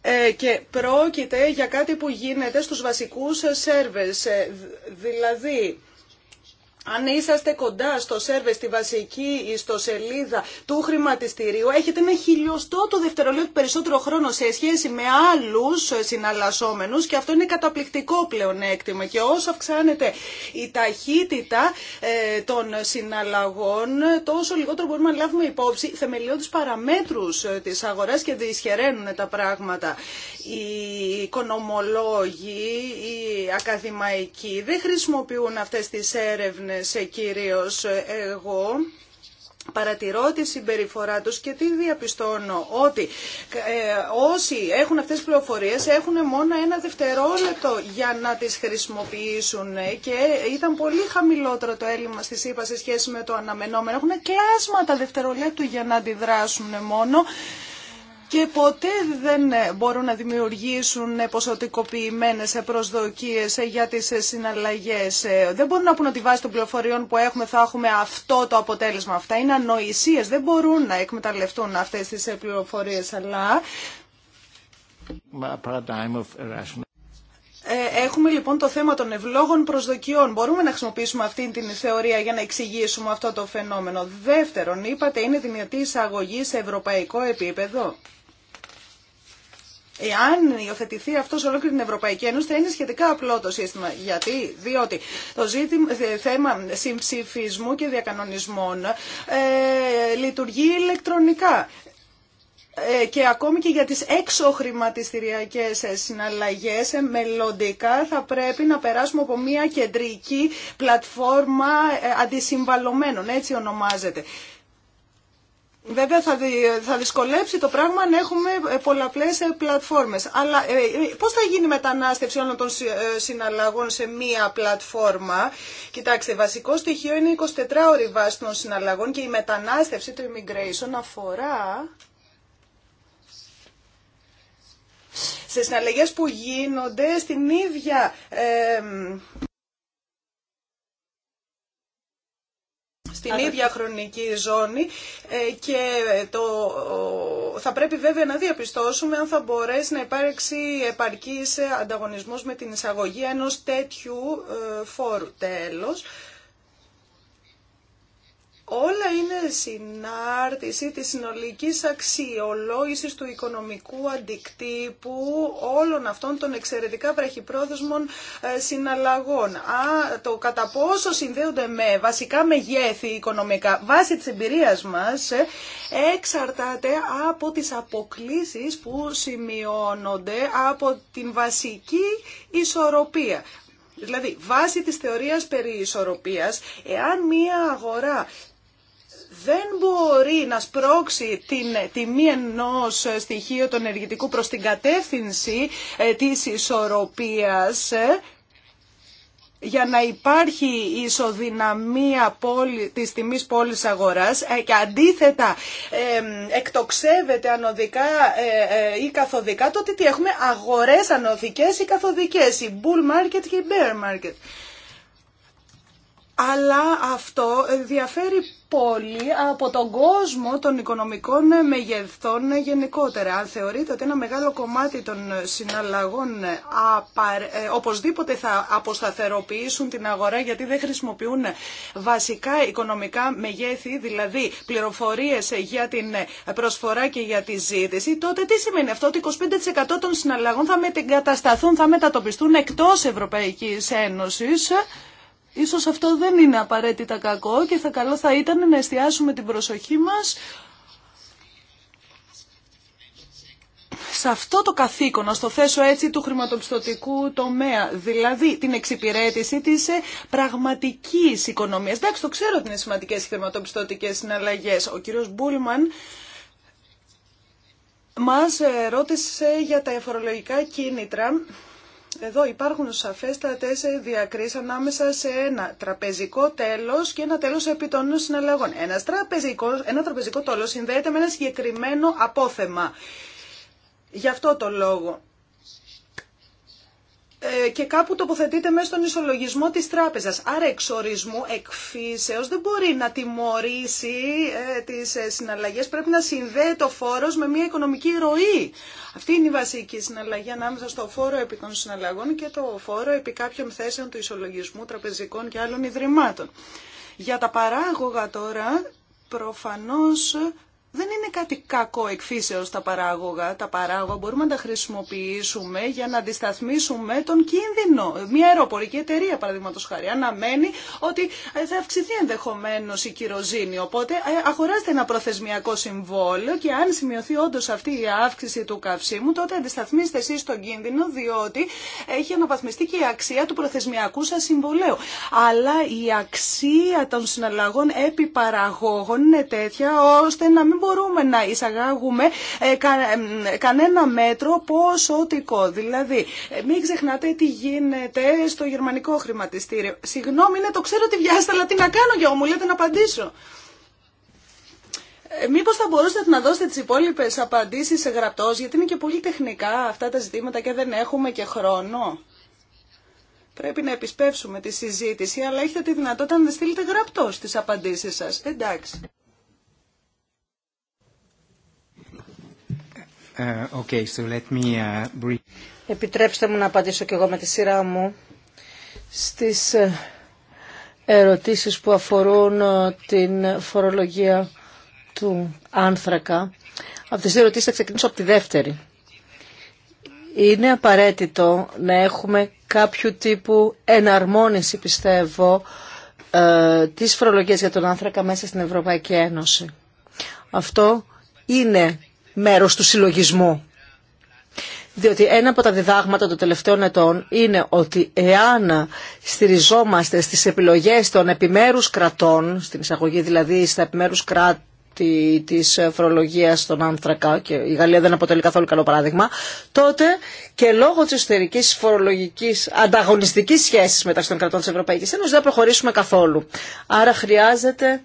Ε, και πρόκειται για κάτι που γίνεται στους βασικούς σερβες. Ε, δηλαδή, αν είσαστε κοντά στο σερβερ, στη βασική ιστοσελίδα του χρηματιστηρίου, έχετε ένα χιλιοστό το δευτερολέπτο περισσότερο χρόνο σε σχέση με άλλους συναλλασσόμενους και αυτό είναι καταπληκτικό πλεονέκτημα. Και όσο αυξάνεται η ταχύτητα ε, των συναλλαγών, τόσο λιγότερο μπορούμε να λάβουμε υπόψη θεμελιώδεις παραμέτρους ε, τη αγορά και δυσχεραίνουν τα πράγματα. Οι οικονομολόγοι, οι ακαδημαϊκοί δεν χρησιμοποιούν αυτέ τι έρευνε. Σε κυρίως ε, εγώ παρατηρώ τη συμπεριφορά τους και τι διαπιστώνω ότι ε, όσοι έχουν αυτές τις πληροφορίες έχουν μόνο ένα δευτερόλεπτο για να τις χρησιμοποιήσουν και ήταν πολύ χαμηλότερο το έλλειμμα στη ΣΥΠΑ σε σχέση με το αναμενόμενο. Έχουν κλάσματα δευτερολέπτου για να αντιδράσουν μόνο και ποτέ δεν μπορούν να δημιουργήσουν ποσοτικοποιημένες προσδοκίες για τις συναλλαγές. Δεν μπορούν να πούν ότι βάσει των πληροφοριών που έχουμε θα έχουμε αυτό το αποτέλεσμα. Αυτά είναι ανοησίες, δεν μπορούν να εκμεταλλευτούν αυτές τις πληροφορίες, αλλά... Ε, έχουμε λοιπόν το θέμα των ευλόγων προσδοκιών. Μπορούμε να χρησιμοποιήσουμε αυτή την θεωρία για να εξηγήσουμε αυτό το φαινόμενο. Δεύτερον, είπατε είναι δυνατή εισαγωγή σε ευρωπαϊκό επίπεδο. Εάν υιοθετηθεί αυτό σε ολόκληρη την Ευρωπαϊκή Ένωση θα είναι σχετικά απλό το σύστημα. Γιατί, διότι το ζήτημα, ε, θέμα συμψηφισμού και διακανονισμών ε, λειτουργεί ηλεκτρονικά ε, και ακόμη και για τις έξω χρηματιστηριακές συναλλαγές ε, μελλοντικά θα πρέπει να περάσουμε από μια κεντρική πλατφόρμα αντισυμβαλωμένων, έτσι ονομάζεται. Βέβαια θα, δυσκολέψει το πράγμα αν έχουμε ε, πολλαπλές ε, πλατφόρμες. Αλλά ε, ε, πώς θα γίνει η μετανάστευση όλων των συναλλαγών σε μία πλατφόρμα. Κοιτάξτε, βασικό στοιχείο είναι 24ωρη βάση των συναλλαγών και η μετανάστευση, του immigration, αφορά σε συναλλαγές που γίνονται στην ίδια... στην ίδια χρονική ζώνη ε, και το, θα πρέπει βέβαια να διαπιστώσουμε αν θα μπορέσει να υπάρξει επαρκής ανταγωνισμός με την εισαγωγή ενός τέτοιου ε, φόρου. Τέλος, Όλα είναι συνάρτηση της συνολικής αξιολόγησης του οικονομικού αντικτύπου όλων αυτών των εξαιρετικά βραχυπρόθεσμων ε, συναλλαγών. Α, το κατά πόσο συνδέονται με βασικά μεγέθη οικονομικά, βάσει της εμπειρίας μας, ε, εξαρτάται από τις αποκλίσεις που σημειώνονται από την βασική ισορροπία. Δηλαδή, βάσει της θεωρίας περί ισορροπίας, εάν μία αγορά δεν μπορεί να σπρώξει την τιμή ενό ε, στοιχείου του ενεργητικού προς την κατεύθυνση ε, της ισορροπίας ε, για να υπάρχει ισοδυναμία πόλη, της τιμής πόλης αγοράς και αντίθετα εκτοξεύεται ανωδικά ή καθοδικά, τότε τι έχουμε αγορές ανωδικές ή καθοδικές, η bull market και η bear market αλλά αυτό διαφέρει πολύ από τον κόσμο των οικονομικών μεγεθών γενικότερα. Αν θεωρείτε ότι ένα μεγάλο κομμάτι των συναλλαγών ε, οπωσδήποτε θα αποσταθεροποιήσουν την αγορά γιατί δεν χρησιμοποιούν βασικά οικονομικά μεγέθη, δηλαδή πληροφορίες για την προσφορά και για τη ζήτηση, τότε τι σημαίνει αυτό ότι 25% των συναλλαγών θα θα μετατοπιστούν εκτός Ευρωπαϊκής Ένωσης Ίσως αυτό δεν είναι απαραίτητα κακό και θα καλό θα ήταν να εστιάσουμε την προσοχή μας σε αυτό το καθήκον, να στο θέσω έτσι, του χρηματοπιστωτικού τομέα, δηλαδή την εξυπηρέτηση τη ε, πραγματική οικονομία. Εντάξει, το ξέρω ότι είναι σημαντικέ οι χρηματοπιστωτικέ συναλλαγέ. Ο κύριο Μπούλμαν μας ε, ρώτησε για τα εφορολογικά κίνητρα εδώ υπάρχουν τέσσερα διακρίσεις ανάμεσα σε ένα τραπεζικό τέλος και ένα τέλος επί συναλλαγών. Ένας τραπεζικός, ένα τραπεζικό τέλος συνδέεται με ένα συγκεκριμένο απόθεμα. Γι' αυτό το λόγο ε, και κάπου τοποθετείται μέσα στον ισολογισμό της τράπεζας. Άρα εξορισμού, εκφύσεως δεν μπορεί να τιμωρήσει ε, τις ε, συναλλαγές. Πρέπει να συνδέει το φόρος με μια οικονομική ροή. Αυτή είναι η βασική συναλλαγή ανάμεσα στο φόρο επί των συναλλαγών και το φόρο επί κάποιων θέσεων του ισολογισμού τραπεζικών και άλλων ιδρυμάτων. Για τα παράγωγα τώρα, προφανώς δεν είναι κάτι κακό εκφύσεως τα παράγωγα. Τα παράγωγα μπορούμε να τα χρησιμοποιήσουμε για να αντισταθμίσουμε τον κίνδυνο. Μια αεροπορική εταιρεία, παραδείγματο χάρη, αναμένει ότι ε, θα αυξηθεί ενδεχομένω η κυροζήνη. Οπότε ε, αγοράστε ένα προθεσμιακό συμβόλαιο και αν σημειωθεί όντω αυτή η αύξηση του καυσίμου, τότε αντισταθμίστε εσεί τον κίνδυνο, διότι έχει αναβαθμιστεί και η αξία του προθεσμιακού σα συμβολέου. Αλλά η αξία των συναλλαγών επί είναι τέτοια ώστε να μην μπορούμε να εισαγάγουμε ε, ε, κανένα μέτρο ποσοτικό. Δηλαδή, ε, μην ξεχνάτε τι γίνεται στο γερμανικό χρηματιστήριο. Συγγνώμη, ναι, το ξέρω ότι βιάζεται, αλλά τι να κάνω για μου λέτε να απαντήσω. Μήπως θα μπορούσατε να δώσετε τις υπόλοιπες απαντήσεις σε γραπτός, γιατί είναι και πολύ τεχνικά αυτά τα ζητήματα και δεν έχουμε και χρόνο. Πρέπει να επισπεύσουμε τη συζήτηση, αλλά έχετε τη δυνατότητα να στείλετε γραπτός τις απαντήσεις σας. Εντάξει. Uh, uh, Επιτρέψτε μου να απαντήσω και εγώ με τη σειρά μου στις ε, ερωτήσεις που αφορούν ε, την φορολογία του άνθρακα. Από τις δύο ερωτήσεις θα ξεκινήσω από τη δεύτερη. Είναι απαραίτητο να έχουμε κάποιο τύπου εναρμόνιση, πιστεύω, ε, της φορολογίας για τον άνθρακα μέσα στην Ευρωπαϊκή Ένωση. Αυτό είναι μέρος του συλλογισμού. Διότι ένα από τα διδάγματα των τελευταίων ετών είναι ότι εάν στηριζόμαστε στις επιλογές των επιμέρους κρατών, στην εισαγωγή δηλαδή στα επιμέρους κράτη, της φορολογίας των άνθρακα και η Γαλλία δεν αποτελεί καθόλου καλό παράδειγμα τότε και λόγω της εσωτερικής φορολογικής ανταγωνιστικής σχέσης μεταξύ των κρατών της Ευρωπαϊκής Ένωσης δεν προχωρήσουμε καθόλου. Άρα χρειάζεται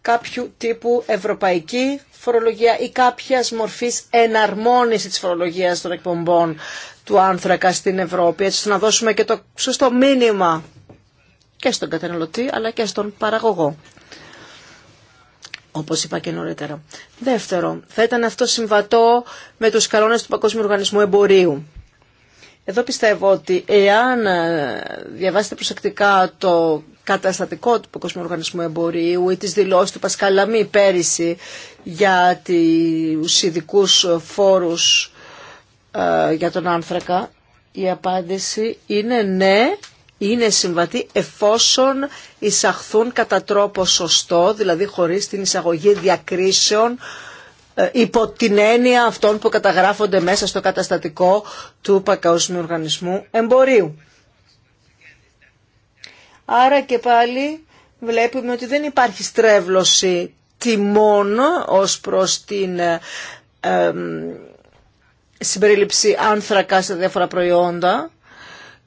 κάποιου τύπου ευρωπαϊκή φορολογία ή κάποια μορφή εναρμόνιση της φορολογία των εκπομπών του άνθρακα στην Ευρώπη, έτσι ώστε να δώσουμε και το σωστό μήνυμα και στον καταναλωτή αλλά και στον παραγωγό. Όπως είπα και νωρίτερα. Δεύτερο, θα ήταν αυτό συμβατό με τους κανόνε του Παγκόσμιου Οργανισμού Εμπορίου. Εδώ πιστεύω ότι εάν ε, διαβάσετε προσεκτικά το καταστατικό του Παγκόσμιου Οργανισμού Εμπορίου ή τις δηλώσεις του Πασκαλαμή πέρυσι για τους ειδικού φόρους ε, για τον άνθρακα, η απάντηση είναι ναι, είναι συμβατή εφόσον εισαχθούν κατά τρόπο σωστό, δηλαδή χωρίς την εισαγωγή διακρίσεων, ε, υπό την έννοια αυτών που καταγράφονται μέσα στο καταστατικό του Παγκόσμιου Οργανισμού Εμπορίου. Άρα και πάλι βλέπουμε ότι δεν υπάρχει στρέβλωση τιμών ως προς την συμπερίληψη άνθρακα σε διάφορα προϊόντα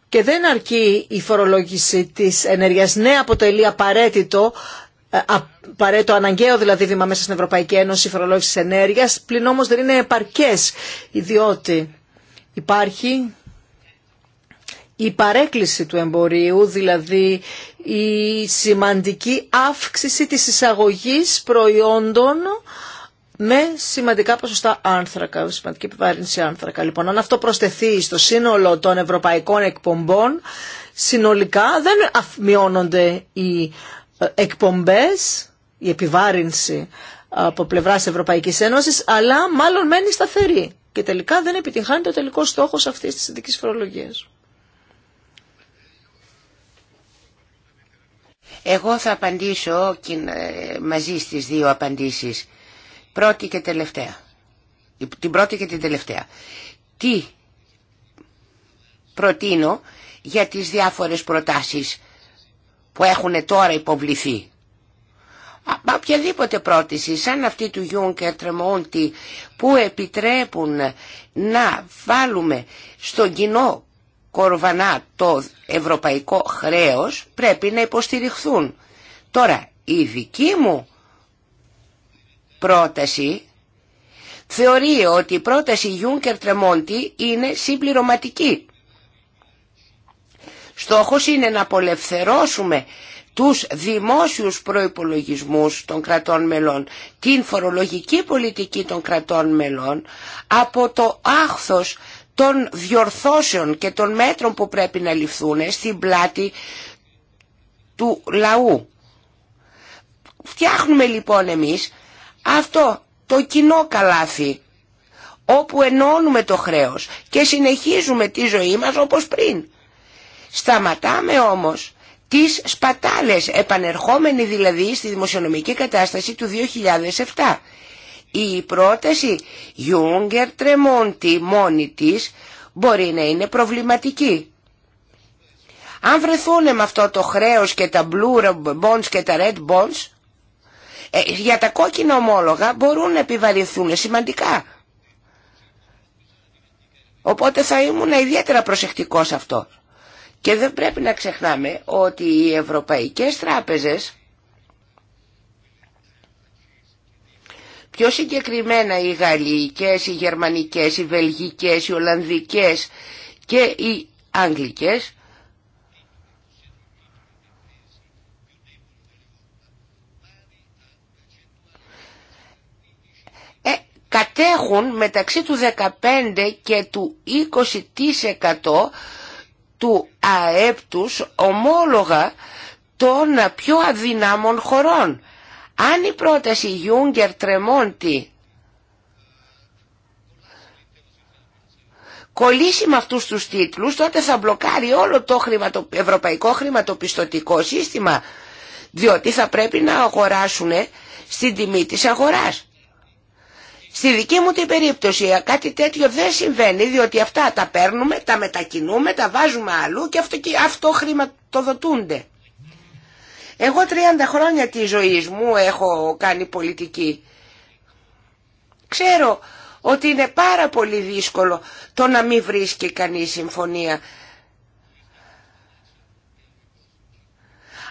και δεν αρκεί η φορολόγηση της ενέργειας. Ναι, αποτελεί απαραίτητο, ε, απαραίτητο αναγκαίο δηλαδή βήμα μέσα στην Ευρωπαϊκή Ένωση η φορολόγηση της ενέργειας, πλην όμως δεν είναι επαρκές, διότι υπάρχει η παρέκκληση του εμπορίου, δηλαδή η σημαντική αύξηση της εισαγωγής προϊόντων με σημαντικά ποσοστά άνθρακα, σημαντική επιβάρυνση άνθρακα. Λοιπόν, αν αυτό προστεθεί στο σύνολο των ευρωπαϊκών εκπομπών, συνολικά δεν μειώνονται οι ε, εκπομπές, η επιβάρυνση από πλευράς Ευρωπαϊκής Ένωσης, αλλά μάλλον μένει σταθερή και τελικά δεν επιτυγχάνεται ο τελικός στόχος αυτής της ειδικής φορολογίας. Εγώ θα απαντήσω ε, μαζί στις δύο απαντήσεις. Πρώτη και τελευταία. Την πρώτη και την τελευταία. Τι προτείνω για τις διάφορες προτάσεις που έχουν τώρα υποβληθεί. Μα οποιαδήποτε πρόταση σαν αυτή του Γιούνκερ Τρεμόντι που επιτρέπουν να βάλουμε στον κοινό κορβανά το ευρωπαϊκό χρέος πρέπει να υποστηριχθούν. Τώρα, η δική μου πρόταση θεωρεί ότι η πρόταση Juncker Τρεμόντι είναι συμπληρωματική. Στόχος είναι να απολευθερώσουμε τους δημόσιους προϋπολογισμούς των κρατών μελών, την φορολογική πολιτική των κρατών μελών, από το άχθος των διορθώσεων και των μέτρων που πρέπει να ληφθούν στην πλάτη του λαού. Φτιάχνουμε λοιπόν εμείς αυτό το κοινό καλάθι όπου ενώνουμε το χρέος και συνεχίζουμε τη ζωή μας όπως πριν. Σταματάμε όμως τις σπατάλες επανερχόμενοι δηλαδή στη δημοσιονομική κατάσταση του 2007 η πρόταση Γιούγκερ Τρεμόντι μόνη της μπορεί να είναι προβληματική. Αν βρεθούν με αυτό το χρέος και τα blue bonds και τα red bonds, ε, για τα κόκκινα ομόλογα μπορούν να επιβαρυνθούν σημαντικά. Οπότε θα ήμουν ιδιαίτερα προσεκτικός αυτό. Και δεν πρέπει να ξεχνάμε ότι οι ευρωπαϊκές τράπεζες Πιο συγκεκριμένα οι γαλλικές, οι γερμανικές, οι βελγικές, οι ολλανδικές και οι άγγλικες ε, κατέχουν μεταξύ του 15 και του 20% του ΑΕΠ τους ομόλογα των πιο αδυνάμων χωρών. Αν η πρόταση Γιούγκερ Τρεμόντι κολλήσει με αυτούς τους τίτλους, τότε θα μπλοκάρει όλο το χρηματο... ευρωπαϊκό χρηματοπιστωτικό σύστημα, διότι θα πρέπει να αγοράσουν στην τιμή της αγοράς. Στη δική μου την περίπτωση ε, κάτι τέτοιο δεν συμβαίνει, διότι αυτά τα παίρνουμε, τα μετακινούμε, τα βάζουμε αλλού και αυτό χρηματοδοτούνται. Εγώ 30 χρόνια τη ζωή μου έχω κάνει πολιτική. Ξέρω ότι είναι πάρα πολύ δύσκολο το να μην βρίσκει κανείς συμφωνία.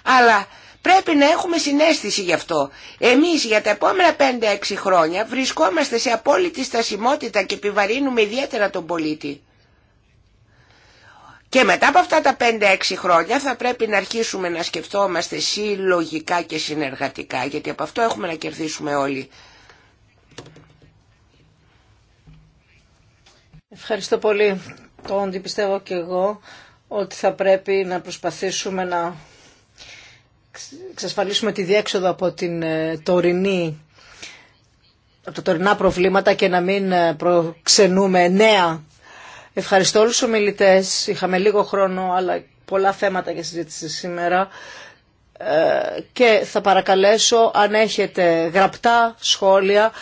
Αλλά πρέπει να έχουμε συνέστηση γι' αυτό. Εμείς για τα επόμενα 5-6 χρόνια βρισκόμαστε σε απόλυτη στασιμότητα και επιβαρύνουμε ιδιαίτερα τον πολίτη. Και μετά από αυτά τα 5-6 χρόνια θα πρέπει να αρχίσουμε να σκεφτόμαστε συλλογικά και συνεργατικά, γιατί από αυτό έχουμε να κερδίσουμε όλοι. Ευχαριστώ πολύ. Τόντι πιστεύω και εγώ ότι θα πρέπει να προσπαθήσουμε να εξασφαλίσουμε τη διέξοδο από την ε, τωρινή από τα τωρινά προβλήματα και να μην ε, προξενούμε νέα Ευχαριστώ όλους τους ομιλητές. Είχαμε λίγο χρόνο, αλλά πολλά θέματα για συζήτηση σήμερα. Ε, και θα παρακαλέσω, αν έχετε γραπτά σχόλια,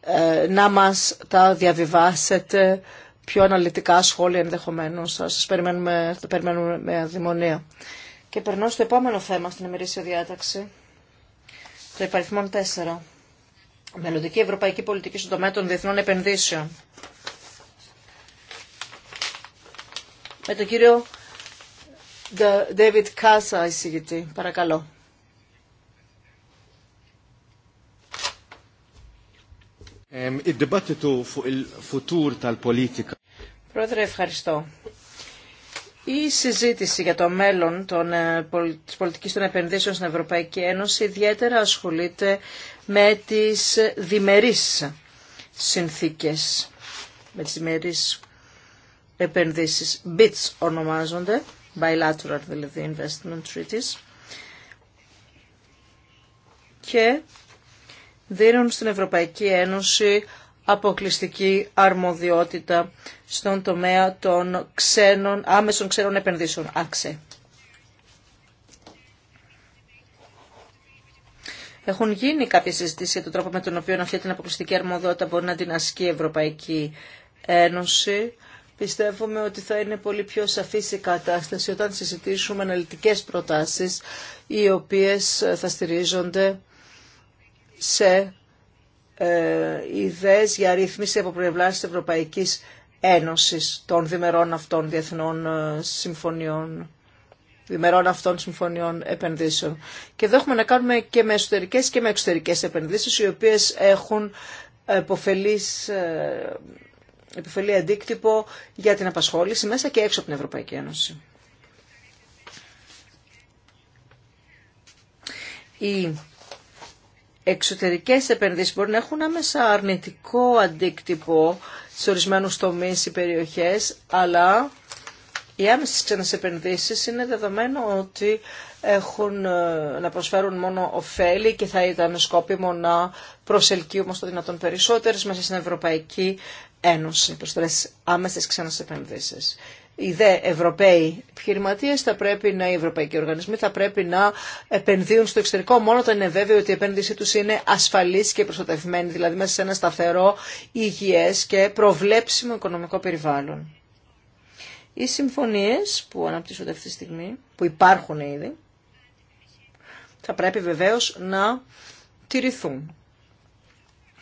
ε, να μας τα διαβιβάσετε πιο αναλυτικά σχόλια ενδεχομένως, Σας σα περιμένουμε, θα περιμένουμε με αδημονία. Και περνώ στο επόμενο θέμα στην ημερήσια διάταξη. Το υπαριθμό 4. Μελλοντική ευρωπαϊκή πολιτική στον τομέα των διεθνών επενδύσεων. με τον κύριο David Κάσα, εισηγητή. Παρακαλώ. Πρόεδρε, ευχαριστώ. Η συζήτηση για το μέλλον των, ε, της πολιτικής των επενδύσεων στην Ευρωπαϊκή Ένωση ιδιαίτερα ασχολείται με τις διμερείς συνθήκες, με τις διμερείς επενδύσεις. BITS ονομάζονται, bilateral δηλαδή investment treaties, και δίνουν στην Ευρωπαϊκή Ένωση αποκλειστική αρμοδιότητα στον τομέα των ξένων, άμεσων ξένων επενδύσεων, άξε. Έχουν γίνει κάποιε συζητήσει για τον τρόπο με τον οποίο αυτή την αποκλειστική αρμοδιότητα μπορεί να την ασκεί η Ευρωπαϊκή Ένωση πιστεύουμε ότι θα είναι πολύ πιο σαφής η κατάσταση όταν συζητήσουμε αναλυτικές προτάσεις οι οποίες ε, θα στηρίζονται σε ε, ιδέες για ρύθμιση από πλευρά της Ευρωπαϊκής Ένωσης των διμερών αυτών διεθνών ε, συμφωνιών διμερών αυτών συμφωνιών επενδύσεων. Και εδώ έχουμε να κάνουμε και με εσωτερικές και με εξωτερικές επενδύσεις οι οποίες έχουν υποφελείς ε, επιφελή αντίκτυπο για την απασχόληση μέσα και έξω από την Ευρωπαϊκή Ένωση. Οι εξωτερικές επενδύσεις μπορεί να έχουν άμεσα αρνητικό αντίκτυπο σε ορισμένους τομείς ή περιοχές, αλλά οι άμεσες ξένες επενδύσεις είναι δεδομένο ότι έχουν ε, να προσφέρουν μόνο ωφέλη και θα ήταν σκόπιμο να προσελκύουμε στο δυνατόν περισσότερες μέσα στην Ευρωπαϊκή Ένωση, προσφέρει άμεσες ξένες επενδύσεις. Οι δε Ευρωπαίοι επιχειρηματίε θα πρέπει να, οι ευρωπαϊκοί οργανισμοί θα πρέπει να επενδύουν στο εξωτερικό μόνο όταν είναι βέβαιο ότι η επένδυσή του είναι ασφαλή και προστατευμένη, δηλαδή μέσα σε ένα σταθερό, υγιέ και προβλέψιμο οικονομικό περιβάλλον. Οι συμφωνίε που αναπτύσσονται αυτή τη στιγμή, που υπάρχουν ήδη, θα πρέπει βεβαίω να τηρηθούν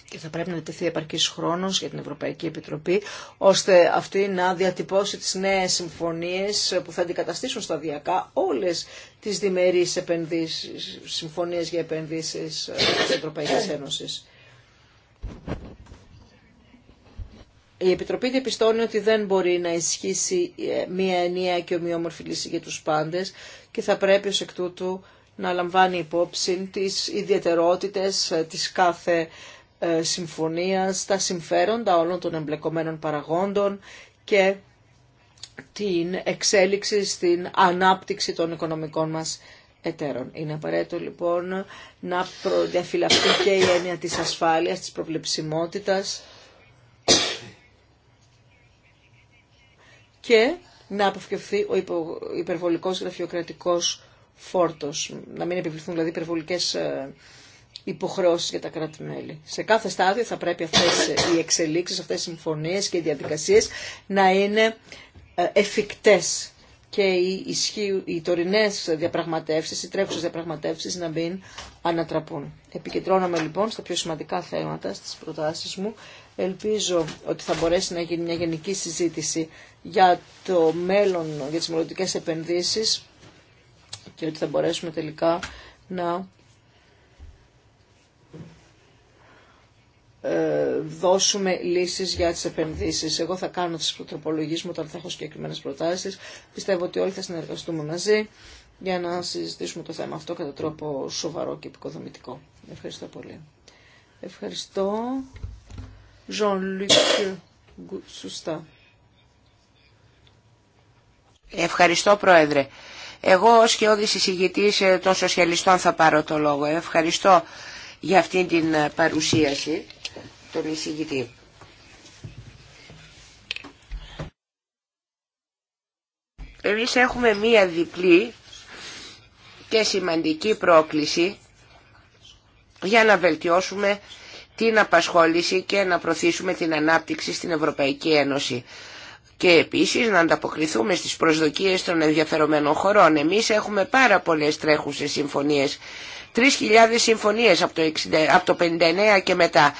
και θα πρέπει να τεθεί επαρκή χρόνο για την Ευρωπαϊκή Επιτροπή, ώστε αυτή να διατυπώσει τι νέε συμφωνίε που θα αντικαταστήσουν σταδιακά όλες τις διμερείς συμφωνίε συμφωνίες για επενδύσει ε, τη Ευρωπαϊκή Ένωση. Η Επιτροπή διαπιστώνει ότι δεν μπορεί να ισχύσει ε, μία ενιαία και ομοιόμορφη λύση για τους πάντες και θα πρέπει ως εκ τούτου να λαμβάνει υπόψη τις ιδιαιτερότητες ε, της κάθε ε, συμφωνίας, τα συμφέροντα όλων των εμπλεκομένων παραγόντων και την εξέλιξη στην ανάπτυξη των οικονομικών μας εταίρων. Είναι απαραίτητο λοιπόν να διαφυλαχθεί και η έννοια της ασφάλειας, της προβλεψιμότητας και να αποφευθεί ο υπερβολικός γραφειοκρατικός φόρτος, να μην επιβληθούν δηλαδή υπερβολικές ε, υποχρεώσεις για τα κράτη-μέλη. Σε κάθε στάδιο θα πρέπει αυτές οι εξελίξεις, αυτές οι συμφωνίες και οι διαδικασίες να είναι ε, εφικτές και οι, ισχύ, οι τωρινές διαπραγματεύσεις, οι τρέχουσες διαπραγματεύσεις να μην ανατραπούν. Επικεντρώνομαι λοιπόν στα πιο σημαντικά θέματα, στις προτάσεις μου. Ελπίζω ότι θα μπορέσει να γίνει μια γενική συζήτηση για το μέλλον, για τις μελλοντικές επενδύσεις και ότι θα μπορέσουμε τελικά να Ε, δώσουμε λύσεις για τις επενδύσεις. Εγώ θα κάνω τις προτροπολογίες μου όταν θα έχω συγκεκριμένες προτάσεις. Πιστεύω ότι όλοι θα συνεργαστούμε μαζί για να συζητήσουμε το θέμα αυτό κατά τρόπο σοβαρό και επικοδομητικό. Ευχαριστώ πολύ. Ευχαριστώ. Jean-Luc Ευχαριστώ Πρόεδρε. Εγώ ως και εισηγητής ε, των σοσιαλιστών θα πάρω το λόγο. Ευχαριστώ για αυτήν την ε, παρουσίαση τον εισηγητή. Εμείς έχουμε μία διπλή και σημαντική πρόκληση για να βελτιώσουμε την απασχόληση και να προωθήσουμε την ανάπτυξη στην Ευρωπαϊκή Ένωση. Και επίσης να ανταποκριθούμε στις προσδοκίες των ενδιαφερομένων χωρών. Εμείς έχουμε πάρα πολλές τρέχουσες συμφωνίες. 3.000 συμφωνίες από το 1959 και μετά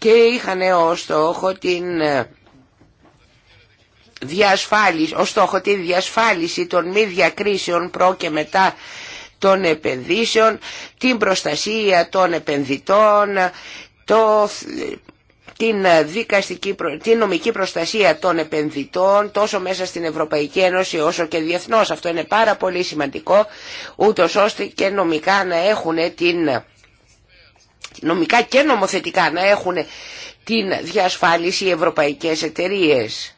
και είχαν ως στόχο την ε, διασφάλιση, ως στόχο τη διασφάλιση των μη διακρίσεων προ και μετά των επενδύσεων, την προστασία των επενδυτών, το, την, δικαστική, την νομική προστασία των επενδυτών τόσο μέσα στην Ευρωπαϊκή Ένωση όσο και διεθνώς. Αυτό είναι πάρα πολύ σημαντικό, ούτως ώστε και νομικά να έχουν την νομικά και νομοθετικά να έχουν την διασφάλιση οι ευρωπαϊκές εταιρείες.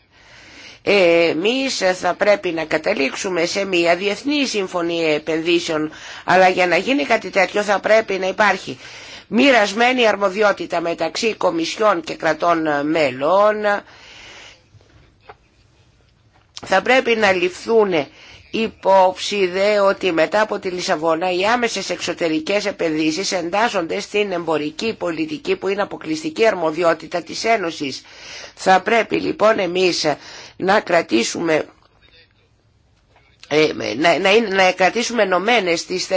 Εμείς θα πρέπει να καταλήξουμε σε μια διεθνή συμφωνία επενδύσεων, αλλά για να γίνει κάτι τέτοιο θα πρέπει να υπάρχει μοιρασμένη αρμοδιότητα μεταξύ κομισιών και κρατών μέλων. Θα πρέπει να ληφθούν υπόψη δε ότι μετά από τη Λισαβόνα οι άμεσες εξωτερικές επενδύσεις εντάσσονται στην εμπορική πολιτική που είναι αποκλειστική αρμοδιότητα της Ένωσης. Θα πρέπει λοιπόν εμείς να κρατήσουμε ε, να, να, να κρατήσουμε ενωμένε τις,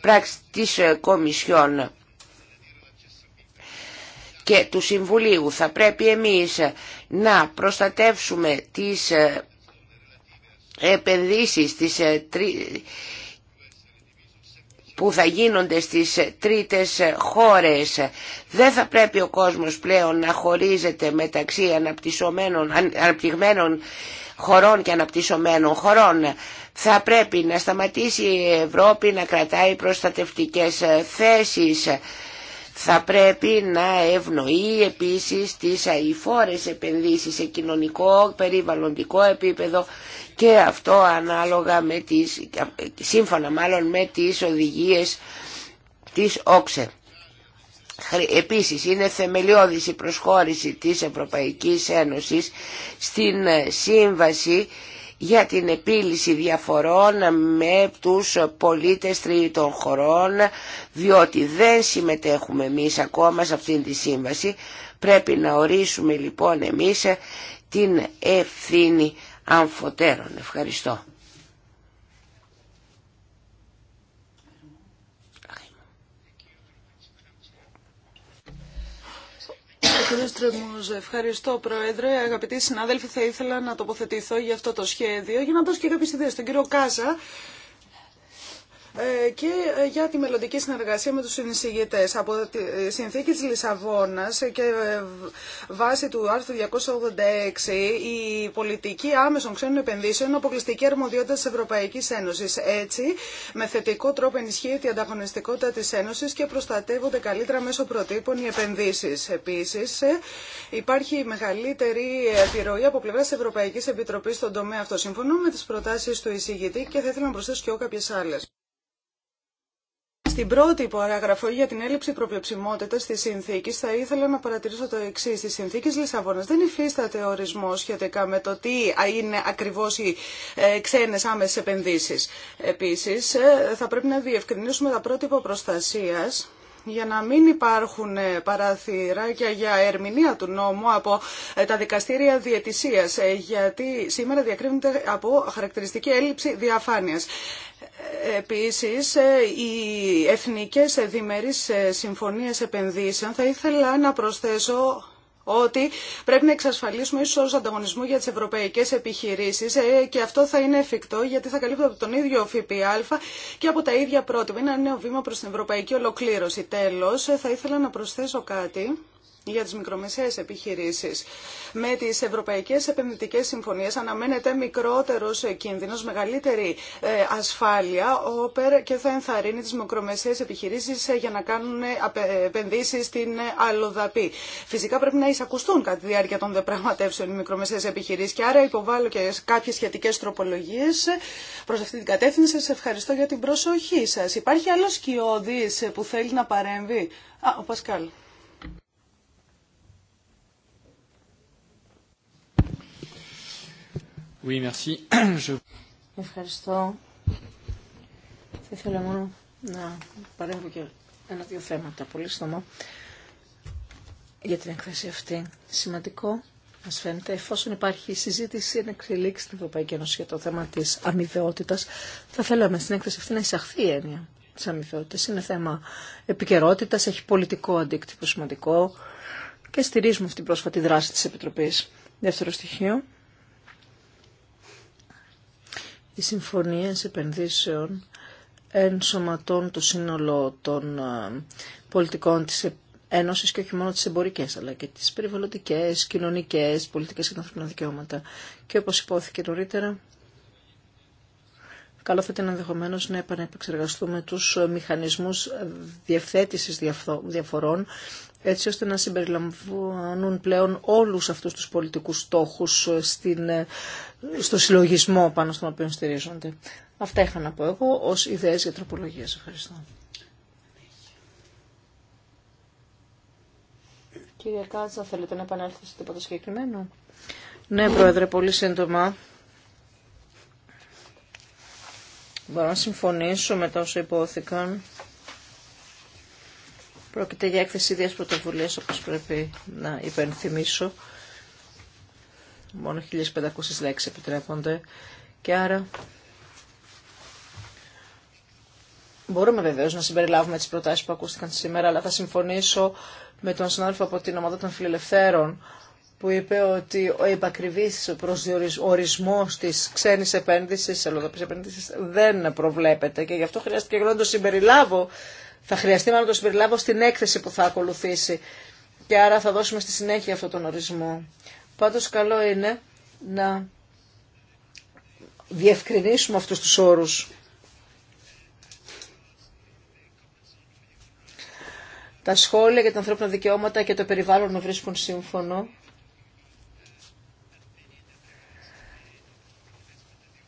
πράξεις της Κομισιόν και του Συμβουλίου. Θα πρέπει εμείς να προστατεύσουμε τις επενδύσεις ε, που θα γίνονται στις τρίτες χώρες. Δεν θα πρέπει ο κόσμος πλέον να χωρίζεται μεταξύ αναπτυσσομένων, αναπτυγμένων χωρών και αναπτυσσομένων χωρών. Θα πρέπει να σταματήσει η Ευρώπη να κρατάει προστατευτικές ε, θέσεις θα πρέπει να ευνοεί επίσης τις αηφόρες επενδύσεις σε κοινωνικό, περιβαλλοντικό επίπεδο και αυτό ανάλογα με τις, σύμφωνα μάλλον με τις οδηγίες της όξε. Επίσης είναι θεμελιώδης η προσχώρηση της Ευρωπαϊκής Ένωσης στην ε, σύμβαση για την επίλυση διαφορών με τους πολίτες τρίτων χωρών, διότι δεν συμμετέχουμε εμείς ακόμα σε αυτήν τη σύμβαση. Πρέπει να ορίσουμε λοιπόν εμείς την ευθύνη αμφωτέρων. Ευχαριστώ. Ευχαριστώ, Πρόεδρε. Αγαπητοί συνάδελφοι, θα ήθελα να τοποθετηθώ για αυτό το σχέδιο για να δώσω και κάποιε ιδέε στον κύριο Κάζα. Ε, και ε, για τη μελλοντική συνεργασία με τους συνεισηγητές. Από τη ε, συνθήκη της Λισαβόνας και βάσει του άρθρου 286 η πολιτική άμεσων ξένων επενδύσεων είναι αποκλειστική αρμοδιότητα της Ευρωπαϊκής Ένωσης. Έτσι, με θετικό τρόπο ενισχύεται η ανταγωνιστικότητα της Ένωσης και προστατεύονται καλύτερα μέσω προτύπων οι επενδύσεις. Επίσης, υπάρχει μεγαλύτερη επιρροή από πλευρά της Ευρωπαϊκής Επιτροπής στον τομέα αυτό. Συμφωνώ με τις προτάσεις του εισηγητή και θα ήθελα να προσθέσω και εγώ κάποιες άλλες. Στην πρώτη παράγραφο για την έλλειψη προβλεψιμότητα τη συνθήκη θα ήθελα να παρατηρήσω το εξή. Στη συνθήκη Λισαβόνα δεν υφίσταται ορισμό σχετικά με το τι είναι ακριβώ οι ε, ξένε άμεσε επενδύσει. Επίση, ε, θα πρέπει να διευκρινίσουμε τα πρότυπα προστασία για να μην υπάρχουν ε, παραθύρακια για ερμηνεία του νόμου από ε, τα δικαστήρια διαιτησίας, ε, γιατί σήμερα διακρίνονται από χαρακτηριστική έλλειψη διαφάνειας. Επίσης, οι εθνικές διμερείς συμφωνίες επενδύσεων θα ήθελα να προσθέσω ότι πρέπει να εξασφαλίσουμε ίσως όρου ανταγωνισμού για τις ευρωπαϊκές επιχειρήσεις ε, και αυτό θα είναι εφικτό γιατί θα καλύπτω από τον ίδιο ΦΠΑ και από τα ίδια πρότυπα. Είναι ένα νέο βήμα προς την ευρωπαϊκή ολοκλήρωση. Τέλος, ε, θα ήθελα να προσθέσω κάτι για τις μικρομεσαίες επιχειρήσεις. Με τις Ευρωπαϊκές Επενδυτικές Συμφωνίες αναμένεται μικρότερος κίνδυνος, μεγαλύτερη ε, ασφάλεια όπερ και θα ενθαρρύνει τις μικρομεσαίες επιχειρήσεις ε, για να κάνουν ε, επενδύσεις στην αλλοδαπή. Φυσικά πρέπει να εισακουστούν κατά τη διάρκεια των δεπραγματεύσεων οι μικρομεσαίες επιχειρήσεις και άρα υποβάλλω και κάποιες σχετικές τροπολογίες προς αυτή την κατεύθυνση. Σας ευχαριστώ για την προσοχή σας. Υπάρχει άλλος κοιόδης που θέλει να παρέμβει. Α, ο Πασκάλ. Oui, merci. Ευχαριστώ. Θα ήθελα μόνο να παρέμβω και ένα-δύο θέματα πολύ στόμα για την εκθέση αυτή. Σημαντικό, μα φαίνεται, εφόσον υπάρχει συζήτηση να εξελίξει στην Ευρωπαϊκή Ένωση για το θέμα τη αμοιβαιότητα, θα θέλαμε στην έκθεση αυτή να εισαχθεί η έννοια τη αμοιβαιότητα. Είναι θέμα επικαιρότητα, έχει πολιτικό αντίκτυπο σημαντικό και στηρίζουμε αυτή την πρόσφατη δράση τη Επιτροπή. Δεύτερο στοιχείο, οι συμφωνίες επενδύσεων ενσωματών το σύνολο των ε, πολιτικών της ε- Ένωσης και όχι μόνο τις εμπορικές αλλά και τις περιβαλλοντικές, κοινωνικές, πολιτικές και ανθρώπινα δικαιώματα. Και όπως υπόθηκε νωρίτερα, καλό θα ήταν ενδεχομένω να επανεπεξεργαστούμε τους μηχανισμούς διευθέτησης διαφορών έτσι ώστε να συμπεριλαμβάνουν πλέον όλους αυτούς τους πολιτικούς στόχους ε, στην, ε, στο συλλογισμό πάνω στον οποίο στηρίζονται. Αυτά είχα να πω εγώ ως ιδέες για τροπολογίες. Ευχαριστώ. Κύριε Κάτσα, θέλετε να επανέλθετε σε τίποτα συγκεκριμένο. Ναι, Πρόεδρε, πολύ σύντομα. Μπορώ να συμφωνήσω με τα όσα υπόθηκαν. Πρόκειται για έκθεση ιδέα πρωτοβουλία, όπως πρέπει να υπενθυμίσω. Μόνο 1500 λέξει επιτρέπονται και άρα μπορούμε βεβαίω να συμπεριλάβουμε τις προτάσει που ακούστηκαν σήμερα, αλλά θα συμφωνήσω με τον συνάδελφο από την ομάδα των φιλελευθέρων που είπε ότι ο επακριβής προσδιορισμός της ξένης επένδυσης, ελοδοπή επένδυση, δεν προβλέπεται και γι' αυτό χρειάστηκε εγώ να το συμπεριλάβω θα χρειαστεί να το συμπεριλάβω στην έκθεση που θα ακολουθήσει. Και άρα θα δώσουμε στη συνέχεια αυτόν τον ορισμό. Πάντως καλό είναι να διευκρινίσουμε αυτούς τους όρους. Τα σχόλια για τα ανθρώπινα δικαιώματα και το περιβάλλον να βρίσκουν σύμφωνο.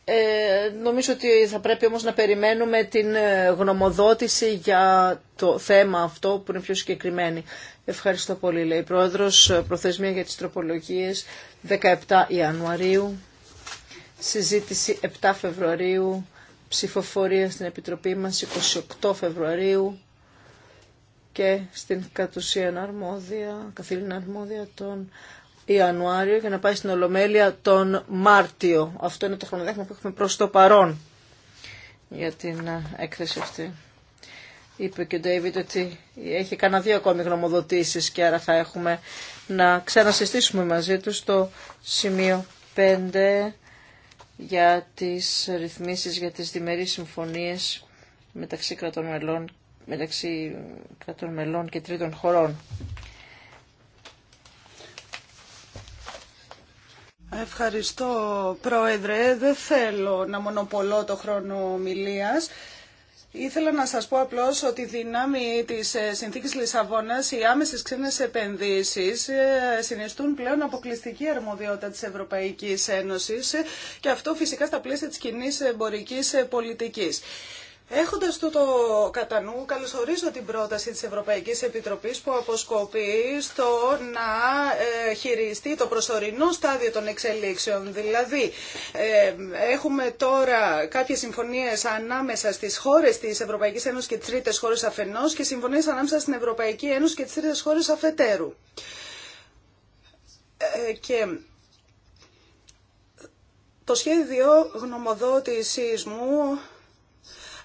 Ε, νομίζω ότι θα πρέπει όμως να περιμένουμε την ε, γνωμοδότηση για το θέμα αυτό που είναι πιο συγκεκριμένη. Ευχαριστώ πολύ, λέει η Πρόεδρος. Προθεσμία για τις τροπολογίες 17 Ιανουαρίου, συζήτηση 7 Φεβρουαρίου, ψηφοφορία στην Επιτροπή μας 28 Φεβρουαρίου και στην κατουσία αρμόδια, καθήλυνα αρμόδια των Ιανουάριο για να πάει στην Ολομέλεια τον Μάρτιο. Αυτό είναι το χρονοδιάγραμμα που έχουμε προς το παρόν για την ε, έκθεση αυτή. Είπε και ο Ντέιβιτ ότι έχει κανένα δύο ακόμη γνωμοδοτήσεις και άρα θα έχουμε να ξανασυστήσουμε μαζί του το σημείο 5 για τις ρυθμίσεις, για τις διμερείς συμφωνίες μεταξύ κρατών μελών, μεταξύ κρατών μελών και τρίτων χωρών. Ευχαριστώ, Πρόεδρε. Δεν θέλω να μονοπολώ το χρόνο ομιλίας. Ήθελα να σας πω απλώς ότι δύναμη της ε, συνθήκης Λισαβόνας, οι άμεσες ξένες επενδύσεις ε, συνιστούν πλέον αποκλειστική αρμοδιότητα της Ευρωπαϊκής Ένωσης ε, και αυτό φυσικά στα πλαίσια της κοινή εμπορικής πολιτικής. Έχοντας τούτο κατά νου, καλωσορίζω την πρόταση τη Ευρωπαϊκή Επιτροπή που αποσκοπεί στο να ε, χειριστεί το προσωρινό στάδιο των εξελίξεων. Δηλαδή, ε, έχουμε τώρα κάποιες συμφωνίες ανάμεσα στις χώρες της Ευρωπαϊκής Ένωσης και τι τρίτε χώρες αφενός και συμφωνίες ανάμεσα στην Ευρωπαϊκή Ένωση και τι τρίτε χώρε αφετέρου. Ε, και το σχέδιο γνωμοδότησής μου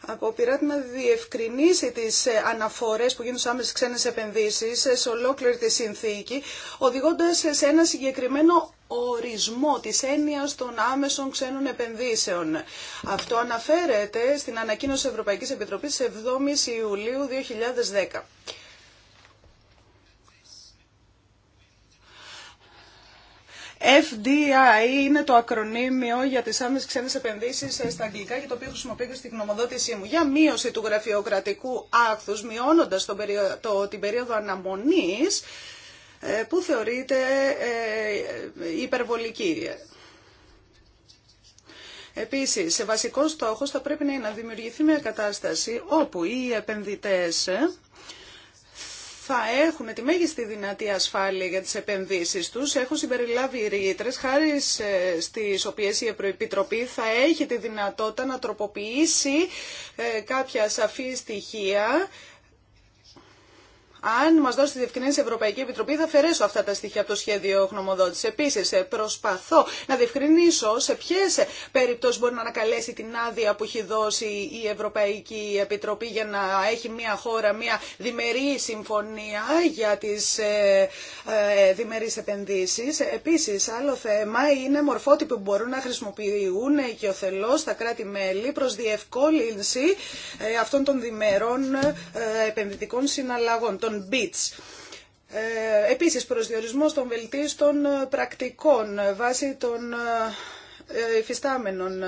αποπειρά να διευκρινίσει τις ε, αναφορές που γίνονται άμεσε ξένες επενδύσεις ε, σε ολόκληρη τη συνθήκη, οδηγώντας σε ένα συγκεκριμένο ορισμό της έννοιας των άμεσων ξένων επενδύσεων. Αυτό αναφέρεται στην ανακοίνωση Ευρωπαϊκής Επιτροπής 7 Ιουλίου 2010. FDI είναι το ακρονίμιο για τις άμεσες ξένες επενδύσεις ε, στα αγγλικά και το οποίο χρησιμοποιεί στην στη γνωμοδότησή μου. Για μείωση του γραφειοκρατικού άκθους, μειώνοντας τον την περίοδο αναμονής, ε, που θεωρείται ε, υπερβολική. Επίσης, σε βασικό στόχος θα πρέπει να είναι να δημιουργηθεί μια κατάσταση όπου οι επενδυτές θα έχουν τη μέγιστη δυνατή ασφάλεια για τις επενδύσεις τους. Έχουν συμπεριλάβει ρήτρες, χάρη στις οποίες η Επιτροπή θα έχει τη δυνατότητα να τροποποιήσει ε, κάποια σαφή στοιχεία αν μα δώσει τη διευκρινήση η Ευρωπαϊκή Επιτροπή θα αφαιρέσω αυτά τα στοιχεία από το σχέδιο γνωμοδότηση. Επίση, ε, προσπαθώ να διευκρινίσω σε ποιε περιπτώσει μπορεί να ανακαλέσει την άδεια που έχει δώσει η Ευρωπαϊκή Επιτροπή για να έχει μια χώρα, μια διμερή συμφωνία για τι ε, ε, διμερείς επενδύσεις. Επίσης άλλο θέμα είναι μορφότυποι που μπορούν να χρησιμοποιούν και ο θελός στα κράτη-μέλη προς διευκόλυνση ε, αυτών των διμερών ε, επενδυτικών συναλλαγών των BITS. Ε, επίσης, προσδιορισμός των βελτίστων ε, πρακτικών ε, βάσει των υφιστάμενων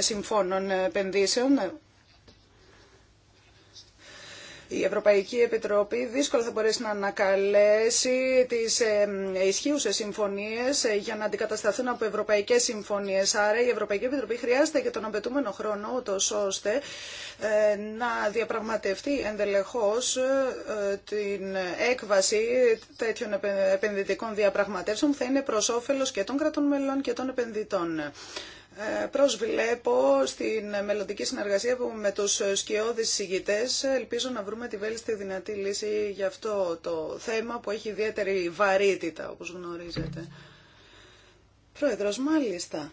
συμφώνων επενδύσεων η Ευρωπαϊκή Επιτροπή δύσκολα θα μπορέσει να ανακαλέσει τις ισχύουσες συμφωνίες ε, για να αντικατασταθούν από ευρωπαϊκές συμφωνίες. Άρα η Ευρωπαϊκή Επιτροπή χρειάζεται και τον απαιτούμενο χρόνο, ώστε ε, να διαπραγματευτεί ενδελεχώς ε, την έκβαση τέτοιων επενδυτικών διαπραγματεύσεων που θα είναι προς όφελος και των κρατών μελών και των επενδυτών. Ε, προσβλέπω στην μελλοντική συνεργασία που με τους σκιώδεις συγητές ελπίζω να βρούμε τη βέλτιστη δυνατή λύση για αυτό το θέμα που έχει ιδιαίτερη βαρύτητα όπως γνωρίζετε. Πρόεδρος, μάλιστα.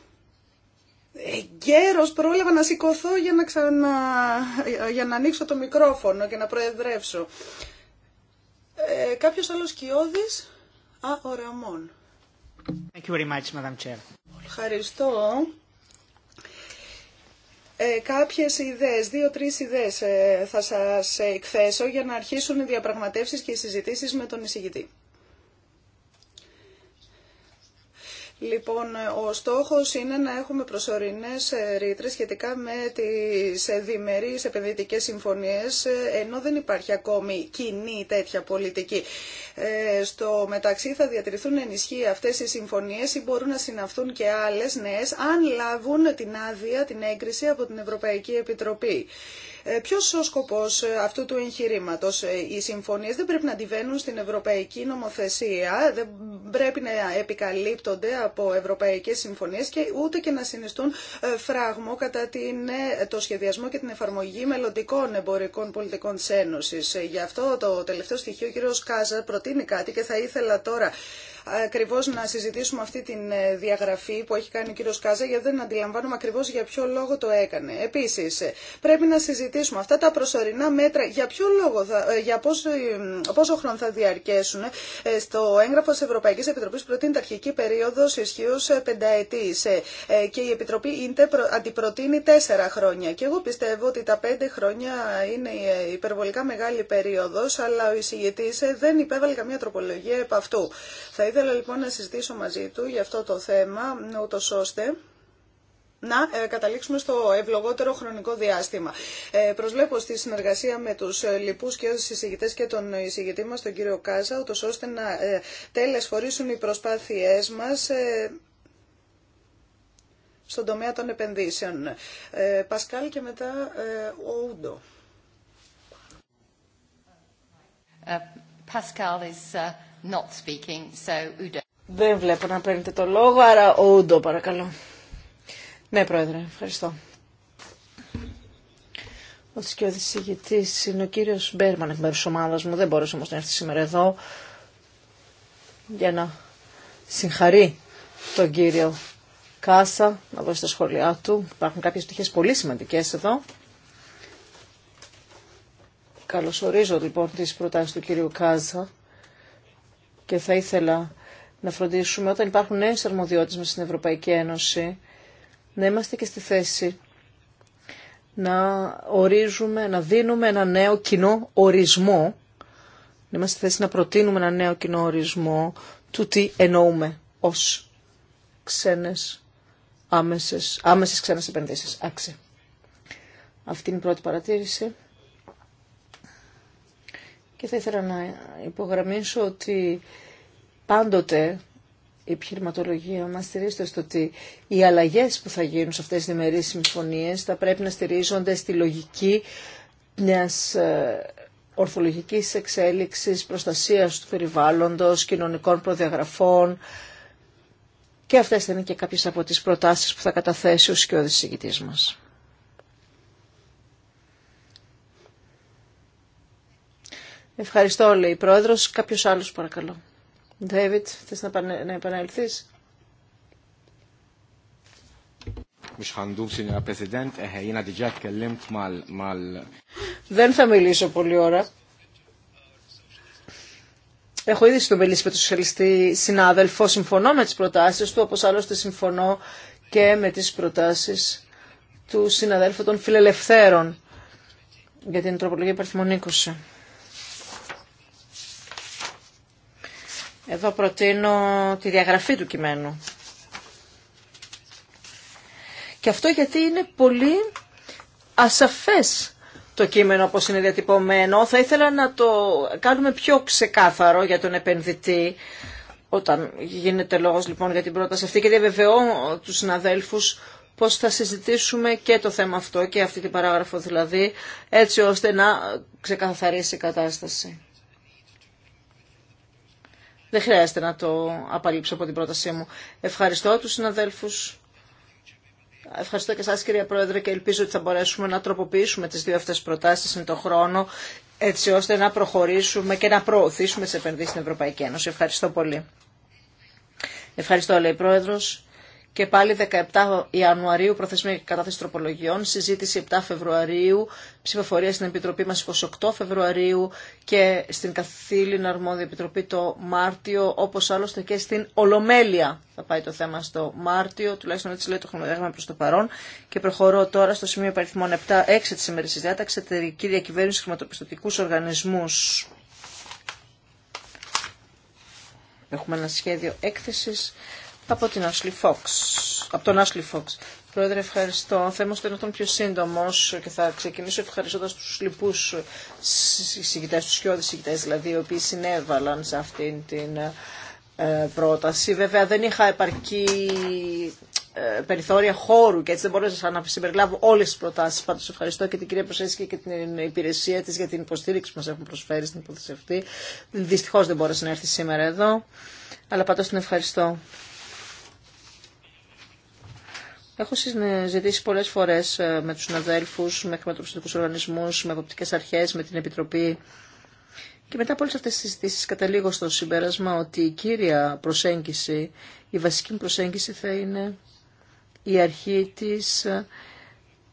Εγκαίρος πρόλαβα να σηκωθώ για να, ξανα... για να ανοίξω το μικρόφωνο και να προεδρεύσω. Ε, κάποιος άλλος σκιώδης. Α, ο Thank you very Ευχαριστώ ε, κάποιες ιδέες, δύο-τρεις ιδέες ε, θα σας ε, εκθέσω για να αρχίσουν οι διαπραγματεύσεις και οι συζητήσεις με τον εισηγητή. Λοιπόν, ο στόχος είναι να έχουμε προσωρινές ε, ρήτρες σχετικά με τις διμερείς επενδυτικές συμφωνίες, ε, ενώ δεν υπάρχει ακόμη κοινή τέτοια πολιτική. Ε, στο μεταξύ θα διατηρηθούν ενισχύ αυτές οι συμφωνίες ή μπορούν να συναυθούν και άλλες νέες, αν λάβουν την άδεια, την έγκριση από την Ευρωπαϊκή Επιτροπή. Ε, Ποιο ο σκοπός ε, αυτού του εγχειρήματο. Ε, οι συμφωνίες δεν πρέπει να αντιβαίνουν στην ευρωπαϊκή νομοθεσία, δεν πρέπει να επικαλύπτονται από ευρωπαϊκές συμφωνίες και ούτε και να συνιστούν φράγμο κατά την, το σχεδιασμό και την εφαρμογή μελλοντικών εμπορικών πολιτικών τη Ένωση. Γι' αυτό το τελευταίο στοιχείο ο κ. Κάζα προτείνει κάτι και θα ήθελα τώρα ακριβώ να συζητήσουμε αυτή τη ε, διαγραφή που έχει κάνει ο κύριο Κάζα, γιατί δεν αντιλαμβάνομαι ακριβώ για ποιο λόγο το έκανε. Επίση, ε, πρέπει να συζητήσουμε αυτά τα προσωρινά μέτρα, για λόγο, θα, ε, για πόσο, πόσο χρόνο θα διαρκέσουν. Στο έγγραφο τη Ευρωπαϊκή Επιτροπή προτείνεται αρχική περίοδο ισχύω πενταετή και η Επιτροπή ΙΝΤΕ αντιπροτείνει τέσσερα χρόνια. Και εγώ πιστεύω ότι τα πέντε χρόνια είναι υπερβολικά μεγάλη περίοδο, αλλά ο εισηγητή δεν υπέβαλε καμία τροπολογία επ' αυτού ήθελα λοιπόν να συζητήσω μαζί του για αυτό το θέμα, ούτω ώστε να ε, καταλήξουμε στο ευλογότερο χρονικό διάστημα. Ε, προσβλέπω στη συνεργασία με του ε, λοιπούς και τους εισηγητές και τον εισηγητή μα, τον κύριο Κάζα, ούτω ώστε να ε, φορήσουν οι προσπάθειές μας ε, στον τομέα των επενδύσεων. Ε, Πασκάλ και μετά ε, ο Ούντο. Δεν βλέπω να παίρνετε το λόγο, άρα ο Ούντο παρακαλώ. Ναι, Πρόεδρε, ευχαριστώ. Ο σκιώδης ηγητής είναι ο κύριος Μπέρμαν εκ μέρους ομάδας μου, δεν μπορούσε όμως να έρθει σήμερα εδώ για να συγχαρεί τον κύριο Κάσα, να δώσει τα σχόλιά του. Υπάρχουν κάποιες πτυχές πολύ σημαντικές εδώ. Καλωσορίζω λοιπόν τις προτάσεις του κύριου Κάζα και θα ήθελα να φροντίσουμε όταν υπάρχουν νέες αρμοδιότητες μας στην Ευρωπαϊκή Ένωση να είμαστε και στη θέση να ορίζουμε, να δίνουμε ένα νέο κοινό ορισμό να είμαστε στη θέση να προτείνουμε ένα νέο κοινό ορισμό του τι εννοούμε ως ξένες άμεσες, άμεσες ξένες επενδύσεις. Άξε. Αυτή είναι η πρώτη παρατήρηση. Και θα ήθελα να υπογραμμίσω ότι πάντοτε η επιχειρηματολογία μα στηρίζεται στο ότι οι αλλαγέ που θα γίνουν σε αυτέ τι διμερεί συμφωνίε θα πρέπει να στηρίζονται στη λογική μια ε, ορθολογική εξέλιξη, προστασία του περιβάλλοντο, κοινωνικών προδιαγραφών. Και αυτές θα είναι και κάποιες από τις προτάσεις που θα καταθέσει ο σκιώδης συγκητής μας. Ευχαριστώ, λέει η πρόεδρο. Κάποιο άλλο παρακαλώ. David, θες να, να eh, Δεν θα μιλήσω πολλή ώρα. Έχω ήδη στον μιλήσει με τον σοσιαλιστή συνάδελφο. Συμφωνώ με τις προτάσεις του, όπως άλλωστε συμφωνώ και με τις προτάσεις του συναδέλφου των φιλελευθέρων για την τροπολογία υπαριθμών Εδώ προτείνω τη διαγραφή του κειμένου. Και αυτό γιατί είναι πολύ ασαφές το κείμενο όπως είναι διατυπωμένο. Θα ήθελα να το κάνουμε πιο ξεκάθαρο για τον επενδυτή όταν γίνεται λόγος λοιπόν για την πρόταση αυτή και διαβεβαιώ τους συναδέλφους πώς θα συζητήσουμε και το θέμα αυτό και αυτή την παράγραφο δηλαδή έτσι ώστε να ξεκαθαρίσει η κατάσταση. Δεν χρειάζεται να το απαλείψω από την πρότασή μου. Ευχαριστώ τους συναδέλφους. Ευχαριστώ και εσάς κυρία Πρόεδρε και ελπίζω ότι θα μπορέσουμε να τροποποιήσουμε τις δύο αυτές προτάσεις με τον χρόνο έτσι ώστε να προχωρήσουμε και να προωθήσουμε τις επενδύσεις στην Ευρωπαϊκή Ένωση. Ευχαριστώ πολύ. Ευχαριστώ λέει η Πρόεδρος και πάλι 17 Ιανουαρίου προθεσμία κατάθεση τροπολογιών, συζήτηση 7 Φεβρουαρίου, ψηφοφορία στην Επιτροπή μας 28 Φεβρουαρίου και στην Καθήλυνα Αρμόδια Επιτροπή το Μάρτιο, όπως άλλωστε και στην Ολομέλεια θα πάει το θέμα στο Μάρτιο, τουλάχιστον έτσι λέει το χρονοδιάγραμμα προς το παρόν και προχωρώ τώρα στο σημείο υπαριθμών 7-6 της ημερήσης διάταξης, εταιρική διακυβέρνηση χρηματοπιστωτικούς οργανισμούς. Έχουμε ένα σχέδιο έκθεσης από, την Ashley Fox, από τον Ashley Fox. Πρόεδρε, ευχαριστώ. Θα να τον πιο σύντομο και θα ξεκινήσω ευχαριστώντα του λοιπού συγκητέ, του σκιώδη συγκητέ δηλαδή, οι οποίοι συνέβαλαν σε αυτήν την ε, πρόταση. Βέβαια, δεν είχα επαρκή ε, περιθώρια χώρου και έτσι δεν μπορούσα να συμπεριλάβω όλε τι προτάσει. Πάντω, ευχαριστώ και την κυρία Προσέσκη και την υπηρεσία τη για την υποστήριξη που μα έχουν προσφέρει στην υπόθεση αυτή. Δυστυχώ δεν μπόρεσε να έρθει σήμερα εδώ, αλλά πάντω την ευχαριστώ. Έχω συζητήσει πολλέ φορέ ε, με του συναδέλφου, με χρηματοπιστωτικού οργανισμού, με εποπτικέ αρχέ, με την Επιτροπή. Και μετά από όλε αυτέ τι συζητήσει καταλήγω στο συμπέρασμα ότι η κύρια προσέγγιση, η βασική μου προσέγγιση θα είναι η αρχή της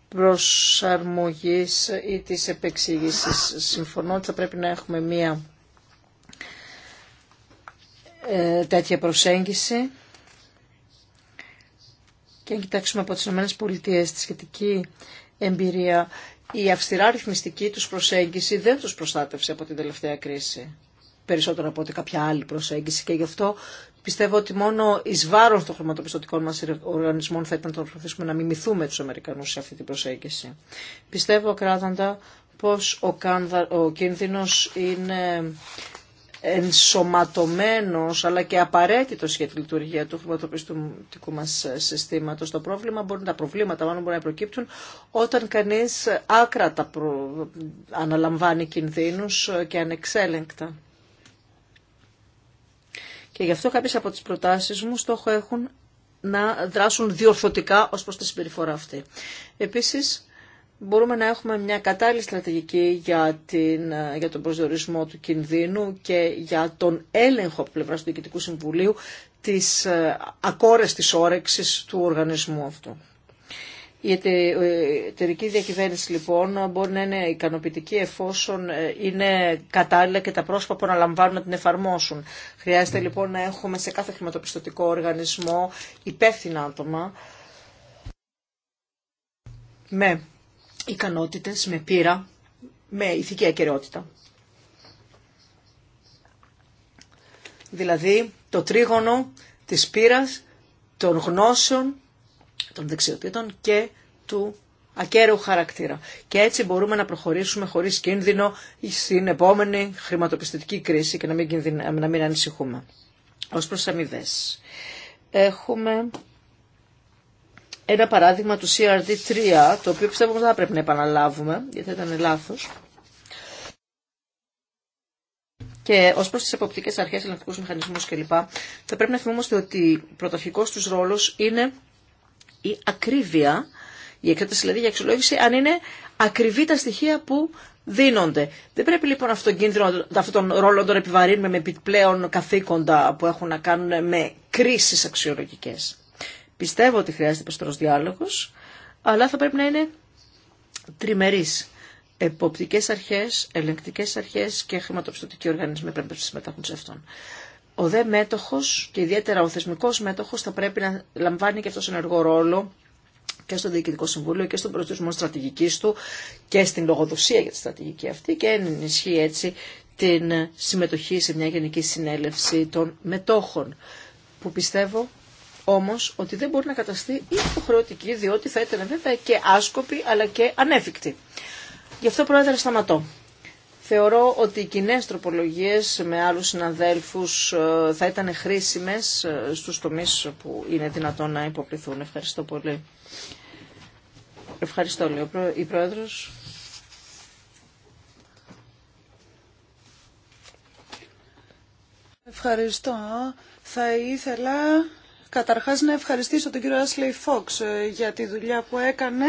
προσαρμογής ή της επεξήγηση. Συμφωνώ ότι θα πρέπει να έχουμε μία ε, τέτοια προσέγγιση και αν κοιτάξουμε από τις ΗΠΑ τη σχετική εμπειρία, η αυστηρά ρυθμιστική τους προσέγγιση δεν τους προστάτευσε από την τελευταία κρίση. Περισσότερο από ότι κάποια άλλη προσέγγιση και γι' αυτό πιστεύω ότι μόνο ει βάρο των χρηματοπιστωτικών μας οργανισμών θα ήταν το να προσπαθήσουμε να μιμηθούμε του Αμερικανού σε αυτή την προσέγγιση. Πιστεύω κράταντα πω ο, ο είναι ενσωματωμένος αλλά και απαραίτητο για τη λειτουργία του χρηματοπιστωτικού μας συστήματος. Το πρόβλημα μπορεί, τα προβλήματα μάλλον μπορεί να προκύπτουν όταν κανείς άκρατα προ, αναλαμβάνει κινδύνους και ανεξέλεγκτα. Και γι' αυτό κάποιες από τις προτάσεις μου στόχο έχουν να δράσουν διορθωτικά ως προς τη συμπεριφορά αυτή. Επίσης, μπορούμε να έχουμε μια κατάλληλη στρατηγική για, την, ε, για τον προσδιορισμό του κινδύνου και για τον έλεγχο από πλευρά του Διοικητικού Συμβουλίου της ε, ακόρες της όρεξης του οργανισμού αυτού. Η ε, εταιρική διακυβέρνηση λοιπόν μπορεί να είναι ικανοποιητική εφόσον είναι κατάλληλα και τα πρόσωπα που αναλαμβάνουν να την εφαρμόσουν. Χρειάζεται ναι. λοιπόν να έχουμε σε κάθε χρηματοπιστωτικό οργανισμό υπεύθυνα άτομα με ναι ικανότητες, με πείρα, με ηθική ακαιρεότητα. Δηλαδή το τρίγωνο της πείρας, των γνώσεων, των δεξιοτήτων και του ακέραιου χαρακτήρα. Και έτσι μπορούμε να προχωρήσουμε χωρίς κίνδυνο στην επόμενη χρηματοπιστωτική κρίση και να μην, μην ανησυχούμε. Ως προς αμοιβές. Έχουμε ένα παράδειγμα του CRD3, το οποίο πιστεύω ότι θα πρέπει να επαναλάβουμε, γιατί ήταν λάθος. Και ω προ τι εποπτικέ αρχέ, ελληνικούς μηχανισμού κλπ. Θα πρέπει να θυμόμαστε ότι πρωταρχικό του ρόλο είναι η ακρίβεια, η εξέταση δηλαδή για αξιολόγηση, αν είναι ακριβή τα στοιχεία που δίνονται. Δεν πρέπει λοιπόν αυτόν τον αυτόν τον ρόλο να τον επιβαρύνουμε με επιπλέον καθήκοντα που έχουν να κάνουν με κρίσει αξιολογικέ. Πιστεύω ότι χρειάζεται πεστρός διάλογος, αλλά θα πρέπει να είναι τριμερής. Εποπτικές αρχές, ελεγκτικές αρχές και χρηματοπιστωτικοί οργανισμοί πρέπει να συμμετάχουν σε αυτόν. Ο δε μέτοχος και ιδιαίτερα ο θεσμικός μέτοχος θα πρέπει να λαμβάνει και αυτός ενεργό ρόλο και στο Διοικητικό Συμβούλιο και στον προσδιορισμό στρατηγική του και στην λογοδοσία για τη στρατηγική αυτή και ενισχύει έτσι την συμμετοχή σε μια γενική συνέλευση των μετόχων που πιστεύω όμως ότι δεν μπορεί να καταστεί υποχρεωτική διότι θα ήταν βέβαια και άσκοπη αλλά και ανέφικτη. Γι' αυτό πρόεδρε σταματώ. Θεωρώ ότι οι κοινέ τροπολογίε με άλλους συναδέλφους ε, θα ήταν χρήσιμε ε, στους τομείς που είναι δυνατόν να υποπληθούν. Ευχαριστώ πολύ. Ευχαριστώ, λέει η Πρόεδρος. Ευχαριστώ. Θα ήθελα Καταρχάς να ευχαριστήσω τον κύριο Άσλεϊ Φόξ για τη δουλειά που έκανε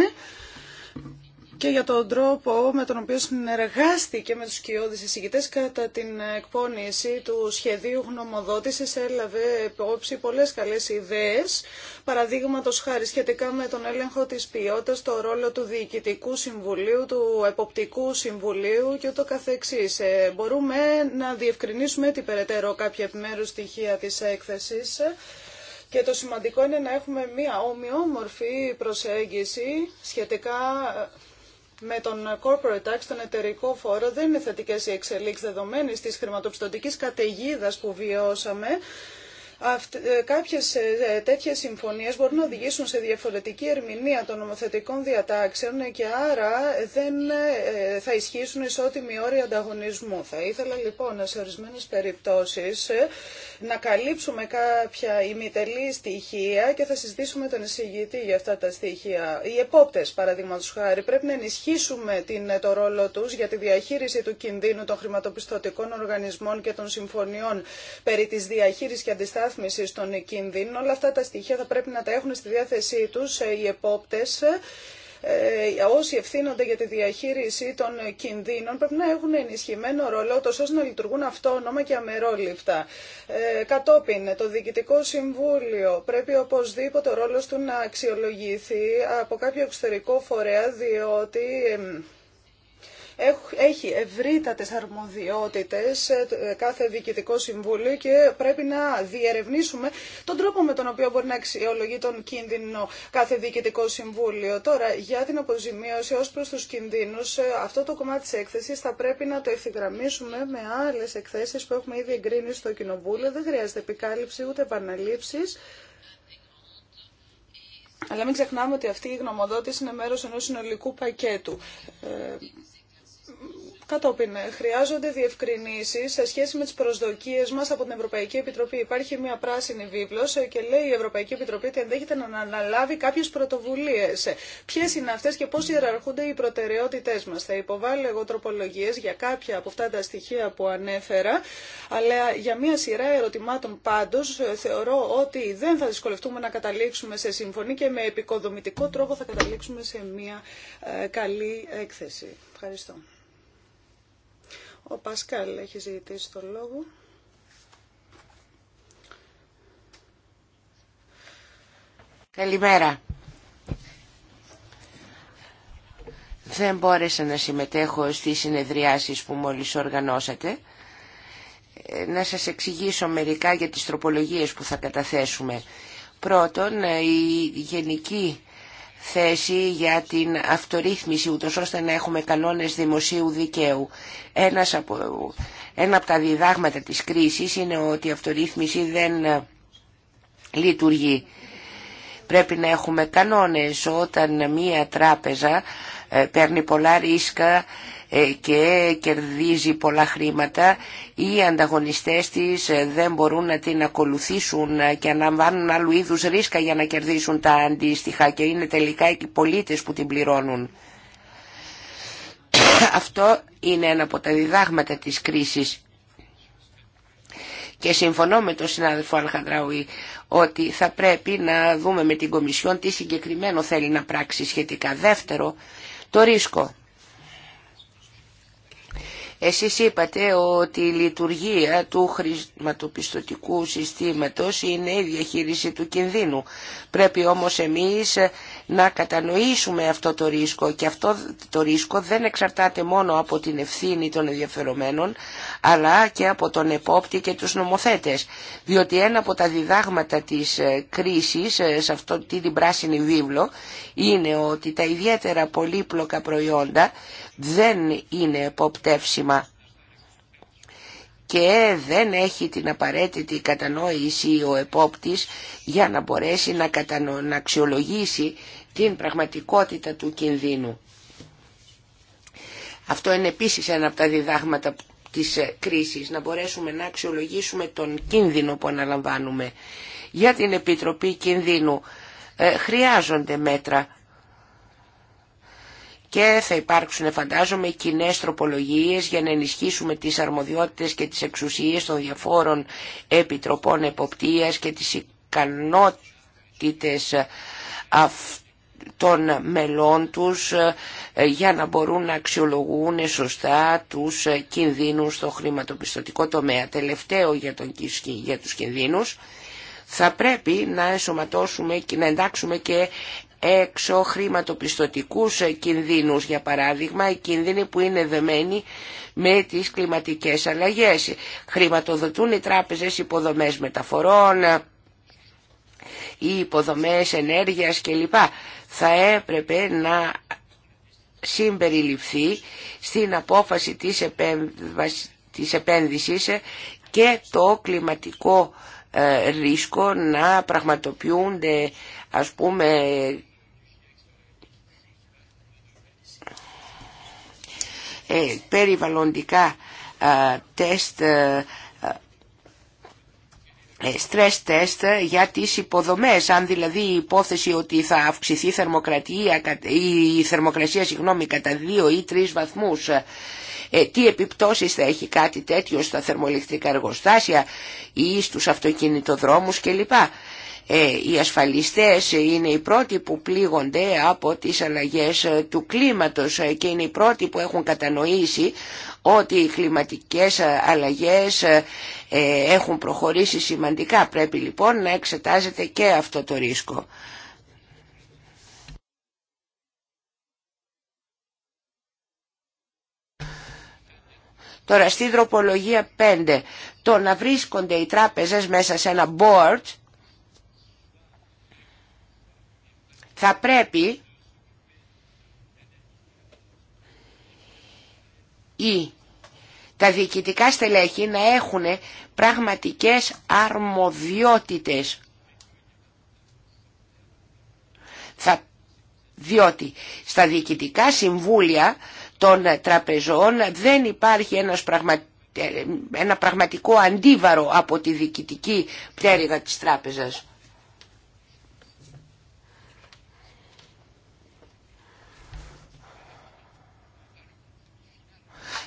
και για τον τρόπο με τον οποίο συνεργάστηκε με τους κοιόδης εισηγητές κατά την εκπόνηση του σχεδίου γνωμοδότησης έλαβε υπόψη πολλές καλές ιδέες παραδείγματο χάρη σχετικά με τον έλεγχο της ποιότητας, το ρόλο του Διοικητικού Συμβουλίου, του Εποπτικού Συμβουλίου και ούτω καθεξής. Ε, μπορούμε να διευκρινίσουμε την περαιτέρω κάποια επιμέρους στοιχεία της έκθεσης. Και το σημαντικό είναι να έχουμε μία ομοιόμορφη προσέγγιση σχετικά ε, με τον corporate tax, τον εταιρικό φόρο. Δεν είναι θετικέ οι εξελίξει δεδομένες τη χρηματοπιστωτικής καταιγίδα που βιώσαμε. Ε, κάποιες ε, τέτοιες συμφωνίες μπορούν να οδηγήσουν σε διαφορετική ερμηνεία των νομοθετικών διατάξεων και άρα δεν ε, θα ισχύσουν ισότιμοι όροι ανταγωνισμού. Θα ήθελα λοιπόν σε ορισμένες περιπτώσεις να καλύψουμε κάποια ημιτελή στοιχεία και θα συζητήσουμε τον εισηγητή για αυτά τα στοιχεία. Οι επόπτες παραδείγματος χάρη πρέπει να ενισχύσουμε την, το ρόλο τους για τη διαχείριση του κινδύνου των χρηματοπιστωτικών οργανισμών και των συμφωνιών περί της διαχείρισης και αντιστάθμισης αναβάθμισης των κινδύνων. Όλα αυτά τα στοιχεία θα πρέπει να τα έχουν στη διάθεσή τους ε, οι επόπτες ε, όσοι ευθύνονται για τη διαχείριση των κινδύνων πρέπει να έχουν ενισχυμένο ρόλο τόσο ώστε να λειτουργούν αυτόνομα και αμερόληπτα. Ε, κατόπιν, το Διοικητικό Συμβούλιο πρέπει οπωσδήποτε ο ρόλος του να αξιολογηθεί από κάποιο εξωτερικό φορέα διότι έχει ευρύτατες αρμοδιότητες ε, ε, κάθε διοικητικό συμβούλιο και πρέπει να διερευνήσουμε τον τρόπο με τον οποίο μπορεί να αξιολογεί τον κίνδυνο κάθε διοικητικό συμβούλιο. Τώρα, για την αποζημίωση ως προς τους κινδύνους, ε, αυτό το κομμάτι της έκθεσης θα πρέπει να το ευθυγραμμίσουμε με άλλες εκθέσεις που έχουμε ήδη εγκρίνει στο Κοινοβούλιο. Δεν χρειάζεται επικάλυψη ούτε επαναλήψεις. Αλλά μην ξεχνάμε ότι αυτή η γνωμοδότηση είναι μέρος ενός συνολικού πακέτου. Κατόπιν, χρειάζονται διευκρινήσει σε σχέση με τι προσδοκίε μα από την Ευρωπαϊκή Επιτροπή. Υπάρχει μια πράσινη βίβλο και λέει η Ευρωπαϊκή Επιτροπή ότι ενδέχεται να αναλάβει κάποιε πρωτοβουλίε. Ποιε είναι αυτέ και πώ ιεραρχούνται οι προτεραιότητέ μα. Θα υποβάλω εγώ τροπολογίε για κάποια από αυτά τα στοιχεία που ανέφερα, αλλά για μια σειρά ερωτημάτων πάντω θεωρώ ότι δεν θα δυσκολευτούμε να καταλήξουμε σε συμφωνή και με επικοδομητικό τρόπο θα καταλήξουμε σε μια ε, καλή έκθεση. Ευχαριστώ. Ο Πασκάλ έχει ζητήσει τον λόγο. Καλημέρα. Δεν μπόρεσα να συμμετέχω στις συνεδριάσεις που μόλις οργανώσατε. Ε, να σας εξηγήσω μερικά για τις τροπολογίες που θα καταθέσουμε. Πρώτον, ε, η γενική θέση για την αυτορύθμιση ούτως ώστε να έχουμε κανόνες δημοσίου δικαίου. Ένας από, ένα από τα διδάγματα της κρίσης είναι ότι η αυτορύθμιση δεν ε, λειτουργεί. Πρέπει να έχουμε κανόνες όταν μία τράπεζα ε, παίρνει πολλά ρίσκα ε, και κερδίζει πολλά χρήματα, οι ανταγωνιστές της ε, δεν μπορούν να την ακολουθήσουν ε, και αναμβάνουν άλλου είδου ρίσκα για να κερδίσουν τα αντίστοιχα και είναι τελικά οι πολίτες που την πληρώνουν. Αυτό είναι ένα από τα διδάγματα της κρίσης. Και συμφωνώ με τον συνάδελφο Αλχαντράουι ότι θα πρέπει να δούμε με την Κομισιόν τι συγκεκριμένο θέλει να πράξει σχετικά. Δεύτερο, το ρίσκο. Εσείς είπατε ότι η λειτουργία του χρηματοπιστωτικού συστήματος είναι η διαχείριση του κινδύνου. Πρέπει όμως εμείς να κατανοήσουμε αυτό το ρίσκο και αυτό το ρίσκο δεν εξαρτάται μόνο από την ευθύνη των ενδιαφερομένων αλλά και από τον επόπτη και τους νομοθέτες διότι ένα από τα διδάγματα της ε, κρίσης ε, σε αυτό την πράσινη βίβλο είναι ότι τα ιδιαίτερα πολύπλοκα προϊόντα δεν είναι εποπτεύσιμα και δεν έχει την απαραίτητη κατανόηση ο επόπτης για να μπορέσει να, κατανο... να αξιολογήσει την πραγματικότητα του κινδύνου. Αυτό είναι επίσης ένα από τα διδάγματα της ε, κρίσης, να μπορέσουμε να αξιολογήσουμε τον κίνδυνο που αναλαμβάνουμε. Για την Επιτροπή Κινδύνου ε, χρειάζονται μέτρα και θα υπάρξουν φαντάζομαι κοινέ τροπολογίες για να ενισχύσουμε τις αρμοδιότητες και τις εξουσίες των διαφόρων επιτροπών εποπτείας και τις ικανότητες ε, των μελών τους ε, ε, για να μπορούν να αξιολογούν σωστά τους κινδύνους στο χρηματοπιστωτικό τομέα. Τελευταίο για, τον, για τους κινδύνους θα πρέπει να ενσωματώσουμε και να εντάξουμε και έξω χρηματοπιστωτικούς κινδύνους, για παράδειγμα, οι κίνδυνοι που είναι δεμένοι με τις κλιματικές αλλαγές. Χρηματοδοτούν οι τράπεζες υποδομές μεταφορών, οι υποδομές ενέργειας κλπ. Θα έπρεπε να συμπεριληφθεί στην απόφαση της, της επένδυσης και το κλιματικό ε, ρίσκο να πραγματοποιούνται ας πούμε Ε, περιβαλλοντικά ε, τεστ ε, stress test για τις υποδομές, αν δηλαδή η υπόθεση ότι θα αυξηθεί η θερμοκρατία, η θερμοκρασία συγγνώμη, κατά 2 ή 3 βαθμούς, τι επιπτώσεις θα έχει κάτι τέτοιο στα θερμοελεκτρικά εργοστάσια ή στους αυτοκινητοδρόμους κλπ. Ε, οι ασφαλιστές είναι οι πρώτοι που πλήγονται από τις αλλαγές ε, του κλίματος ε, και είναι οι πρώτοι που έχουν κατανοήσει ότι οι κλιματικές αλλαγές έχουν προχωρήσει σημαντικά. Πρέπει λοιπόν να εξετάζεται και αυτό το ρίσκο. Τώρα στην τροπολογία 5, το να βρίσκονται οι τράπεζες μέσα σε ένα board θα πρέπει ή τα διοικητικά στελέχη να έχουν πραγματικές αρμοδιότητες. Θα, διότι στα διοικητικά συμβούλια των τραπεζών δεν υπάρχει ένας ε, ένα πραγματικό αντίβαρο από τη διοικητική πτέρυγα της τράπεζας.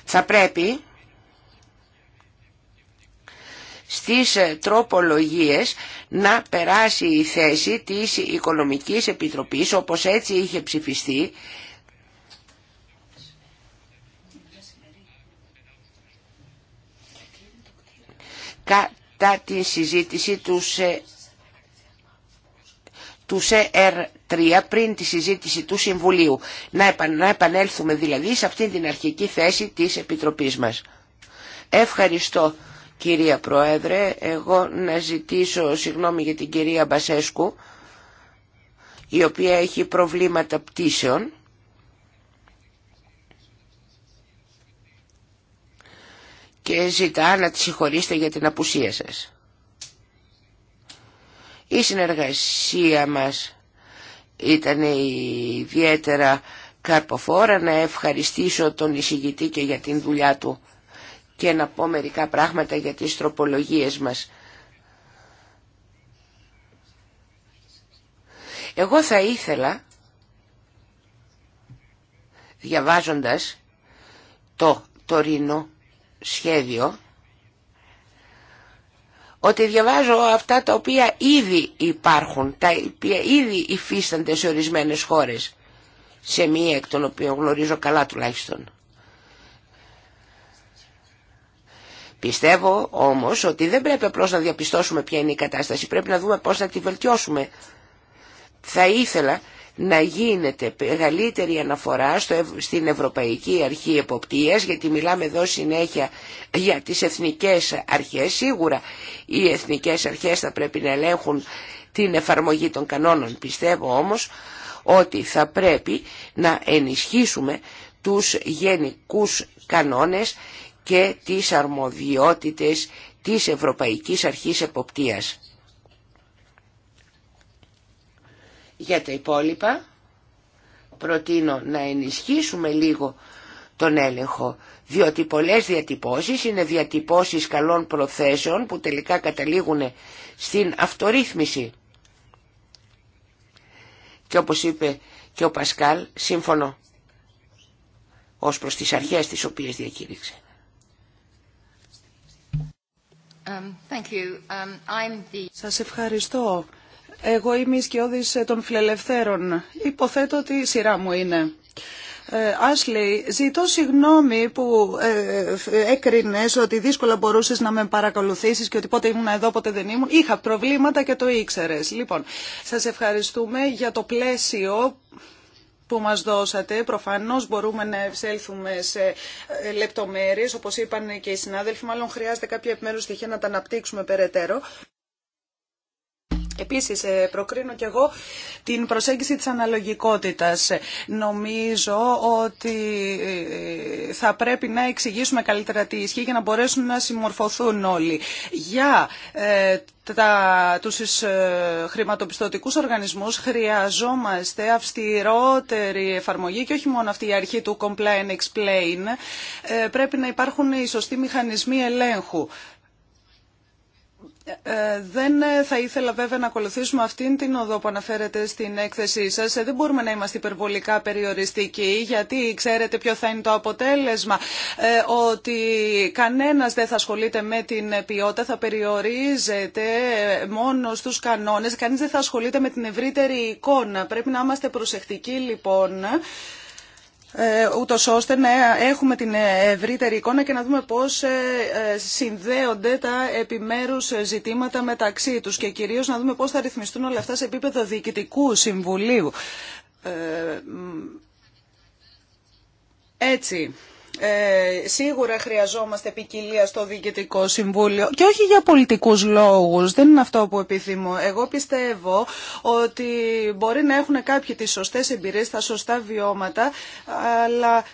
Θα πρέπει στις ε, τροπολογίες να περάσει η θέση της Οικονομικής Επιτροπής όπως έτσι είχε ψηφιστεί κατά την συζήτηση του ε, του ΣΕΡ3 πριν τη συζήτηση του Συμβουλίου. Να επανέλθουμε δηλαδή σε αυτήν την αρχική θέση της Επιτροπής μας. Ευχαριστώ κυρία Πρόεδρε. Εγώ να ζητήσω συγγνώμη για την κυρία Μπασέσκου η οποία έχει προβλήματα πτήσεων. και ζητά να τη συγχωρήσετε για την απουσία σας. Η συνεργασία μας ήταν ιδιαίτερα καρποφόρα να ευχαριστήσω τον εισηγητή και για την δουλειά του και να πω μερικά πράγματα για τις τροπολογίες μας. Εγώ θα ήθελα, διαβάζοντας το τωρινό σχέδιο, ότι διαβάζω αυτά τα οποία ήδη υπάρχουν, τα οποία ήδη υφίστανται σε ορισμένες χώρες, σε μία εκ των οποίων γνωρίζω καλά τουλάχιστον. Πιστεύω όμως ότι δεν πρέπει απλώς να διαπιστώσουμε ποια είναι η κατάσταση, πρέπει να δούμε πώς να τη βελτιώσουμε. Θα ήθελα να γίνεται μεγαλύτερη αναφορά στο, στην Ευρωπαϊκή Αρχή Εποπτείας γιατί μιλάμε εδώ συνέχεια για τις εθνικές αρχές. Σίγουρα οι εθνικές αρχές θα πρέπει να ελέγχουν την εφαρμογή των κανόνων. Πιστεύω όμως ότι θα πρέπει να ενισχύσουμε τους γενικούς κανόνες και τις αρμοδιότητες της Ευρωπαϊκής Αρχής Εποπτείας. Για τα υπόλοιπα προτείνω να ενισχύσουμε λίγο τον έλεγχο, διότι πολλές διατυπώσεις είναι διατυπώσεις καλών προθέσεων που τελικά καταλήγουν στην αυτορύθμιση. Και όπως είπε και ο Πασκάλ, σύμφωνο ως προς τις αρχές τις οποίες διακήρυξε. Um, thank um, Σας ευχαριστώ. Εγώ είμαι η σκιώδης των φιλελευθέρων. Υποθέτω ότι η σειρά μου είναι. Ε, Άσλι, ζητώ συγγνώμη που ε, ε, έκρινες ότι δύσκολα μπορούσες να με παρακολουθήσεις και ότι πότε ήμουν εδώ, πότε δεν ήμουν. Είχα προβλήματα και το ήξερες. Λοιπόν, σας ευχαριστούμε για το πλαίσιο που μας δώσατε. Προφανώς μπορούμε να ευσέλθουμε σε λεπτομέρειες, όπως είπαν και οι συνάδελφοι. Μάλλον χρειάζεται κάποια επιμέρους στοιχεία να τα αναπτύξουμε περαιτέρω. Επίσης ε, προκρίνω και εγώ την προσέγγιση της αναλογικότητας. Νομίζω ότι ε, θα πρέπει να εξηγήσουμε καλύτερα τι ισχύει για να μπορέσουν να συμμορφωθούν όλοι. Για ε, τα, τους χρηματοπιστωτικούς οργανισμούς χρειαζόμαστε αυστηρότερη εφαρμογή και όχι μόνο αυτή η αρχή του and explain. πρέπει να υπάρχουν οι σωστοί μηχανισμοί ελέγχου. Ε, δεν θα ήθελα βέβαια να ακολουθήσουμε αυτήν την οδό που αναφέρετε στην έκθεσή σας. Ε, δεν μπορούμε να είμαστε υπερβολικά περιοριστικοί, γιατί ξέρετε ποιο θα είναι το αποτέλεσμα. Ε, ότι κανένας δεν θα ασχολείται με την ποιότητα, θα περιορίζεται μόνο στους κανόνες. Κανείς δεν θα ασχολείται με την ευρύτερη εικόνα. Πρέπει να είμαστε προσεκτικοί λοιπόν. Ε, Ούτω ώστε να έχουμε την ευρύτερη εικόνα και να δούμε πώς ε, ε, συνδέονται τα επιμέρους ζητήματα μεταξύ τους και κυρίως να δούμε πώς θα ρυθμιστούν όλα αυτά σε επίπεδο διοικητικού συμβουλίου. Έτσι, ε, σίγουρα χρειαζόμαστε ποικιλία στο Διοικητικό Συμβούλιο και όχι για πολιτικούς λόγους, δεν είναι αυτό που επιθυμώ. Εγώ πιστεύω ότι μπορεί να έχουν κάποιοι τις σωστές εμπειρίες, τα σωστά βιώματα, αλλά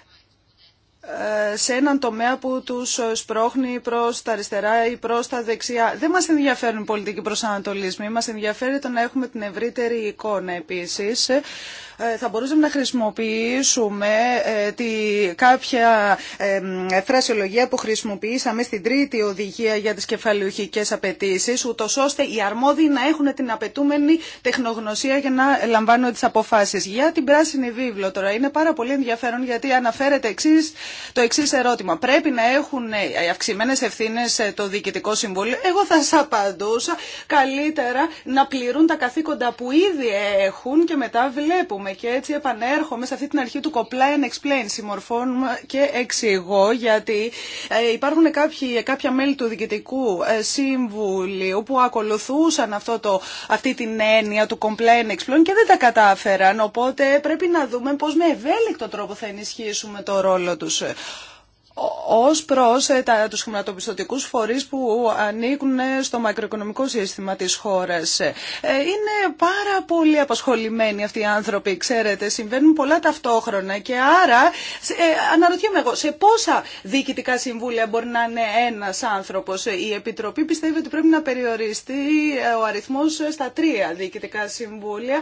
ε, σε έναν τομέα που τους σπρώχνει προς τα αριστερά ή προς τα δεξιά. Δεν μας ενδιαφέρουν πολιτικοί προσανατολισμοί, μας ενδιαφέρει το να έχουμε την ευρύτερη εικόνα επίσης. Ε, θα μπορούσαμε να χρησιμοποιήσουμε ε, τη, κάποια ε, φρασιολογία που χρησιμοποιήσαμε στην τρίτη οδηγία για τις κεφαλαιοχικές απαιτήσει, ούτω ώστε οι αρμόδιοι να έχουν την απαιτούμενη τεχνογνωσία για να λαμβάνουν τις αποφάσεις. Για την πράσινη βίβλο τώρα είναι πάρα πολύ ενδιαφέρον γιατί αναφέρεται εξής, το εξή ερώτημα. Πρέπει να έχουν αυξημένες ευθύνε το Διοικητικό Συμβούλιο. Εγώ θα σας απαντούσα καλύτερα να πληρούν τα καθήκοντα που ήδη έχουν και μετά βλέπουμε και έτσι επανέρχομαι σε αυτή την αρχή του κοπλά and explain. Συμμορφώνουμε και εξηγώ γιατί ε, υπάρχουν κάποιοι, κάποια μέλη του Διοικητικού ε, Συμβουλίου που ακολουθούσαν αυτό το, αυτή την έννοια του and explain και δεν τα κατάφεραν. Οπότε πρέπει να δούμε πώς με ευέλικτο τρόπο θα ενισχύσουμε το ρόλο τους ως προς ε, τα, τους χρηματοπιστωτικούς φορείς που ανήκουν ε, στο μακροοικονομικό σύστημα της χώρας. Ε, είναι πάρα πολύ απασχολημένοι αυτοί οι άνθρωποι, ξέρετε, συμβαίνουν πολλά ταυτόχρονα και άρα ε, αναρωτιέμαι εγώ σε πόσα διοικητικά συμβούλια μπορεί να είναι ένας άνθρωπος. Η Επιτροπή πιστεύει ότι πρέπει να περιοριστεί ο αριθμός στα τρία διοικητικά συμβούλια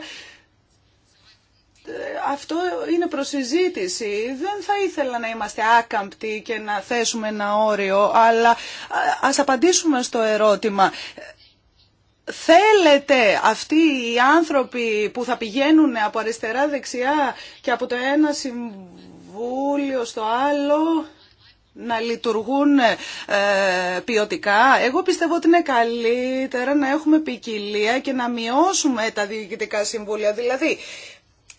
αυτό είναι προσυζήτηση. Δεν θα ήθελα να είμαστε άκαμπτοι και να θέσουμε ένα όριο, αλλά ας απαντήσουμε στο ερώτημα. Θέλετε αυτοί οι άνθρωποι που θα πηγαίνουν από αριστερά δεξιά και από το ένα συμβούλιο στο άλλο να λειτουργούν ε, ποιοτικά. Εγώ πιστεύω ότι είναι καλύτερα να έχουμε ποικιλία και να μειώσουμε τα διοικητικά συμβούλια. Δηλαδή,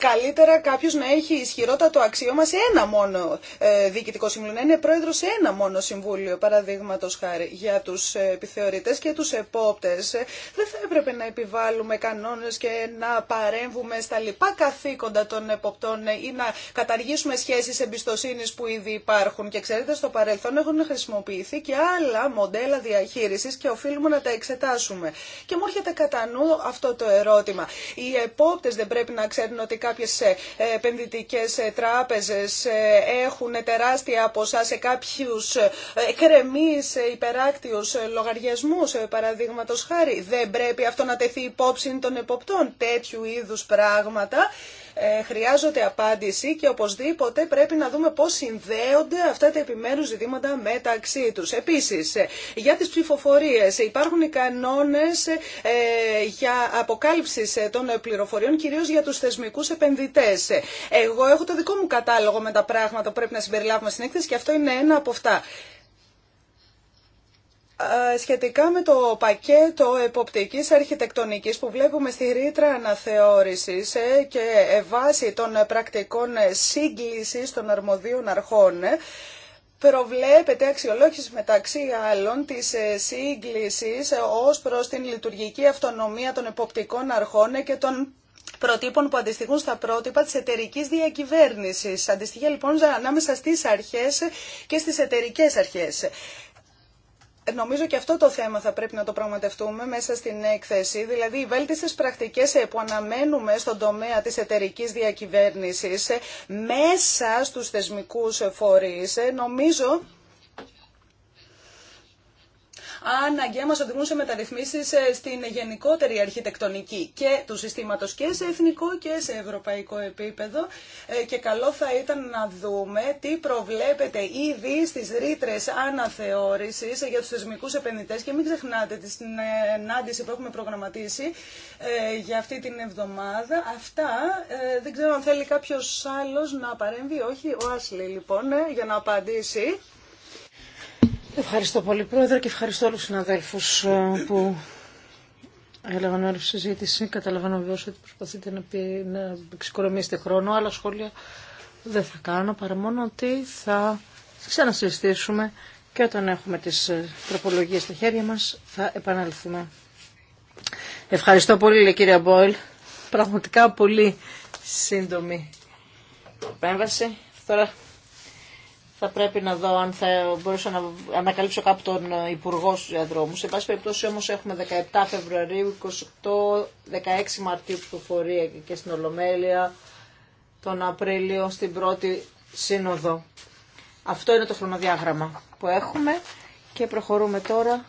καλύτερα κάποιο να έχει ισχυρότατο αξίωμα σε ένα μόνο ε, διοικητικό συμβούλιο, να είναι πρόεδρο σε ένα μόνο συμβούλιο, παραδείγματο χάρη. Για του επιθεωρητέ και του επόπτε, ε, δεν θα έπρεπε να επιβάλλουμε κανόνε και να παρέμβουμε στα λοιπά καθήκοντα των εποπτών ε, ή να καταργήσουμε σχέσει εμπιστοσύνη που ήδη υπάρχουν. Και ξέρετε, στο παρελθόν έχουν χρησιμοποιηθεί και άλλα μοντέλα διαχείριση και οφείλουμε να τα εξετάσουμε. Και μου έρχεται κατά νου αυτό το ερώτημα. Οι επόπτε δεν πρέπει να ξέρουν ότι κάποιες ε, επενδυτικέ ε, τράπεζες ε, έχουν τεράστια ποσά σε κάποιους κρεμείς υπεράκτιους λογαριασμούς, παραδείγματος χάρη. Δεν πρέπει αυτό να τεθεί υπόψη των εποπτών τέτοιου είδους πράγματα ε, χρειάζονται απάντηση και οπωσδήποτε πρέπει να δούμε πώς συνδέονται αυτά τα επιμέρους ζητήματα μεταξύ τους. Επίσης, ε, για τις ψηφοφορίες ε, υπάρχουν οι κανόνες για αποκάλυψη των πληροφοριών, κυρίως για τους θεσμικούς επενδυτές. Εγώ έχω το δικό μου κατάλογο με τα πράγματα που πρέπει να συμπεριλάβουμε στην έκθεση και αυτό είναι ένα από αυτά. Ε, σχετικά με το πακέτο εποπτικής αρχιτεκτονικής που βλέπουμε στη ρήτρα αναθεώρησης ε, και ε, βάση των πρακτικών σύγκλησης των αρμοδίων αρχών, προβλέπεται αξιολόγηση μεταξύ άλλων της σύγκλησης ως προς την λειτουργική αυτονομία των εποπτικών αρχών και των προτύπων που αντιστοιχούν στα πρότυπα της εταιρική διακυβέρνησης. Αντιστοιχεί λοιπόν ανάμεσα στις αρχές και στις εταιρικέ αρχές. Νομίζω και αυτό το θέμα θα πρέπει να το πραγματευτούμε μέσα στην έκθεση, δηλαδή οι βέλτιστες πρακτικές ε, που αναμένουμε στον τομέα της εταιρική διακυβέρνησης ε, μέσα στους θεσμικούς ε, φορείς, νομίζω αναγκαία μα οδηγούν σε μεταρρυθμίσει ε, στην γενικότερη αρχιτεκτονική και του συστήματο και σε εθνικό και σε ευρωπαϊκό επίπεδο. Ε, και καλό θα ήταν να δούμε τι προβλέπεται ήδη στι ρήτρε αναθεώρηση για του θεσμικού επενδυτέ. Και μην ξεχνάτε την συνάντηση που έχουμε προγραμματίσει ε, για αυτή την εβδομάδα. Αυτά δεν ξέρω αν θέλει κάποιο άλλο να παρέμβει. Όχι, ο Άσλι λοιπόν για να απαντήσει. Ευχαριστώ πολύ Πρόεδρε και ευχαριστώ όλους τους συναδέλφους ε, που έλαβαν όλη τη συζήτηση. Καταλαβαίνω βεβαίως ότι προσπαθείτε να, πει, να χρόνο, άλλα σχόλια δεν θα κάνω παρά μόνο ότι θα ξανασυζητήσουμε και όταν έχουμε τις ε, τροπολογίες στα χέρια μας θα επανέλθουμε. Ευχαριστώ πολύ λέει, κυρία Μπόιλ. Πραγματικά πολύ σύντομη επέμβαση. Τώρα θα πρέπει να δω αν θα μπορούσα να ανακαλύψω κάπου τον ε, Υπουργό στου διαδρόμου. Σε πάση περιπτώσει όμω έχουμε 17 Φεβρουαρίου, 28, 16 Μαρτίου φορεί και στην Ολομέλεια, τον Απρίλιο στην πρώτη σύνοδο. Αυτό είναι το χρονοδιάγραμμα που έχουμε και προχωρούμε τώρα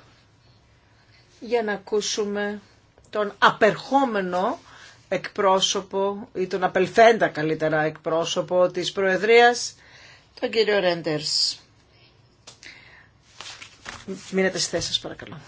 για να ακούσουμε τον απερχόμενο εκπρόσωπο ή τον απελφέντα καλύτερα εκπρόσωπο της Προεδρίας τον κύριο Ρέντερς. Μείνετε στη θέση σας, παρακαλώ.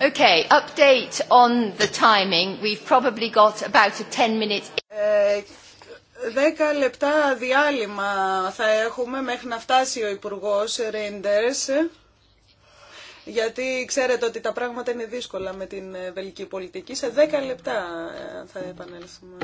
Okay, 10 ε, λεπτά διάλειμμα θα έχουμε μέχρι να φτάσει ο υπουργό Ρίντερ, γιατί ξέρετε ότι τα πράγματα είναι δύσκολα με την βελική πολιτική. Σε δέκα λεπτά ε, θα επανέλθουμε.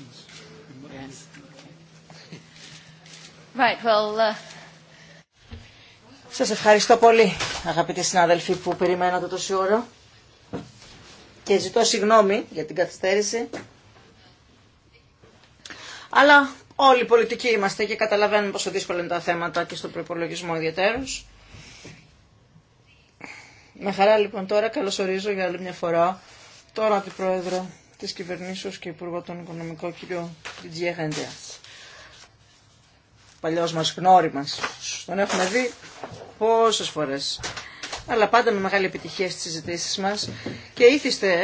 questions. Right, well, uh, Σας ευχαριστώ πολύ, αγαπητοί συνάδελφοι, που περιμένατε τόση ώρα και ζητώ συγγνώμη για την καθυστέρηση. Αλλά όλοι οι πολιτικοί είμαστε και καταλαβαίνουμε πόσο δύσκολα είναι τα θέματα και στον προπολογισμό ιδιαίτερως. Με χαρά λοιπόν τώρα καλωσορίζω για άλλη μια φορά τον Αντιπρόεδρο της κυβερνήσεως και Υπουργό των Οικονομικών κύριο Λιτζιέ Γεντέας. Παλιός μας γνώρι μα. Τον έχουμε δει πόσες φορές. Αλλά πάντα με μεγάλη επιτυχία στις συζητήσεις μας. Και ήθιστε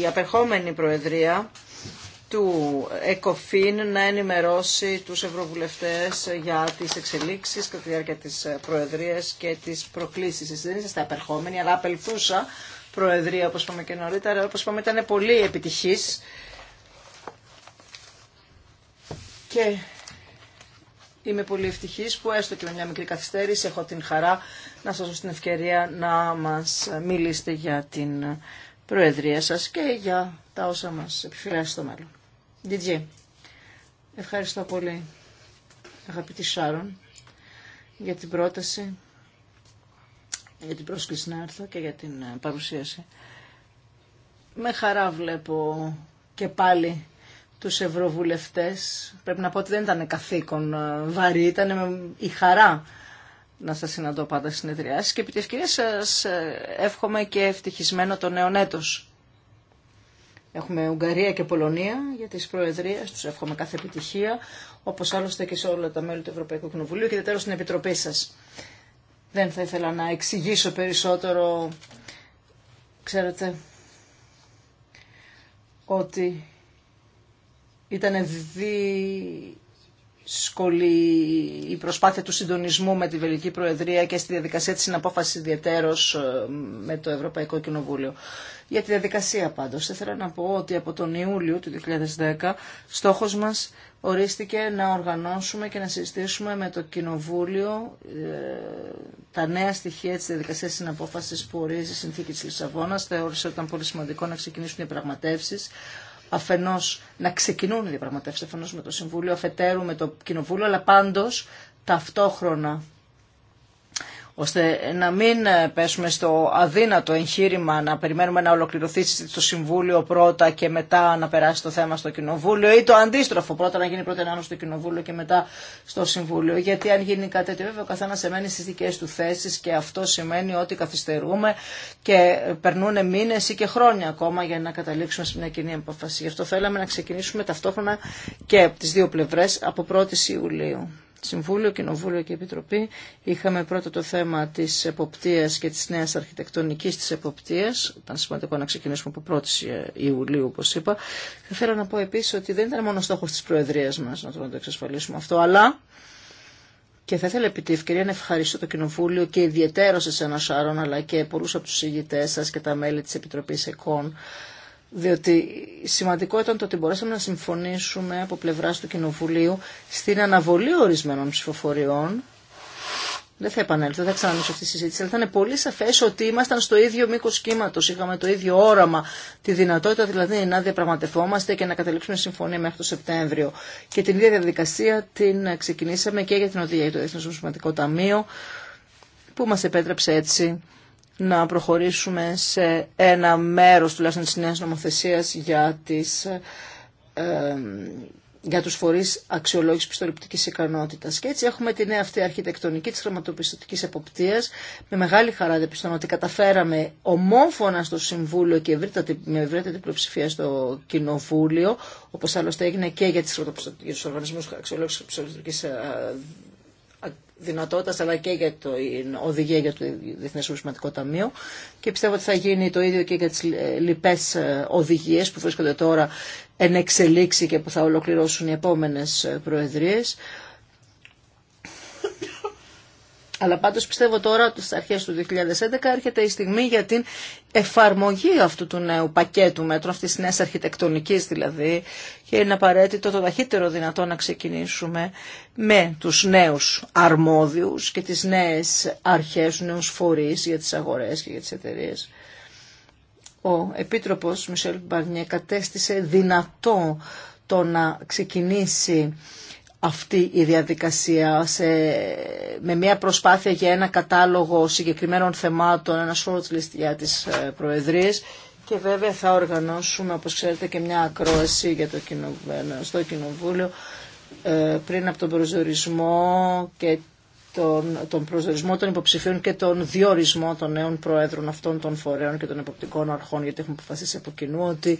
η απερχόμενη Προεδρία του ΕΚΟΦΗΝ να ενημερώσει τους ευρωβουλευτές για τις εξελίξεις κατά τη διάρκεια της Προεδρίας και τις προκλήσεις. δεν είστε απερχόμενοι, αλλά απελθούσα Προεδρία, όπως είπαμε και νωρίτερα, όπως είπαμε ήταν πολύ επιτυχής. Και είμαι πολύ ευτυχής που έστω και με μια μικρή καθυστέρηση έχω την χαρά να σας δώσω την ευκαιρία να μας μιλήσετε για την Προεδρία σας και για τα όσα μας επιφυλάσσει στο μέλλον. DJ, ευχαριστώ πολύ αγαπητή Σάρων για την πρόταση για την πρόσκληση να έρθω και για την ε, παρουσίαση. Με χαρά βλέπω και πάλι τους ευρωβουλευτές. Πρέπει να πω ότι δεν ήταν καθήκον ε, βαρύ, ήταν η χαρά να σας συναντώ πάντα συνεδριάσεις και επί της ευκαιρίας σας ε, εύχομαι και ευτυχισμένο το νέο έτος. Έχουμε Ουγγαρία και Πολωνία για τις προεδρίες, τους εύχομαι κάθε επιτυχία, όπως άλλωστε και σε όλα τα μέλη του Ευρωπαϊκού Κοινοβουλίου και τέλος στην Επιτροπή σας. Δεν θα ήθελα να εξηγήσω περισσότερο, ξέρετε, ότι ήταν δι σκολή η προσπάθεια του συντονισμού με τη Βελική Προεδρία και στη διαδικασία της συναπόφασης ιδιαιτέρως ε, με το Ευρωπαϊκό Κοινοβούλιο. Για τη διαδικασία πάντως, ήθελα να πω ότι από τον Ιούλιο του 2010 στόχος μας ορίστηκε να οργανώσουμε και να συζητήσουμε με το Κοινοβούλιο ε, τα νέα στοιχεία της διαδικασίας συναπόφασης που ορίζει η Συνθήκη της Λισαβόνας. Θεώρησε ότι ήταν πολύ σημαντικό να ξεκινήσουν οι πραγματεύσεις Αφενό να ξεκινούν οι διαπραγματεύσει αφενός με το Συμβούλιο, αφετέρου με το Κοινοβούλιο, αλλά πάντω ταυτόχρονα ώστε να μην πέσουμε στο αδύνατο εγχείρημα να περιμένουμε να ολοκληρωθεί το Συμβούλιο πρώτα και μετά να περάσει το θέμα στο Κοινοβούλιο ή το αντίστροφο πρώτα να γίνει πρώτα ένα στο Κοινοβούλιο και μετά στο Συμβούλιο. Γιατί αν γίνει κάτι τέτοιο, βέβαια ο καθένα εμένει στι δικέ του θέσει και αυτό σημαίνει ότι καθυστερούμε και περνούν μήνε ή και χρόνια ακόμα για να καταλήξουμε σε μια κοινή απόφαση. Γι' αυτό θέλαμε να ξεκινήσουμε ταυτόχρονα και από τι δύο πλευρέ από 1η Ιουλίου. Συμβούλιο, Κοινοβούλιο και Επιτροπή. Είχαμε πρώτο το θέμα της εποπτείας και της νέας αρχιτεκτονικής της εποπτείας. Ήταν σημαντικό να ξεκινήσουμε από 1η Ιουλίου, όπως είπα. Θα ήθελα να πω επίσης ότι δεν ήταν μόνο στόχος της Προεδρίας μας να το, εξασφαλίσουμε αυτό, αλλά... Και θα ήθελα επί τη ευκαιρία να ευχαριστώ το Κοινοβούλιο και ιδιαίτερω σε ένα Σάρων, αλλά και πολλούς από τους ηγητές σας και τα μέλη της Επιτροπής ΕΚΟΝ διότι σημαντικό ήταν το ότι μπορέσαμε να συμφωνήσουμε από πλευράς του Κοινοβουλίου στην αναβολή ορισμένων ψηφοφοριών. Δεν θα επανέλθω, δεν θα ξανανοίξω αυτή τη συζήτηση, αλλά θα είναι πολύ σαφέ ότι ήμασταν στο ίδιο μήκο κύματο, είχαμε το ίδιο όραμα, τη δυνατότητα δηλαδή να διαπραγματευόμαστε και να καταλήξουμε συμφωνία μέχρι το Σεπτέμβριο. Και την ίδια διαδικασία την ξεκινήσαμε και για την οδηγία για το Διεθνέ Ταμείο, που μα επέτρεψε έτσι να προχωρήσουμε σε ένα μέρος τουλάχιστον της νέας νομοθεσίας για, τις, ε, για τους φορείς αξιολόγησης πιστοληπτικής ικανότητας. Και έτσι έχουμε τη νέα αυτή αρχιτεκτονική της χρηματοπιστωτικής εποπτείας. Με μεγάλη χαρά διαπιστώνω ότι καταφέραμε ομόφωνα στο Συμβούλιο και ευρύτατη, με ευρύτατη πλειοψηφία στο Κοινοβούλιο, όπως άλλωστε έγινε και για τις χρηματοπιστωτικές οργανισμούς αξιολόγησης πιστοληπτικής ε, Δυνατότητα, αλλά και για το οδηγία για το Διεθνέ Ουσιαστικό Ταμείο και πιστεύω ότι θα γίνει το ίδιο και για τι λοιπέ ε, οδηγίε που βρίσκονται τώρα εν εξελίξη και που θα ολοκληρώσουν οι επόμενε ε, προεδρίες. Αλλά πάντως πιστεύω τώρα, ότι στις αρχές του 2011, έρχεται η στιγμή για την εφαρμογή αυτού του νέου πακέτου μέτρων, αυτής της νέας αρχιτεκτονικής δηλαδή, και είναι απαραίτητο το ταχύτερο δυνατό να ξεκινήσουμε με τους νέους αρμόδιους και τις νέες αρχές, νέους φορείς για τις αγορές και για τις εταιρείε. Ο Επίτροπος Μισελ Μπαρνιέ κατέστησε δυνατό το να ξεκινήσει αυτή η διαδικασία σε, με μια προσπάθεια για ένα κατάλογο συγκεκριμένων θεμάτων, ένα shortlist για τις ε, προεδρίες και βέβαια θα οργανώσουμε, όπως ξέρετε, και μια ακρόαση για το κοινοβούλιο, στο Κοινοβούλιο ε, πριν από τον προσδιορισμό και τον, τον προσδορισμό των υποψηφίων και τον διορισμό των νέων προέδρων αυτών των φορέων και των εποπτικών αρχών, γιατί έχουμε αποφασίσει από κοινού ότι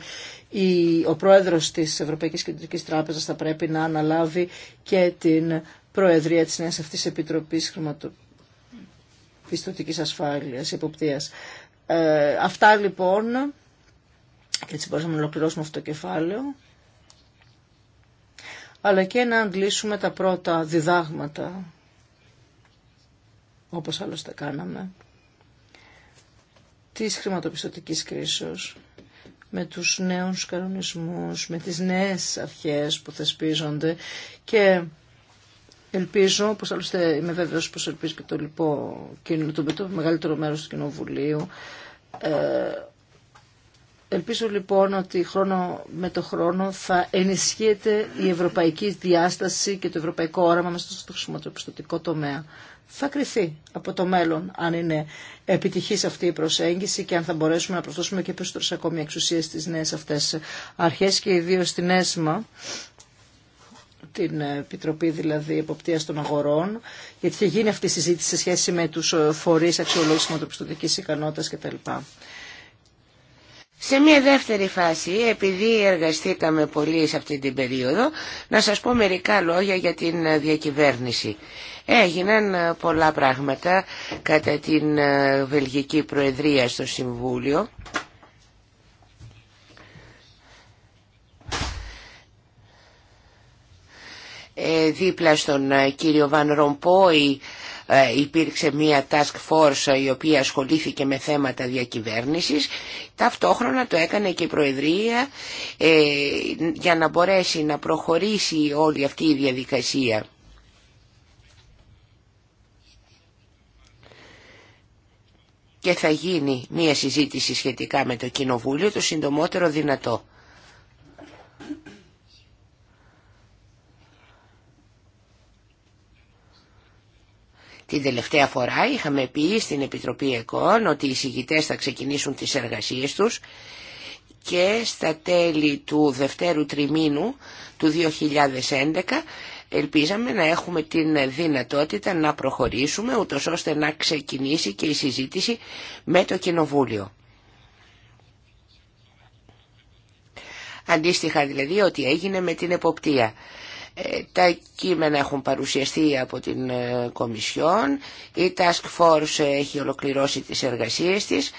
η, ο πρόεδρος της Ευρωπαϊκής Κεντρικής Τράπεζας θα πρέπει να αναλάβει και την προεδρία της νέας αυτής επιτροπής χρηματοπιστωτικής ασφάλειας, εποπτείας. Ε, αυτά λοιπόν, και έτσι μπορούμε να ολοκληρώσουμε αυτό το κεφάλαιο, αλλά και να αντλήσουμε τα πρώτα διδάγματα όπως άλλωστε κάναμε, της χρηματοπιστωτικής κρίσεως, με τους νέους κανονισμούς, με τις νέες αρχές που θεσπίζονται και ελπίζω, όπως άλλωστε είμαι βέβαιος πως ελπίζει και το, λοιπό, το, το μεγαλύτερο μέρος του Κοινοβουλίου, ε, Ελπίζω λοιπόν ότι χρόνο με το χρόνο θα ενισχύεται η ευρωπαϊκή διάσταση και το ευρωπαϊκό όραμα μέσα στο χρηματοπιστωτικό τομέα θα κρυθεί από το μέλλον αν είναι επιτυχής αυτή η προσέγγιση και αν θα μπορέσουμε να προσθέσουμε και περισσότερες ακόμη εξουσίες στις νέες αυτές αρχές και ιδίως στην ΕΣΜΑ την Επιτροπή δηλαδή Εποπτεία των Αγορών, γιατί είχε γίνει αυτή η συζήτηση σε σχέση με τους ε, φορείς αξιολόγησης χρηματοπιστωτικής ικανότητα κτλ. Σε μια δεύτερη φάση, επειδή εργαστήκαμε πολύ σε αυτή την περίοδο, να σας πω μερικά λόγια για την διακυβέρνηση. Έγιναν ε, πολλά πράγματα κατά την ε, Βελγική Προεδρία στο Συμβούλιο. Ε, δίπλα στον κύριο Βαν Ρομπόη υπήρξε μία task force η οποία ασχολήθηκε με θέματα διακυβέρνησης. Ταυτόχρονα το έκανε και η Προεδρία για να μπορέσει να προχωρήσει όλη αυτή η διαδικασία. και θα γίνει μία συζήτηση σχετικά με το Κοινοβούλιο το συντομότερο δυνατό. Την τελευταία φορά είχαμε πει στην Επιτροπή ΕΚΟΝ ότι οι συγητές θα ξεκινήσουν τις εργασίες τους και στα τέλη του δευτέρου τριμήνου του 2011 Ελπίζαμε να έχουμε την δυνατότητα να προχωρήσουμε ούτως ώστε να ξεκινήσει και η συζήτηση με το Κοινοβούλιο. Αντίστοιχα δηλαδή ότι έγινε με την εποπτεία. Ε, τα κείμενα έχουν παρουσιαστεί από την ε, Κομισιόν, η Task Force έχει ολοκληρώσει τις εργασίες της.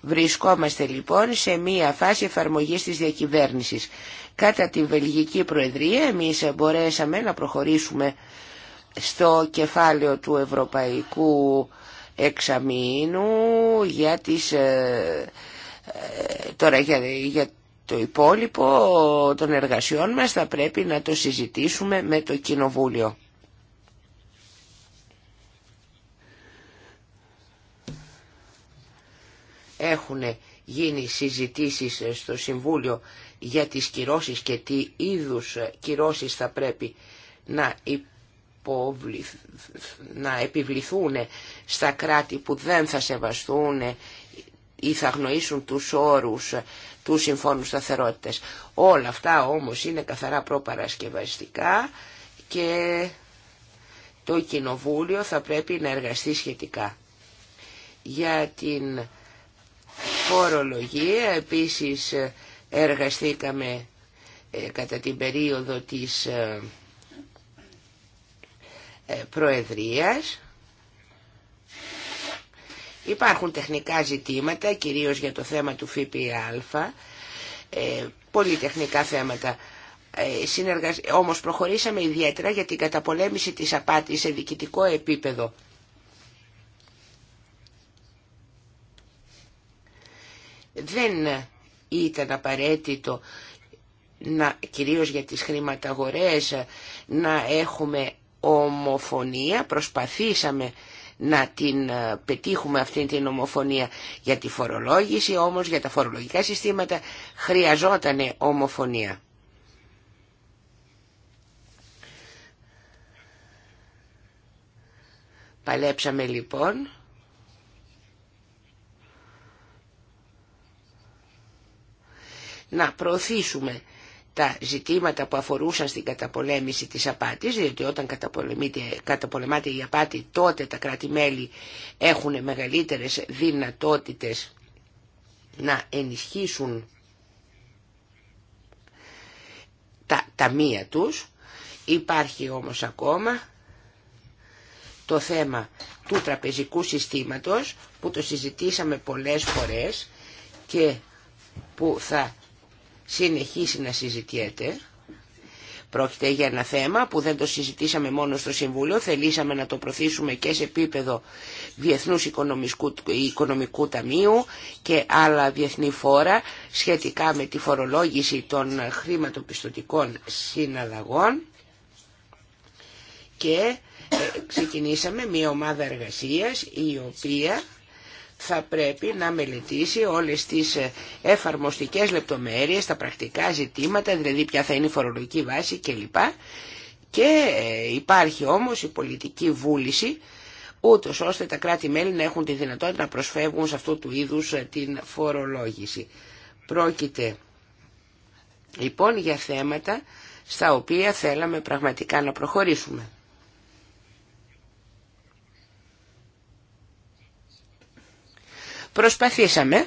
Βρισκόμαστε λοιπόν σε μία φάση εφαρμογής της διακυβέρνησης. Κατά τη Βελγική Προεδρία εμείς μπορέσαμε να προχωρήσουμε στο κεφάλαιο του Ευρωπαϊκού Εξαμήνου για τις... Ε, ε, τώρα για, για το υπόλοιπο των εργασιών μας θα πρέπει να το συζητήσουμε με το Κοινοβούλιο. Έχουν γίνει συζητήσεις στο Συμβούλιο για τις κυρώσεις και τι είδους κυρώσεις θα πρέπει να, υποβληθ, να επιβληθούν στα κράτη που δεν θα σεβαστούν ή θα γνωρίσουν τους όρους του Συμφώνου Σταθερότητες. Όλα αυτά όμως είναι καθαρά προπαρασκευαστικά και το Κοινοβούλιο θα πρέπει να εργαστεί σχετικά. Για την φορολογία επίσης Εργαστήκαμε ε, κατά την περίοδο της ε, ε, Προεδρίας. Υπάρχουν τεχνικά ζητήματα, κυρίως για το θέμα του ΦΠΑ, τεχνικά θέματα. Όμως προχωρήσαμε ιδιαίτερα για την καταπολέμηση της απάτης σε διοικητικό επίπεδο. Δεν ήταν απαραίτητο να, κυρίως για τις χρηματαγορές να έχουμε ομοφωνία, προσπαθήσαμε να την ε, πετύχουμε αυτή την ομοφωνία για τη φορολόγηση, όμως για τα φορολογικά συστήματα χρειαζόταν ομοφωνία. Παλέψαμε λοιπόν να προωθήσουμε τα ζητήματα που αφορούσαν στην καταπολέμηση της απάτης, διότι όταν καταπολεμάται η απάτη τότε τα κράτη-μέλη έχουν μεγαλύτερες δυνατότητες να ενισχύσουν τα ταμεία τους. Υπάρχει όμως ακόμα το θέμα του τραπεζικού συστήματος που το συζητήσαμε πολλές φορές και που θα συνεχίσει να συζητιέται. Πρόκειται για ένα θέμα που δεν το συζητήσαμε μόνο στο Συμβούλιο, θελήσαμε να το προθίσουμε και σε επίπεδο Διεθνούς Οικονομικού, Οικονομικού Ταμείου και άλλα διεθνή φόρα σχετικά με τη φορολόγηση των χρηματοπιστωτικών συναλλαγών και ε, ξεκινήσαμε μια ομάδα εργασίας η οποία θα πρέπει να μελετήσει όλες τις ε, εφαρμοστικές λεπτομέρειες, τα πρακτικά ζητήματα, δηλαδή ποια θα είναι η φορολογική βάση κλπ. Και ε, υπάρχει όμως η πολιτική βούληση, ούτω ώστε τα κράτη-μέλη να έχουν τη δυνατότητα να προσφεύγουν σε αυτού του είδους ε, την φορολόγηση. Πρόκειται λοιπόν για θέματα στα οποία θέλαμε πραγματικά να προχωρήσουμε. Προσπαθήσαμε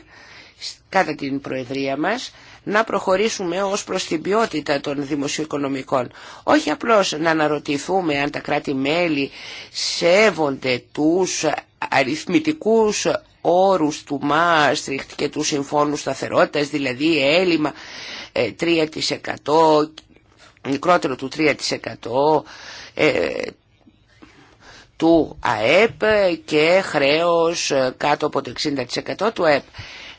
κατά την Προεδρία μας να προχωρήσουμε ως προς την ποιότητα των δημοσιοοικονομικών. Όχι απλώς να αναρωτηθούμε αν τα κράτη-μέλη σέβονται τους αριθμητικούς όρους του Μάστριχτ και του Συμφώνου Σταθερότητας, δηλαδή έλλειμμα 3%, ε, μικρότερο του 3%, του ΑΕΠ και χρέος κάτω από το 60% του ΑΕΠ.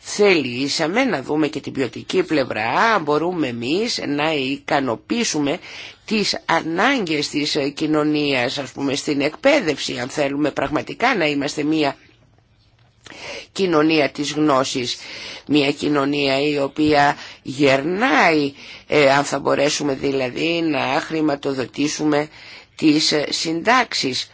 Θελήσαμε να δούμε και την ποιοτική πλευρά, μπορούμε εμείς να ικανοποιήσουμε τις ανάγκες της κοινωνίας, ας πούμε στην εκπαίδευση, αν θέλουμε πραγματικά να είμαστε μία κοινωνία της γνώσης, μια κοινωνία η οποία γερνάει, ε, αν θα μπορέσουμε δηλαδή να χρηματοδοτήσουμε τις συντάξεις.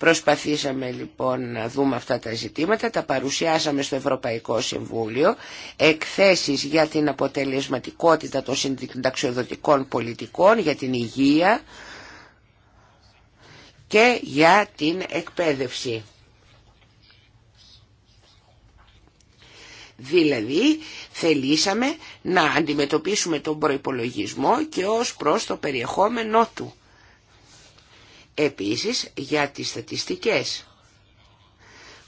Προσπαθήσαμε λοιπόν να δούμε αυτά τα ζητήματα, τα παρουσιάσαμε στο Ευρωπαϊκό Συμβούλιο, εκθέσεις για την αποτελεσματικότητα των συνταξιοδοτικών πολιτικών, για την υγεία και για την εκπαίδευση. Δηλαδή θελήσαμε να αντιμετωπίσουμε τον προϋπολογισμό και ως προς το περιεχόμενό του. Επίσης για τις στατιστικές.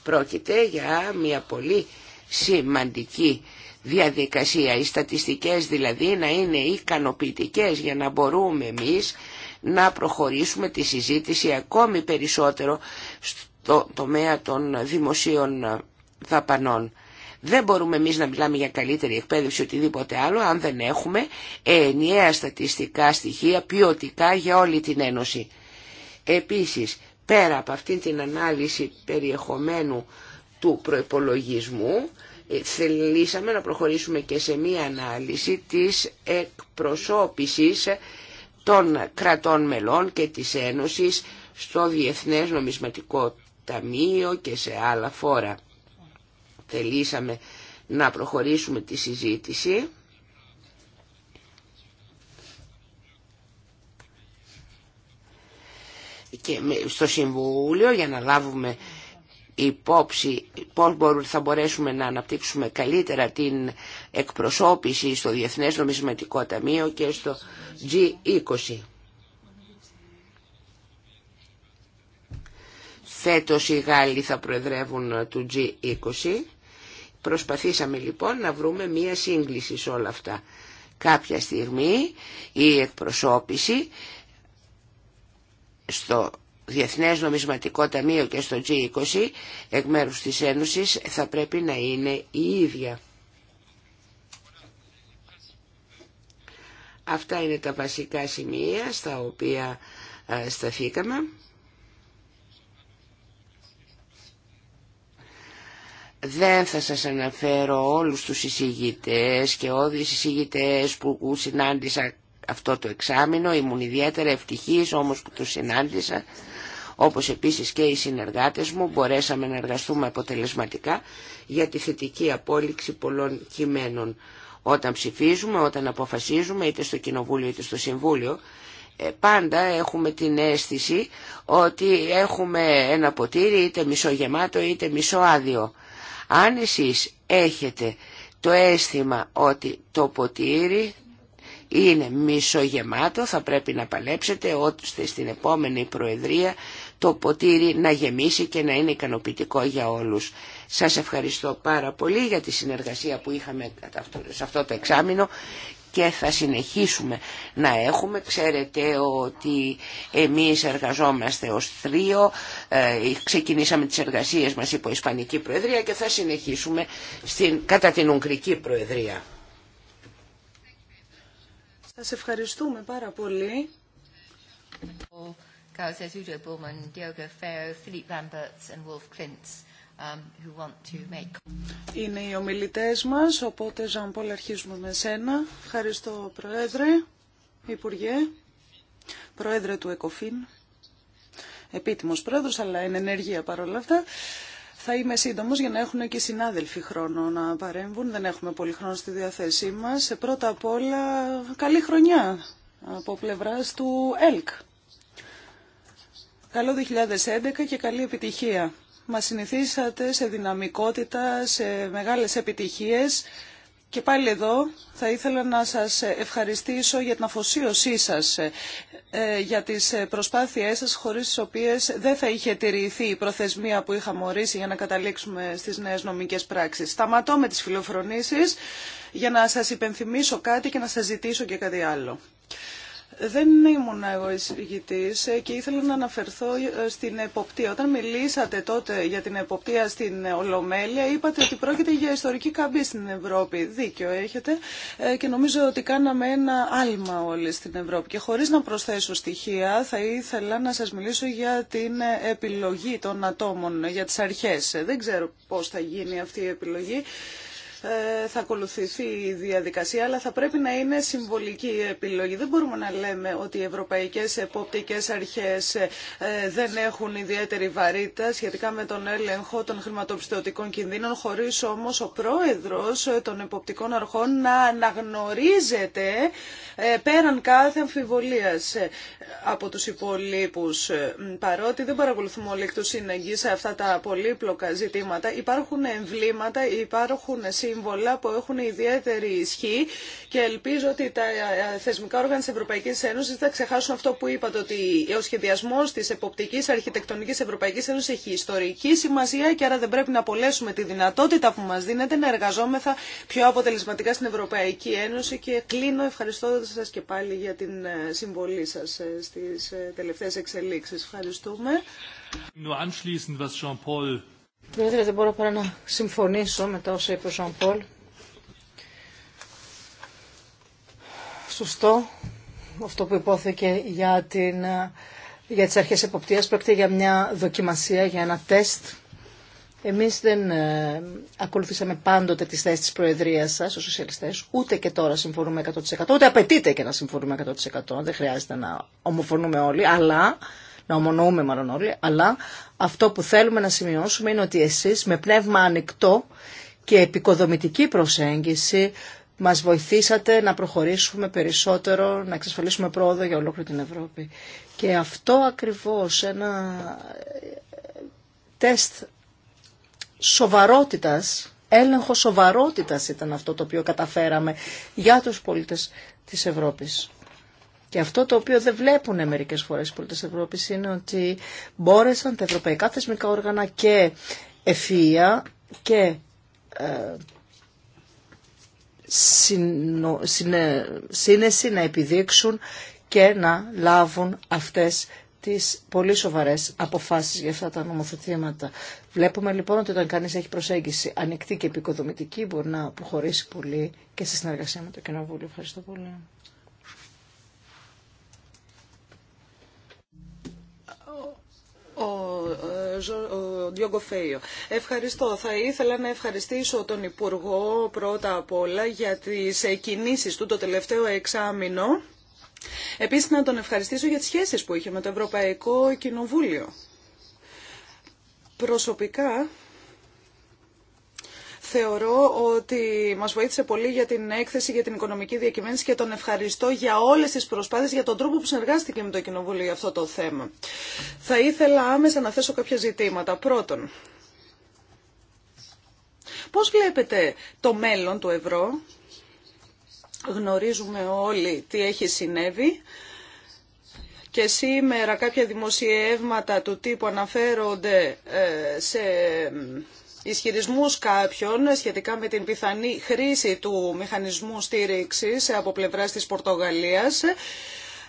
Πρόκειται για μια πολύ σημαντική διαδικασία. Οι στατιστικές δηλαδή να είναι ικανοποιητικές για να μπορούμε εμείς να προχωρήσουμε τη συζήτηση ακόμη περισσότερο στο τομέα των δημοσίων δαπανών. Δεν μπορούμε εμείς να μιλάμε για καλύτερη εκπαίδευση οτιδήποτε άλλο αν δεν έχουμε ενιαία στατιστικά στοιχεία ποιοτικά για όλη την Ένωση. Επίσης, πέρα από αυτή την ανάλυση περιεχομένου του προϋπολογισμού, ε, θελήσαμε να προχωρήσουμε και σε μία ανάλυση της εκπροσώπησης των κρατών μελών και της Ένωσης στο Διεθνές Νομισματικό Ταμείο και σε άλλα φόρα. Θελήσαμε να προχωρήσουμε τη συζήτηση στο Συμβούλιο για να λάβουμε υπόψη πώς μπορούμε, θα μπορέσουμε να αναπτύξουμε καλύτερα την εκπροσώπηση στο Διεθνές Νομισματικό Ταμείο και στο G20. Φέτο οι Γάλλοι θα προεδρεύουν του G20. Προσπαθήσαμε λοιπόν να βρούμε μία σύγκληση σε όλα αυτά. Κάποια στιγμή η εκπροσώπηση στο Διεθνές Νομισματικό Ταμείο και στο G20 εκ μέρους της Ένωσης θα πρέπει να είναι η ίδια. Αυτά είναι τα βασικά σημεία στα οποία ε, σταθήκαμε. Δεν θα σας αναφέρω όλους τους εισηγητές και όλους οι εισηγητές που συνάντησα αυτό το εξάμεινο. Ήμουν ιδιαίτερα ευτυχής όμως που το συνάντησα, όπως επίσης και οι συνεργάτες μου. Μπορέσαμε να εργαστούμε αποτελεσματικά για τη θετική απόλυξη πολλών κειμένων. Όταν ψηφίζουμε, όταν αποφασίζουμε, είτε στο Κοινοβούλιο είτε στο Συμβούλιο, ε, πάντα έχουμε την αίσθηση ότι έχουμε ένα ποτήρι είτε γεμάτο είτε άδειο. Αν εσείς έχετε το αίσθημα ότι το ποτήρι είναι μισογεμάτο, θα πρέπει να παλέψετε ώστε στην επόμενη Προεδρία το ποτήρι να γεμίσει και να είναι ικανοποιητικό για όλους. Σας ευχαριστώ πάρα πολύ για τη συνεργασία που είχαμε σε αυτό το εξάμεινο και θα συνεχίσουμε να έχουμε. Ξέρετε ότι εμείς εργαζόμαστε ως τρίο, ε, ξεκινήσαμε τις εργασίες μας υπό Ισπανική Προεδρία και θα συνεχίσουμε στην, κατά την Ουγγρική Προεδρία. Σας ευχαριστούμε πάρα πολύ. Είναι οι ομιλητέ μας, οπότε Ζαν Πολ αρχίζουμε με σένα. Ευχαριστώ Πρόεδρε, Υπουργέ, Πρόεδρε του ΕΚΟΦΗΝ, επίτιμο πρόεδρο, αλλά είναι ενεργεία παρόλα αυτά. Θα είμαι σύντομος για να έχουν και οι συνάδελφοι χρόνο να παρέμβουν. Δεν έχουμε πολύ χρόνο στη διαθέσή μας. Πρώτα απ' όλα, καλή χρονιά από πλευράς του ΕΛΚ. Καλό 2011 και καλή επιτυχία. Μας συνηθίσατε σε δυναμικότητα, σε μεγάλες επιτυχίες. Και πάλι εδώ θα ήθελα να σας ευχαριστήσω για την αφοσίωσή σας, ε, ε, για τις προσπάθειές σας χωρίς τις οποίες δεν θα είχε τηρηθεί η προθεσμία που είχαμε ορίσει για να καταλήξουμε στις νέες νομικές πράξεις. Σταματώ με τις φιλοφρονήσεις για να σας υπενθυμίσω κάτι και να σας ζητήσω και κάτι άλλο. Δεν ήμουν εγώ εισηγητής και ήθελα να αναφερθώ ε, στην εποπτεία. Όταν μιλήσατε τότε για την εποπτεία στην Ολομέλεια, είπατε ότι πρόκειται για ιστορική καμπή στην Ευρώπη. Δίκιο έχετε ε, και νομίζω ότι κάναμε ένα άλμα όλοι στην Ευρώπη. Και χωρίς να προσθέσω στοιχεία, θα ήθελα να σας μιλήσω για την επιλογή των ατόμων, για τις αρχές. Δεν ξέρω πώς θα γίνει αυτή η επιλογή. Ε, θα ακολουθηθεί η διαδικασία, αλλά θα πρέπει να είναι συμβολική η επιλογή. Δεν μπορούμε να λέμε ότι οι ευρωπαϊκές εποπτικές αρχές ε, δεν έχουν ιδιαίτερη βαρύτητα σχετικά με τον έλεγχο των χρηματοπιστωτικών κινδύνων, χωρίς όμως ο πρόεδρος ε, των εποπτικών αρχών να αναγνωρίζεται πέραν κάθε αμφιβολίας από τους υπολείπους. Παρότι δεν παρακολουθούμε όλοι εκ του σε αυτά τα πολύπλοκα ζητήματα, υπάρχουν εμβλήματα, υπάρχουν σύμβολα που έχουν ιδιαίτερη ισχύ και ελπίζω ότι τα ε, θεσμικά όργανα της Ευρωπαϊκής Ένωσης θα ξεχάσουν αυτό που είπατε ότι ο σχεδιασμός της εποπτικής αρχιτεκτονικής Ευρωπαϊκής Ένωσης έχει ιστορική σημασία και άρα δεν πρέπει να απολέσουμε τη δυνατότητα που μας δίνεται να εργαζόμεθα πιο αποτελεσματικά στην Ευρωπαϊκή Ένωση και κλείνω ευχαριστώ σας και πάλι για την ε, συμβολή σας ε, στις τελευταίες εξελίξεις. Ευχαριστούμε. Πρόεδρε, δεν μπορώ παρά να συμφωνήσω με τα όσα είπε ο Ζαν Σωστό αυτό που υπόθηκε για, την, για τις αρχές εποπτείας πρόκειται για μια δοκιμασία, για ένα τεστ. Εμείς δεν ε, ακολουθήσαμε πάντοτε τις θέσεις της Προεδρίας σας, ως σοσιαλιστές, ούτε και τώρα συμφωνούμε 100%, ούτε απαιτείται και να συμφωνούμε 100%, δεν χρειάζεται να ομοφωνούμε όλοι, αλλά να ομονοούμε μάλλον όλοι, αλλά αυτό που θέλουμε να σημειώσουμε είναι ότι εσείς με πνεύμα ανοιχτό και επικοδομητική προσέγγιση μας βοηθήσατε να προχωρήσουμε περισσότερο, να εξασφαλίσουμε πρόοδο για ολόκληρη την Ευρώπη. Και αυτό ακριβώς ένα ε, τεστ σοβαρότητας, έλεγχο σοβαρότητας ήταν αυτό το οποίο καταφέραμε για τους πολίτες της Ευρώπης. Και αυτό το οποίο δεν βλέπουν μερικέ φορέ οι πολίτε Ευρώπη είναι ότι μπόρεσαν τα ευρωπαϊκά θεσμικά όργανα και ευφυα και ε, σύνεση να επιδείξουν και να λάβουν αυτές τις πολύ σοβαρές αποφάσεις για αυτά τα νομοθετήματα. Βλέπουμε λοιπόν ότι όταν κανείς έχει προσέγγιση ανοιχτή και επικοδομητική μπορεί να προχωρήσει πολύ και στη συνεργασία με το Κοινοβούλιο. Ευχαριστώ πολύ. ο Διόγκο Ευχαριστώ. Θα ήθελα να ευχαριστήσω τον Υπουργό πρώτα απ' όλα για τις ε, κινήσεις του το τελευταίο εξάμεινο. Επίσης να τον ευχαριστήσω για τις σχέσεις που είχε με το Ευρωπαϊκό Κοινοβούλιο. Προσωπικά θεωρώ ότι μας βοήθησε πολύ για την έκθεση για την οικονομική διακυβέρνηση και τον ευχαριστώ για όλες τις προσπάθειες, για τον τρόπο που συνεργάστηκε με το Κοινοβούλιο για αυτό το θέμα. Θα ήθελα άμεσα να θέσω κάποια ζητήματα. Πρώτον, πώς βλέπετε το μέλλον του ευρώ. Γνωρίζουμε όλοι τι έχει συνέβη. Και σήμερα κάποια δημοσιεύματα του τύπου αναφέρονται ε, σε ισχυρισμού κάποιων σχετικά με την πιθανή χρήση του μηχανισμού στήριξης από πλευρά της Πορτογαλίας.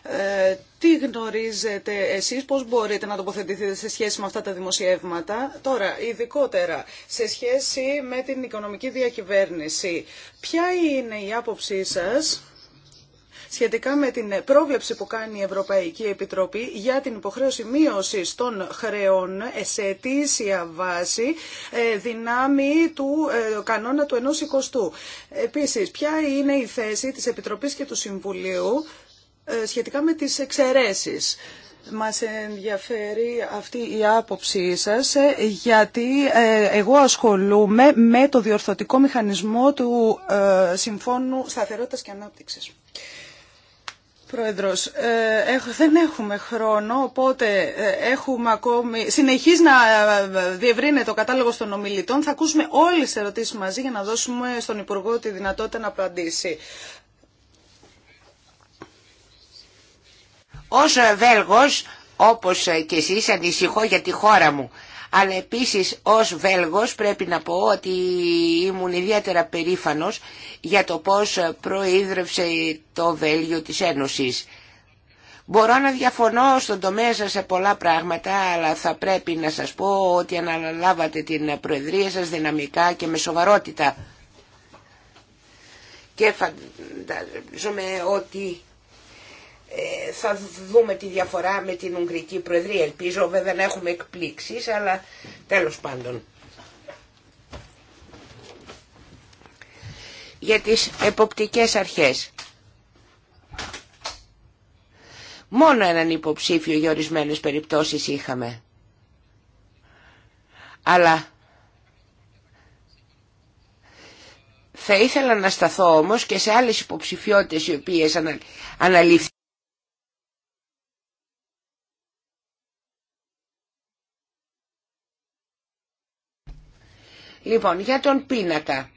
Ε, τι γνωρίζετε εσείς, πώς μπορείτε να τοποθετηθείτε σε σχέση με αυτά τα δημοσιεύματα. Τώρα, ειδικότερα, σε σχέση με την οικονομική διακυβέρνηση, ποια είναι η άποψή σας σχετικά με την πρόβλεψη που κάνει η Ευρωπαϊκή Επιτροπή για την υποχρέωση μείωση των χρεών σε αιτήσια βάση ε, δυνάμει του ε, κανόνα του ενός εικοστού. Επίσης, ποια είναι η θέση της Επιτροπής και του Συμβουλίου ε, σχετικά με τις εξαιρέσεις. Μας ενδιαφέρει αυτή η άποψή σας γιατί εγώ ασχολούμαι με το διορθωτικό μηχανισμό του Συμφώνου Σταθερότητας και Ανάπτυξης. Πρόεδρος, ε, δεν έχουμε χρόνο, οπότε ε, έχουμε ακόμη... Συνεχίζει να ε, διευρύνεται το κατάλογο των ομιλητών. Θα ακούσουμε όλες τις ερωτήσεις μαζί για να δώσουμε στον Υπουργό τη δυνατότητα να απαντήσει. Ως Βέλγος, όπως και εσείς, ανησυχώ για τη χώρα μου αλλά επίσης ως Βέλγος πρέπει να πω ότι ήμουν ιδιαίτερα περήφανος για το πώς προείδρευσε το Βέλγιο της Ένωσης. Μπορώ να διαφωνώ στον τομέα σας σε πολλά πράγματα, αλλά θα πρέπει να σας πω ότι αναλάβατε την Προεδρία σας δυναμικά και με σοβαρότητα. Και φαντάζομαι ότι ε, θα δούμε τη διαφορά με την Ουγγρική Προεδρία. Ελπίζω βέβαια να έχουμε εκπλήξεις, αλλά τέλος πάντων. Για τις εποπτικές αρχές. Μόνο έναν υποψήφιο για ορισμένες περιπτώσεις είχαμε. Αλλά θα ήθελα να σταθώ όμως και σε άλλες υποψηφιότητες οι οποίες αναλύθηκαν. Λοιπόν, για τον πίνακα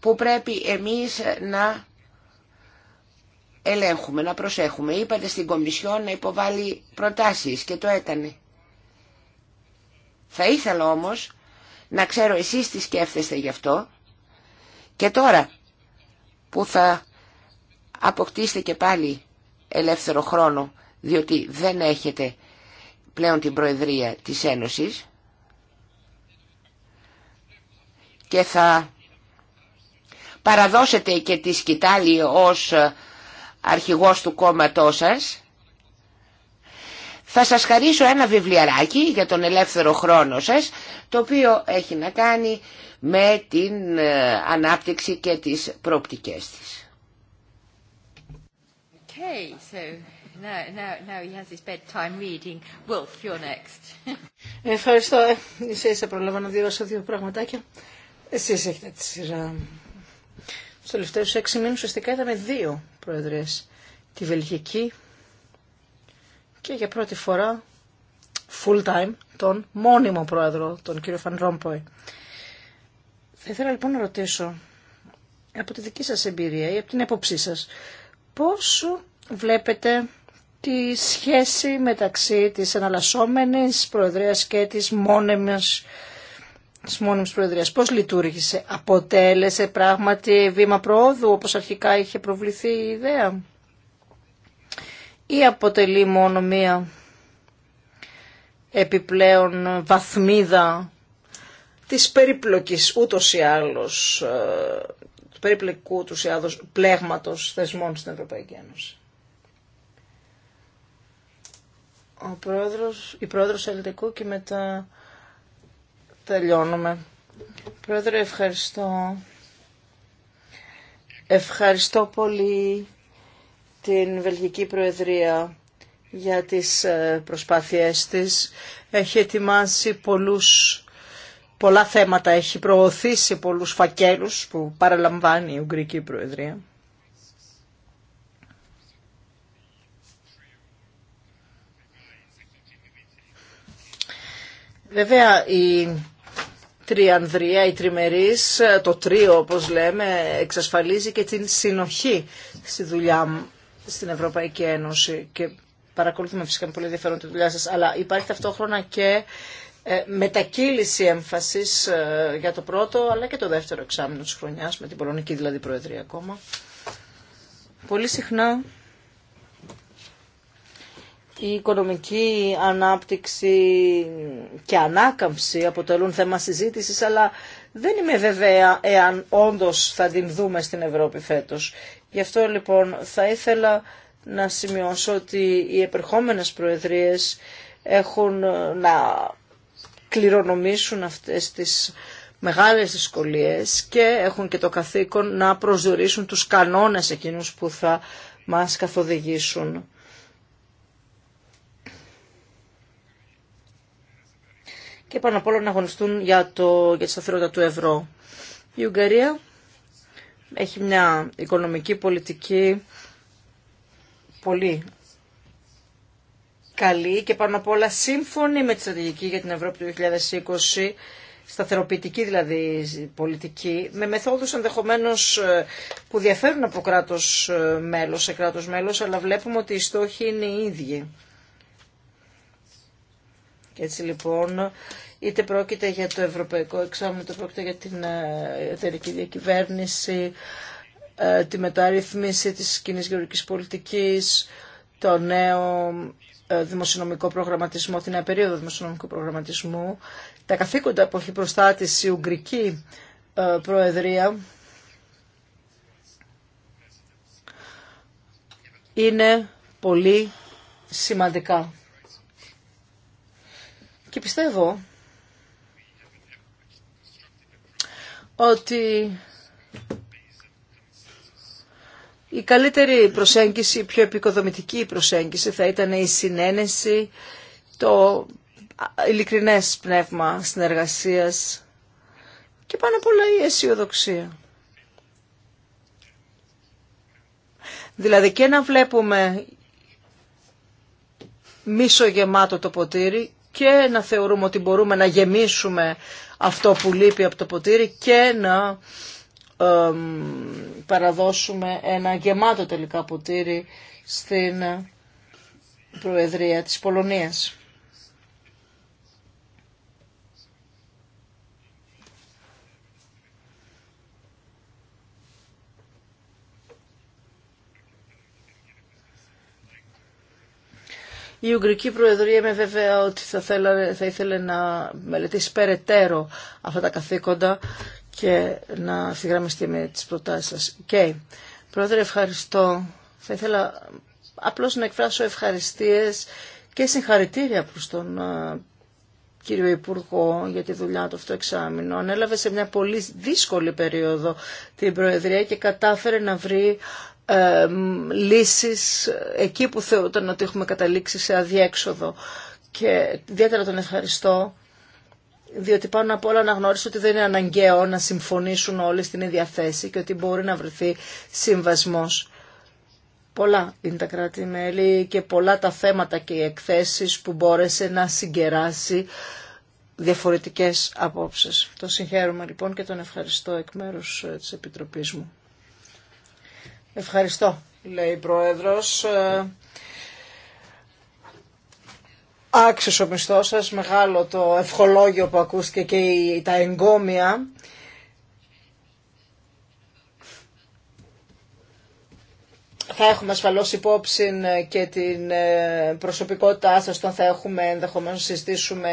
που πρέπει εμείς να ελέγχουμε, να προσέχουμε. Είπατε στην Κομισιόν να υποβάλει προτάσεις και το έτανε. Θα ήθελα όμως να ξέρω εσείς τι σκέφτεστε γι' αυτό και τώρα που θα αποκτήσετε και πάλι ελεύθερο χρόνο διότι δεν έχετε πλέον την Προεδρία της Ένωσης και θα παραδώσετε και τη σκητάλη ως ε, αρχηγός του κόμματός σας. Θα σας χαρίσω ένα βιβλιαράκι για τον ελεύθερο χρόνο σας, το οποίο έχει να κάνει με την ε, ανάπτυξη και τις προοπτικές της. Okay, so Ευχαριστώ. Είσαι, είσαι προλάβα να διαβάσω δύο πραγματάκια. Εσεί έχετε τη σειρά. Στου τελευταίου έξι μήνε ουσιαστικά είδαμε δύο πρόεδρες. Τη Βελγική και για πρώτη φορά full time τον μόνιμο πρόεδρο, τον κύριο Φαν Ρόμποϊ. Θα ήθελα λοιπόν να ρωτήσω από τη δική σας εμπειρία ή από την έποψή σας πόσο βλέπετε τη σχέση μεταξύ της εναλλασσόμενης προεδρίας και της μόνιμης της μόνιμης Προεδρίας πώς λειτουργήσε, αποτέλεσε πράγματι βήμα προόδου όπως αρχικά είχε προβληθεί η ιδέα ή αποτελεί μόνο μία επιπλέον βαθμίδα της περίπλοκης ούτως ή άλλως, ε, του περίπλοκου ούτως ή άλλως πλέγματος θεσμών στην Ευρωπαϊκή Ένωση. Ο πρόεδρος, η πρόεδρος η πλεγματος θεσμων στην ευρωπαικη ενωση ο προεδρος η προεδρος ελληνικου και μετά Τελειώνουμε. Πρόεδρε, ευχαριστώ. Ευχαριστώ πολύ την Βελγική Προεδρία για τις ε, προσπάθειές της. Έχει ετοιμάσει πολλούς, πολλά θέματα, έχει προωθήσει πολλούς φακέλους που παραλαμβάνει η Ουγγρική Προεδρία. Βέβαια, η τριανδρία ή τριμερής, ε, το τρίο όπως λέμε, εξασφαλίζει και την συνοχή στη δουλειά μου στην Ευρωπαϊκή Ένωση και παρακολουθούμε φυσικά με πολύ ενδιαφέρον τη δουλειά σας, αλλά υπάρχει ταυτόχρονα και ε, μετακύληση έμφασης ε, για το πρώτο αλλά και το δεύτερο εξάμεινο της χρονιάς, με την Πολωνική δηλαδή Προεδρία ακόμα. Πολύ συχνά η οικονομική ανάπτυξη και ανάκαμψη αποτελούν θέμα συζήτησης, αλλά δεν είμαι βεβαία εάν όντως θα την δούμε στην Ευρώπη φέτος. Γι' αυτό λοιπόν θα ήθελα να σημειώσω ότι οι επερχόμενες προεδρίες έχουν να κληρονομήσουν αυτές τις μεγάλες δυσκολίε και έχουν και το καθήκον να προσδιορίσουν τους κανόνες εκείνους που θα μας καθοδηγήσουν και πάνω απ' όλα να αγωνιστούν για, το, για τη σταθερότητα του ευρώ. Η Ουγγαρία έχει μια οικονομική πολιτική πολύ καλή και πάνω απ' όλα σύμφωνη με τη στρατηγική για την Ευρώπη του 2020 σταθεροποιητική δηλαδή πολιτική, με μεθόδους ενδεχομένως ε, που διαφέρουν από κράτος ε, μέλος σε κράτος μέλος, αλλά βλέπουμε ότι οι στόχοι είναι οι ίδιοι. Έτσι λοιπόν, είτε πρόκειται για το Ευρωπαϊκό Εξάμεινο, είτε πρόκειται για την ε, εταιρική διακυβέρνηση, ε, τη μεταρρύθμιση της κοινή γεωργικής πολιτικής, το νέο ε, δημοσιονομικό προγραμματισμό, την νέα περίοδο δημοσιονομικού προγραμματισμού, τα καθήκοντα που έχει η Ουγγρική Προεδρία, είναι πολύ σημαντικά. Και πιστεύω ότι η καλύτερη προσέγγιση, η πιο επικοδομητική προσέγγιση θα ήταν η συνένεση, το ειλικρινές πνεύμα συνεργασίας και πάνω απ' όλα η αισιοδοξία. Δηλαδή και να βλέπουμε μίσο γεμάτο το ποτήρι και να θεωρούμε ότι μπορούμε να γεμίσουμε αυτό που λείπει από το ποτήρι και να παραδώσουμε ένα γεμάτο τελικά ποτήρι στην Προεδρία της Πολωνίας. Η Ουγγρική Προεδρία είμαι βέβαια ότι θα, θα ήθελε να μελετήσει περαιτέρω αυτά τα καθήκοντα και να συγγραμμιστεί με τις προτάσεις σας. Και, Πρόεδρε, ευχαριστώ. Θα ήθελα απλώς να εκφράσω ευχαριστίες και συγχαρητήρια προς τον κύριο Υπουργό για τη δουλειά του αυτό εξάμεινο. Ανέλαβε σε μια πολύ δύσκολη περίοδο την Προεδρία και κατάφερε να βρει λύσεις εκεί που θεωρούνταν ότι έχουμε καταλήξει σε αδιέξοδο. Και ιδιαίτερα τον ευχαριστώ διότι πάνω απ' όλα αναγνώρισε ότι δεν είναι αναγκαίο να συμφωνήσουν όλοι στην ίδια θέση και ότι μπορεί να βρεθεί συμβασμός. Πολλά είναι τα κράτη-μέλη και πολλά τα θέματα και οι εκθέσεις που μπόρεσε να συγκεράσει διαφορετικές απόψεις. Το συγχαίρουμε λοιπόν και τον ευχαριστώ εκ μέρους ε, της Επιτροπής μου. Ευχαριστώ, λέει η Πρόεδρος. Ε, άξιος ο μισθός σας, μεγάλο το ευχολόγιο που ακούστηκε και τα εγκόμια. θα έχουμε ασφαλώς υπόψη ε, και την ε, προσωπικότητά σα όταν θα έχουμε ενδεχομένως συζητήσουμε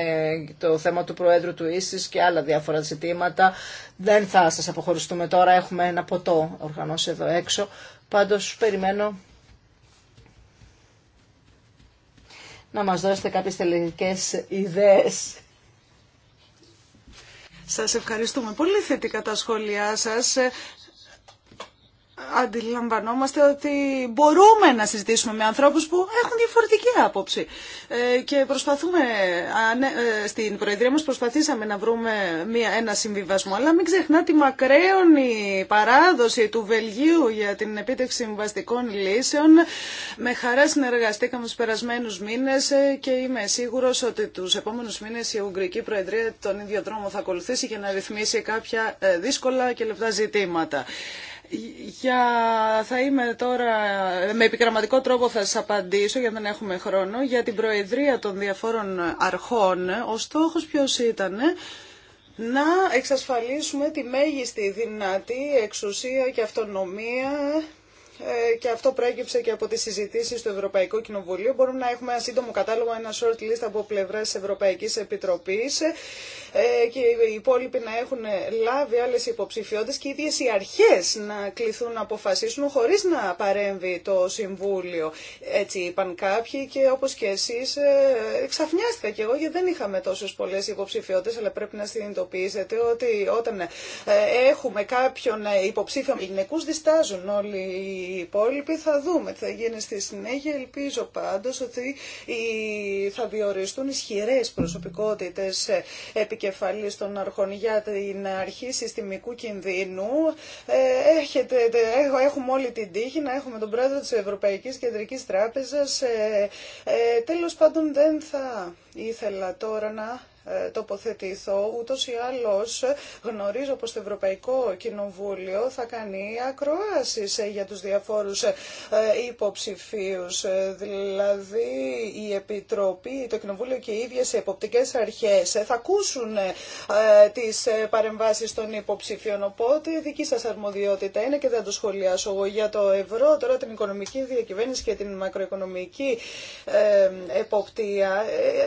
το θέμα του Προέδρου του Ίσης και άλλα διάφορα ζητήματα. Δεν θα σας αποχωριστούμε τώρα, έχουμε ένα ποτό οργανώσει εδώ έξω Πάντως περιμένω να μας δώσετε κάποιες τελικές ιδέες. Σας ευχαριστούμε πολύ θετικά τα σχόλιά σας αντιλαμβανόμαστε ότι μπορούμε να συζητήσουμε με ανθρώπους που έχουν διαφορετική άποψη. Ε, και προσπαθούμε, ναι, ε, στην Προεδρία μας προσπαθήσαμε να βρούμε μια, ένα συμβιβασμό, αλλά μην ξεχνά τη μακραίωνη παράδοση του Βελγίου για την επίτευξη συμβαστικών λύσεων. Με χαρά συνεργαστήκαμε στους περασμένους μήνες ε, και είμαι σίγουρος ότι τους επόμενους μήνες η Ουγγρική Προεδρία τον ίδιο δρόμο θα ακολουθήσει για να ρυθμίσει κάποια δύσκολα και λεπτά ζητήματα. Για... Θα είμαι τώρα, με επικραματικό τρόπο θα σας απαντήσω γιατί δεν έχουμε χρόνο, για την προεδρία των διαφόρων αρχών. Ο στόχος ποιος ήταν να εξασφαλίσουμε τη μέγιστη δυνατή εξουσία και αυτονομία ε, και αυτό προέκυψε και από τις συζητήσεις του Ευρωπαϊκού Κοινοβουλίου. Μπορούμε να έχουμε ένα σύντομο κατάλογο, ένα short list από πλευράς Ευρωπαϊκής Επιτροπής ε, και οι υπόλοιποι να έχουν λάβει άλλε υποψηφιότητε και οι ίδιες οι αρχές να κληθούν να αποφασίσουν χωρί να παρέμβει το Συμβούλιο. Έτσι είπαν κάποιοι και όπω και εσείς ε, ξαφνιάστηκα και εγώ γιατί δεν είχαμε τόσε πολλέ υποψηφιότητε, αλλά πρέπει να συνειδητοποιήσετε ότι όταν ε, έχουμε κάποιον υποψήφιο γυναίκου διστάζουν όλοι οι υπόλοιποι θα δούμε τι θα γίνει στη συνέχεια ελπίζω πάντως ότι θα διοριστούν ισχυρέ προσωπικότητε. επικοινωνία επικεφαλή των αρχών για την αρχή συστημικού κινδύνου. Ε, έχετε, έχουμε όλη την τύχη να έχουμε τον πρόεδρο τη Ευρωπαϊκής Κεντρικής Τράπεζας. Ε, ε, τέλος πάντων δεν θα ήθελα τώρα να τοποθετηθώ. Ούτως ή άλλως γνωρίζω πως το Ευρωπαϊκό Κοινοβούλιο θα κάνει ακροάσεις για τους διαφόρους ε, υποψηφίους. Ε, δηλαδή η Επιτροπή, το Κοινοβούλιο και οι ίδιες εποπτικές αρχές ε, θα ακούσουν τις παρεμβάσεις των υποψηφίων. Οπότε δική σας αρμοδιότητα είναι και δεν το σχολιάσω εγώ για το ευρώ, τώρα την οικονομική διακυβέρνηση και την μακροοικονομική εποπτεία.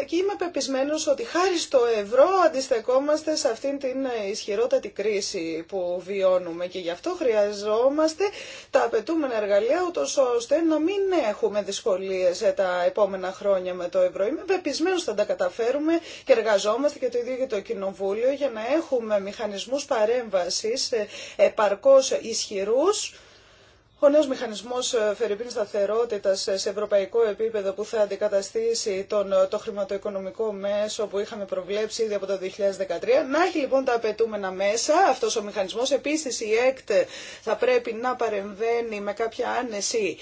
Και είμαι πεπισμένος ότι χάρη στο ευρώ αντιστεκόμαστε σε αυτήν την ισχυρότατη κρίση που βιώνουμε και γι' αυτό χρειαζόμαστε τα απαιτούμενα εργαλεία ούτως ώστε να μην έχουμε δυσκολίες τα επόμενα χρόνια με το ευρώ. Είμαι πεπισμένος θα τα καταφέρουμε και εργαζόμαστε και το ίδιο και το Κοινοβούλιο για να έχουμε μηχανισμούς παρέμβασης ε, επαρκώς ισχυρούς ο νέος μηχανισμός ε, φερειπίνη σταθερότητα ε, σε ευρωπαϊκό επίπεδο που θα αντικαταστήσει τον, ε, το χρηματοοικονομικό μέσο που είχαμε προβλέψει ήδη από το 2013. Να έχει λοιπόν τα απαιτούμενα μέσα αυτός ο μηχανισμός. Επίσης η ΕΚΤ θα πρέπει να παρεμβαίνει με κάποια άνεση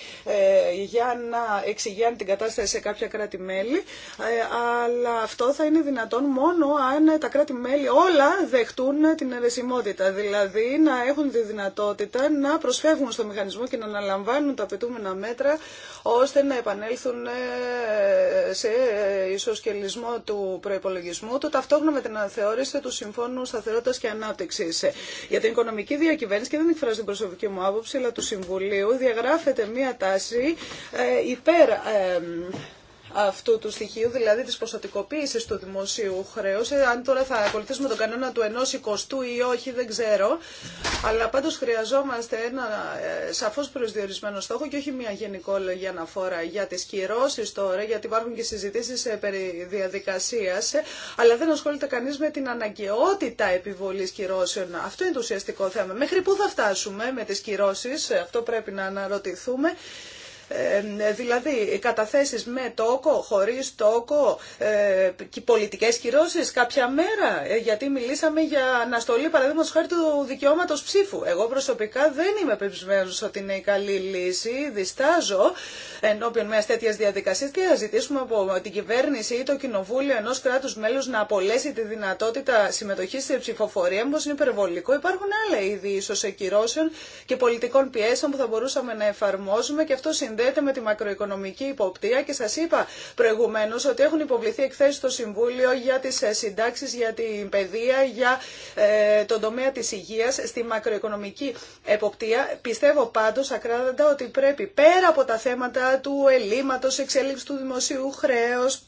για να εξηγιάνει την κατάσταση σε κάποια κράτη-μέλη. αλλά αυτό θα είναι δυνατόν μόνο αν τα κράτη-μέλη όλα δεχτούν την αιρεσιμότητα. Δηλαδή να έχουν τη δυνατότητα να προσφεύγουν στο μηχανισμό και να αναλαμβάνουν τα απαιτούμενα μέτρα ώστε να επανέλθουν ε, σε ισοσκελισμό του προπολογισμού το ταυτόχρονα με την αναθεώρηση του Συμφώνου Σταθερότητα και Ανάπτυξη. Για την οικονομική διακυβέρνηση, και δεν εκφράζω την προσωπική μου άποψη, αλλά του Συμβουλίου, διαγράφεται μία τάση ε, υπέρ ε, αυτού του στοιχείου, δηλαδή τη ποσοτικοποίηση του δημοσίου χρέου. Ε, αν τώρα θα ακολουθήσουμε τον κανόνα του ενό εικοστού ή όχι δεν ξέρω, αλλά πάντως χρειαζόμαστε ένα ε, σαφώ προσδιορισμένο στόχο και όχι μια γενικόλογη αναφορά για τι κυρώσει τώρα, γιατί υπάρχουν και συζητήσει ε, περί διαδικασίας, αλλά δεν ασχολείται κανεί με την αναγκαιότητα επιβολή κυρώσεων. Αυτό είναι το ουσιαστικό θέμα. Μέχρι πού θα φτάσουμε με τι κυρώσει, αυτό πρέπει να αναρωτηθούμε. Ε, δηλαδή καταθέσεις με τόκο, χωρίς τόκο, ε, πολιτικές κυρώσεις κάποια μέρα, ε, γιατί μιλήσαμε για αναστολή παραδείγματος χάρη του δικαιώματος ψήφου. Εγώ προσωπικά δεν είμαι πεπισμένος ότι είναι η καλή λύση, διστάζω ενώπιον μια τέτοια διαδικασία και θα ζητήσουμε από την κυβέρνηση ή το κοινοβούλιο ενός κράτους μέλους να απολέσει τη δυνατότητα συμμετοχής στην ψηφοφορία. Μήπω είναι υπερβολικό, υπάρχουν άλλα είδη ίσω κυρώσεων και πολιτικών πιέσεων που θα μπορούσαμε να εφαρμόσουμε και αυτό συνδέεται με τη μακροοικονομική υποπτία και σας είπα προηγουμένως ότι έχουν υποβληθεί εκθέσεις στο Συμβούλιο για τις ε, συντάξει, για την παιδεία, για ε, τον τομέα της υγείας, στη μακροοικονομική εποπτεία. Πιστεύω πάντως ακράδαντα ότι πρέπει πέρα από τα θέματα του ελλείμματος, εξέλιξη του δημοσίου χρέους,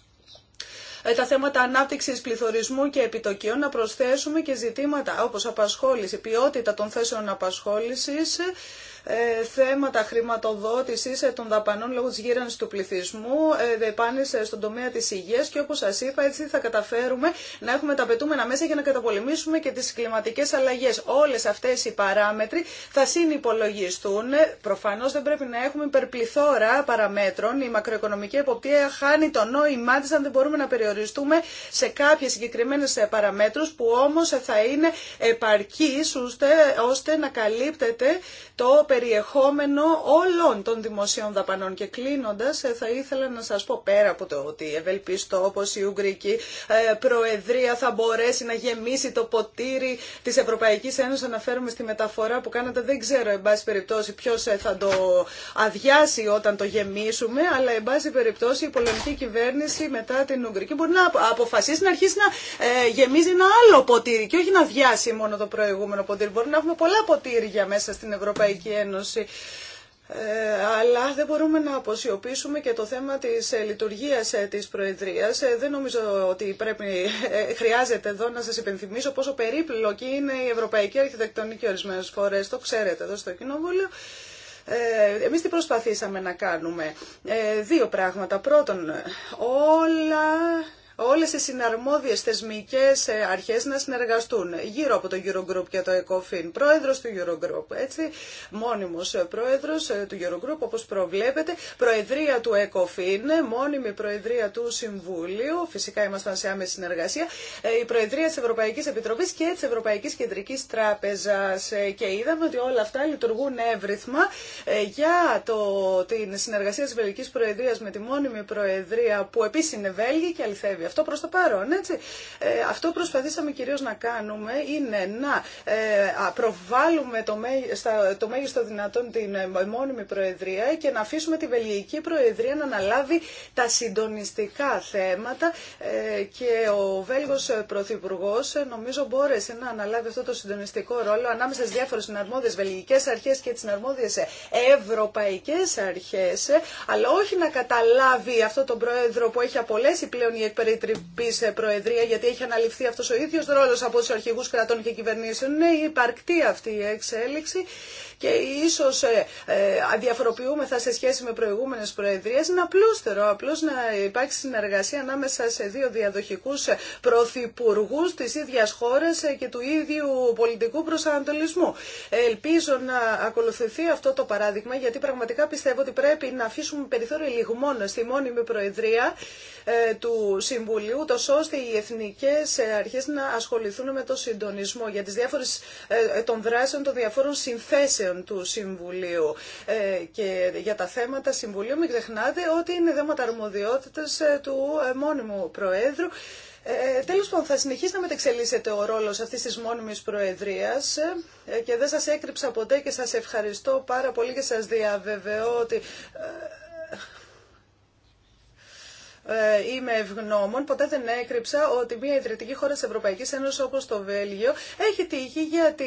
ε, τα θέματα ανάπτυξη πληθωρισμού και επιτοκίων, να προσθέσουμε και ζητήματα όπω απασχόληση, ποιότητα των θέσεων απασχόληση, ε, θέματα χρηματοδότησης ε, των δαπανών λόγω της γύρανσης του πληθυσμού ε, πάνε στον τομέα της υγείας και όπως σας είπα έτσι θα καταφέρουμε να έχουμε τα πετούμενα μέσα για να καταπολεμήσουμε και τις κλιματικές αλλαγές. Όλες αυτές οι παράμετροι θα συνυπολογιστούν. Προφανώς δεν πρέπει να έχουμε υπερπληθώρα παραμέτρων. Η μακροοικονομική εποπτεία χάνει το νόημά της αν δεν μπορούμε να περιοριστούμε σε κάποιες συγκεκριμένες παραμέτρους που όμως θα είναι επαρκή ώστε να καλύπτεται το περιεχόμενο όλων των δημοσίων δαπανών. Και κλείνοντα ε, θα ήθελα να σα πω πέρα από το ότι ευελπιστώ όπως η Ουγγρική ε, Προεδρία θα μπορέσει να γεμίσει το ποτήρι της Ευρωπαϊκής Ένωσης αναφέρομαι στη μεταφορά που κάνατε δεν ξέρω εν πάση περιπτώσει ποιο ε, θα το αδειάσει όταν το γεμίσουμε αλλά εν πάση περιπτώσει η πολεμική κυβέρνηση μετά την Ουγγρική μπορεί να αποφασίσει να αρχίσει να γεμίζει ένα άλλο ποτήρι και όχι να αδειάσει μόνο το προηγούμενο ποτήρι. Μπορεί να έχουμε πολλά ποτήρια μέσα στην Ευρωπαϊκή Ένωση. Ε, αλλά δεν μπορούμε να αποσιωπήσουμε και το θέμα της ε, λειτουργίας ε, της Προεδρίας. Ε, δεν νομίζω ότι πρέπει, χρειάζεται εδώ να σας υπενθυμίσω πόσο περίπλοκη είναι η ευρωπαϊκή αρχιτεκτονική ορισμένε φορές. Το ξέρετε εδώ στο Κοινοβούλιο. Εμείς τι προσπαθήσαμε να κάνουμε. Δύο πράγματα. Πρώτον, όλα όλες οι συναρμόδιες θεσμικές ε, αρχές να συνεργαστούν γύρω από το Eurogroup και το ECOFIN. Πρόεδρος του Eurogroup, έτσι, μόνιμος ε, πρόεδρος ε, του Eurogroup, όπως προβλέπετε, προεδρία του ECOFIN, μόνιμη προεδρία του Συμβούλιου, φυσικά ήμασταν σε άμεση συνεργασία, η προεδρία της Ευρωπαϊκής Επιτροπής και της Ευρωπαϊκής Κεντρικής Τράπεζας και είδαμε ότι όλα αυτά λειτουργούν εύρυθμα για το, την συνεργασία της Βελικής Προεδρίας με τη μόνιμη προεδρία που επίσης είναι και αληθεύει αυτό προ το παρόν, έτσι. Ε, αυτό προσπαθήσαμε κυρίω να κάνουμε είναι να ε, προβάλλουμε το, στα, το μέγιστο δυνατόν την ε, μόνιμη Προεδρία και να αφήσουμε τη Βελγική Προεδρία να αναλάβει τα συντονιστικά θέματα και ο Βέλγος Πρωθυπουργό νομίζω μπόρεσε να αναλάβει αυτό το συντονιστικό ρόλο ανάμεσα στι διάφορε συναρμόδιε βελγικές αρχέ και τις συναρμόδιες ευρωπαϊκές αρχές αλλά όχι να καταλάβει αυτό τον Πρόεδρο που έχει απολέσει πλέον η εκπαιδευτική σε Προεδρία, γιατί έχει αναλυφθεί αυτός ο ίδιος ρόλος από τους αρχηγούς κρατών και κυβερνήσεων. Είναι υπαρκτή αυτή η εξέλιξη και ίσως ε, ε, αδιαφοροποιούμεθα σε σχέση με προηγούμενε προεδρίες είναι απλούστερο, απλώ να υπάρξει συνεργασία ανάμεσα σε δύο διαδοχικού πρωθυπουργού τη ίδια χώρα ε, και του ίδιου πολιτικού προσανατολισμού. Ελπίζω να ακολουθηθεί αυτό το παράδειγμα γιατί πραγματικά πιστεύω ότι πρέπει να αφήσουμε περιθώριο λιγμών στη μόνιμη προεδρία του Συμβουλίου, τόσο ώστε οι εθνικέ αρχέ να ασχοληθούν με το συντονισμό για τις διάφορες των δράσεων των διαφόρων συνθέσεων του Συμβουλίου. Ε, και για τα θέματα Συμβουλίου μην ξεχνάτε ότι είναι θέματα ε, του ε, μόνιμου Προέδρου. Ε, Τέλο πάντων, θα συνεχίσει να μετεξελίσσεται ο ρόλο αυτή τη μόνιμη Προεδρία και δεν σα έκρυψα ποτέ και σα ευχαριστώ πάρα πολύ και σα διαβεβαιώ ότι. Ε, είμαι ευγνώμων. Ποτέ δεν έκρυψα ότι μια ιδρυτική χώρα τη Ευρωπαϊκή Ένωση όπω το Βέλγιο έχει τύχη γιατί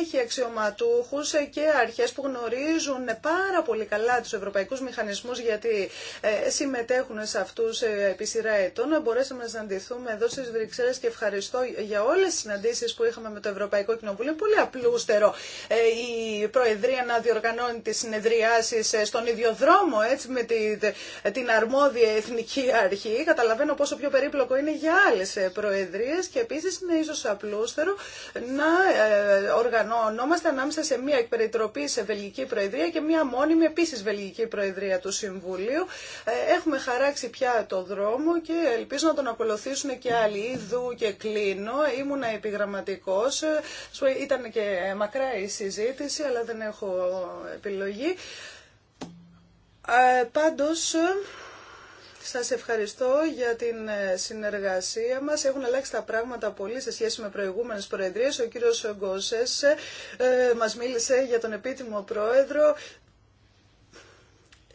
έχει αξιωματούχου και αρχέ που γνωρίζουν πάρα πολύ καλά του ευρωπαϊκού μηχανισμού γιατί ε, συμμετέχουν σε αυτού ε, επί σειρά ετών. Μπορέσαμε να συναντηθούμε εδώ στι Βρυξέλλε και ευχαριστώ για όλε τι συναντήσει που είχαμε με το Ευρωπαϊκό Κοινοβούλιο. πολύ απλούστερο η Προεδρία να διοργανώνει τι συνεδριάσει στον ίδιο δρόμο έτσι, με την αρμόδια εθνική Καταλαβαίνω πόσο πιο περίπλοκο είναι για άλλε ε, προεδρίες και επίσης είναι ίσως απλούστερο να ε, οργανώνομαστε ανάμεσα σε μια εκπεριτροπή σε Βελγική Προεδρία και μια μόνιμη επίσης Βελγική Προεδρία του Συμβουλίου. Ε, έχουμε χαράξει πια το δρόμο και ελπίζω να τον ακολουθήσουν και άλλοι. Είδου και κλείνω. Ήμουνα επιγραμματικός. Ήταν και μακρά η συζήτηση, αλλά δεν έχω επιλογή. Πάντως, σας ευχαριστώ για την ε, συνεργασία μας. Έχουν αλλάξει τα πράγματα πολύ σε σχέση με προηγούμενες προεδρίες. Ο κύριος Γκόσες ε, ε, μας μίλησε για τον επίτιμο πρόεδρο.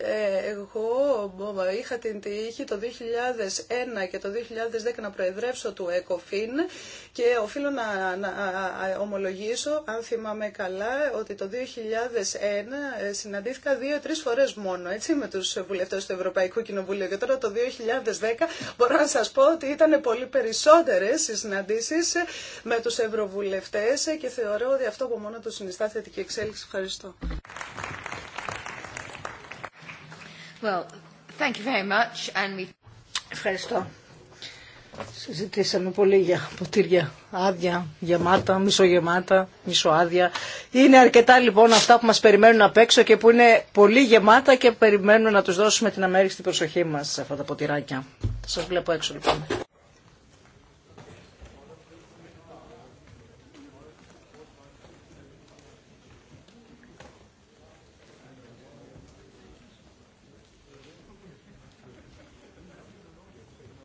Ε, εγώ είχα την τύχη το 2001 και το 2010 να προεδρεύσω του ΕΚΟΦΗΝ και οφείλω να, να ομολογήσω, αν θυμάμαι καλά, ότι το 2001 ε, συναντήθηκα δύο-τρεις φορές μόνο έτσι, με τους βουλευτές του Ευρωπαϊκού Κοινοβουλίου και τώρα το 2010 μπορώ να σας πω ότι ήταν πολύ περισσότερες οι συναντήσεις με τους ευρωβουλευτές και θεωρώ ότι αυτό από μόνο του συνιστά θετική εξέλιξη. Ευχαριστώ. Ευχαριστώ. Συζητήσαμε πολύ για ποτήρια άδεια, γεμάτα, μισογεμάτα, μισοάδια. Είναι αρκετά λοιπόν αυτά που μας περιμένουν απ' έξω και που είναι πολύ γεμάτα και περιμένουμε να τους δώσουμε την αμέριστη προσοχή μας σε αυτά τα ποτηράκια. Σας βλέπω έξω λοιπόν.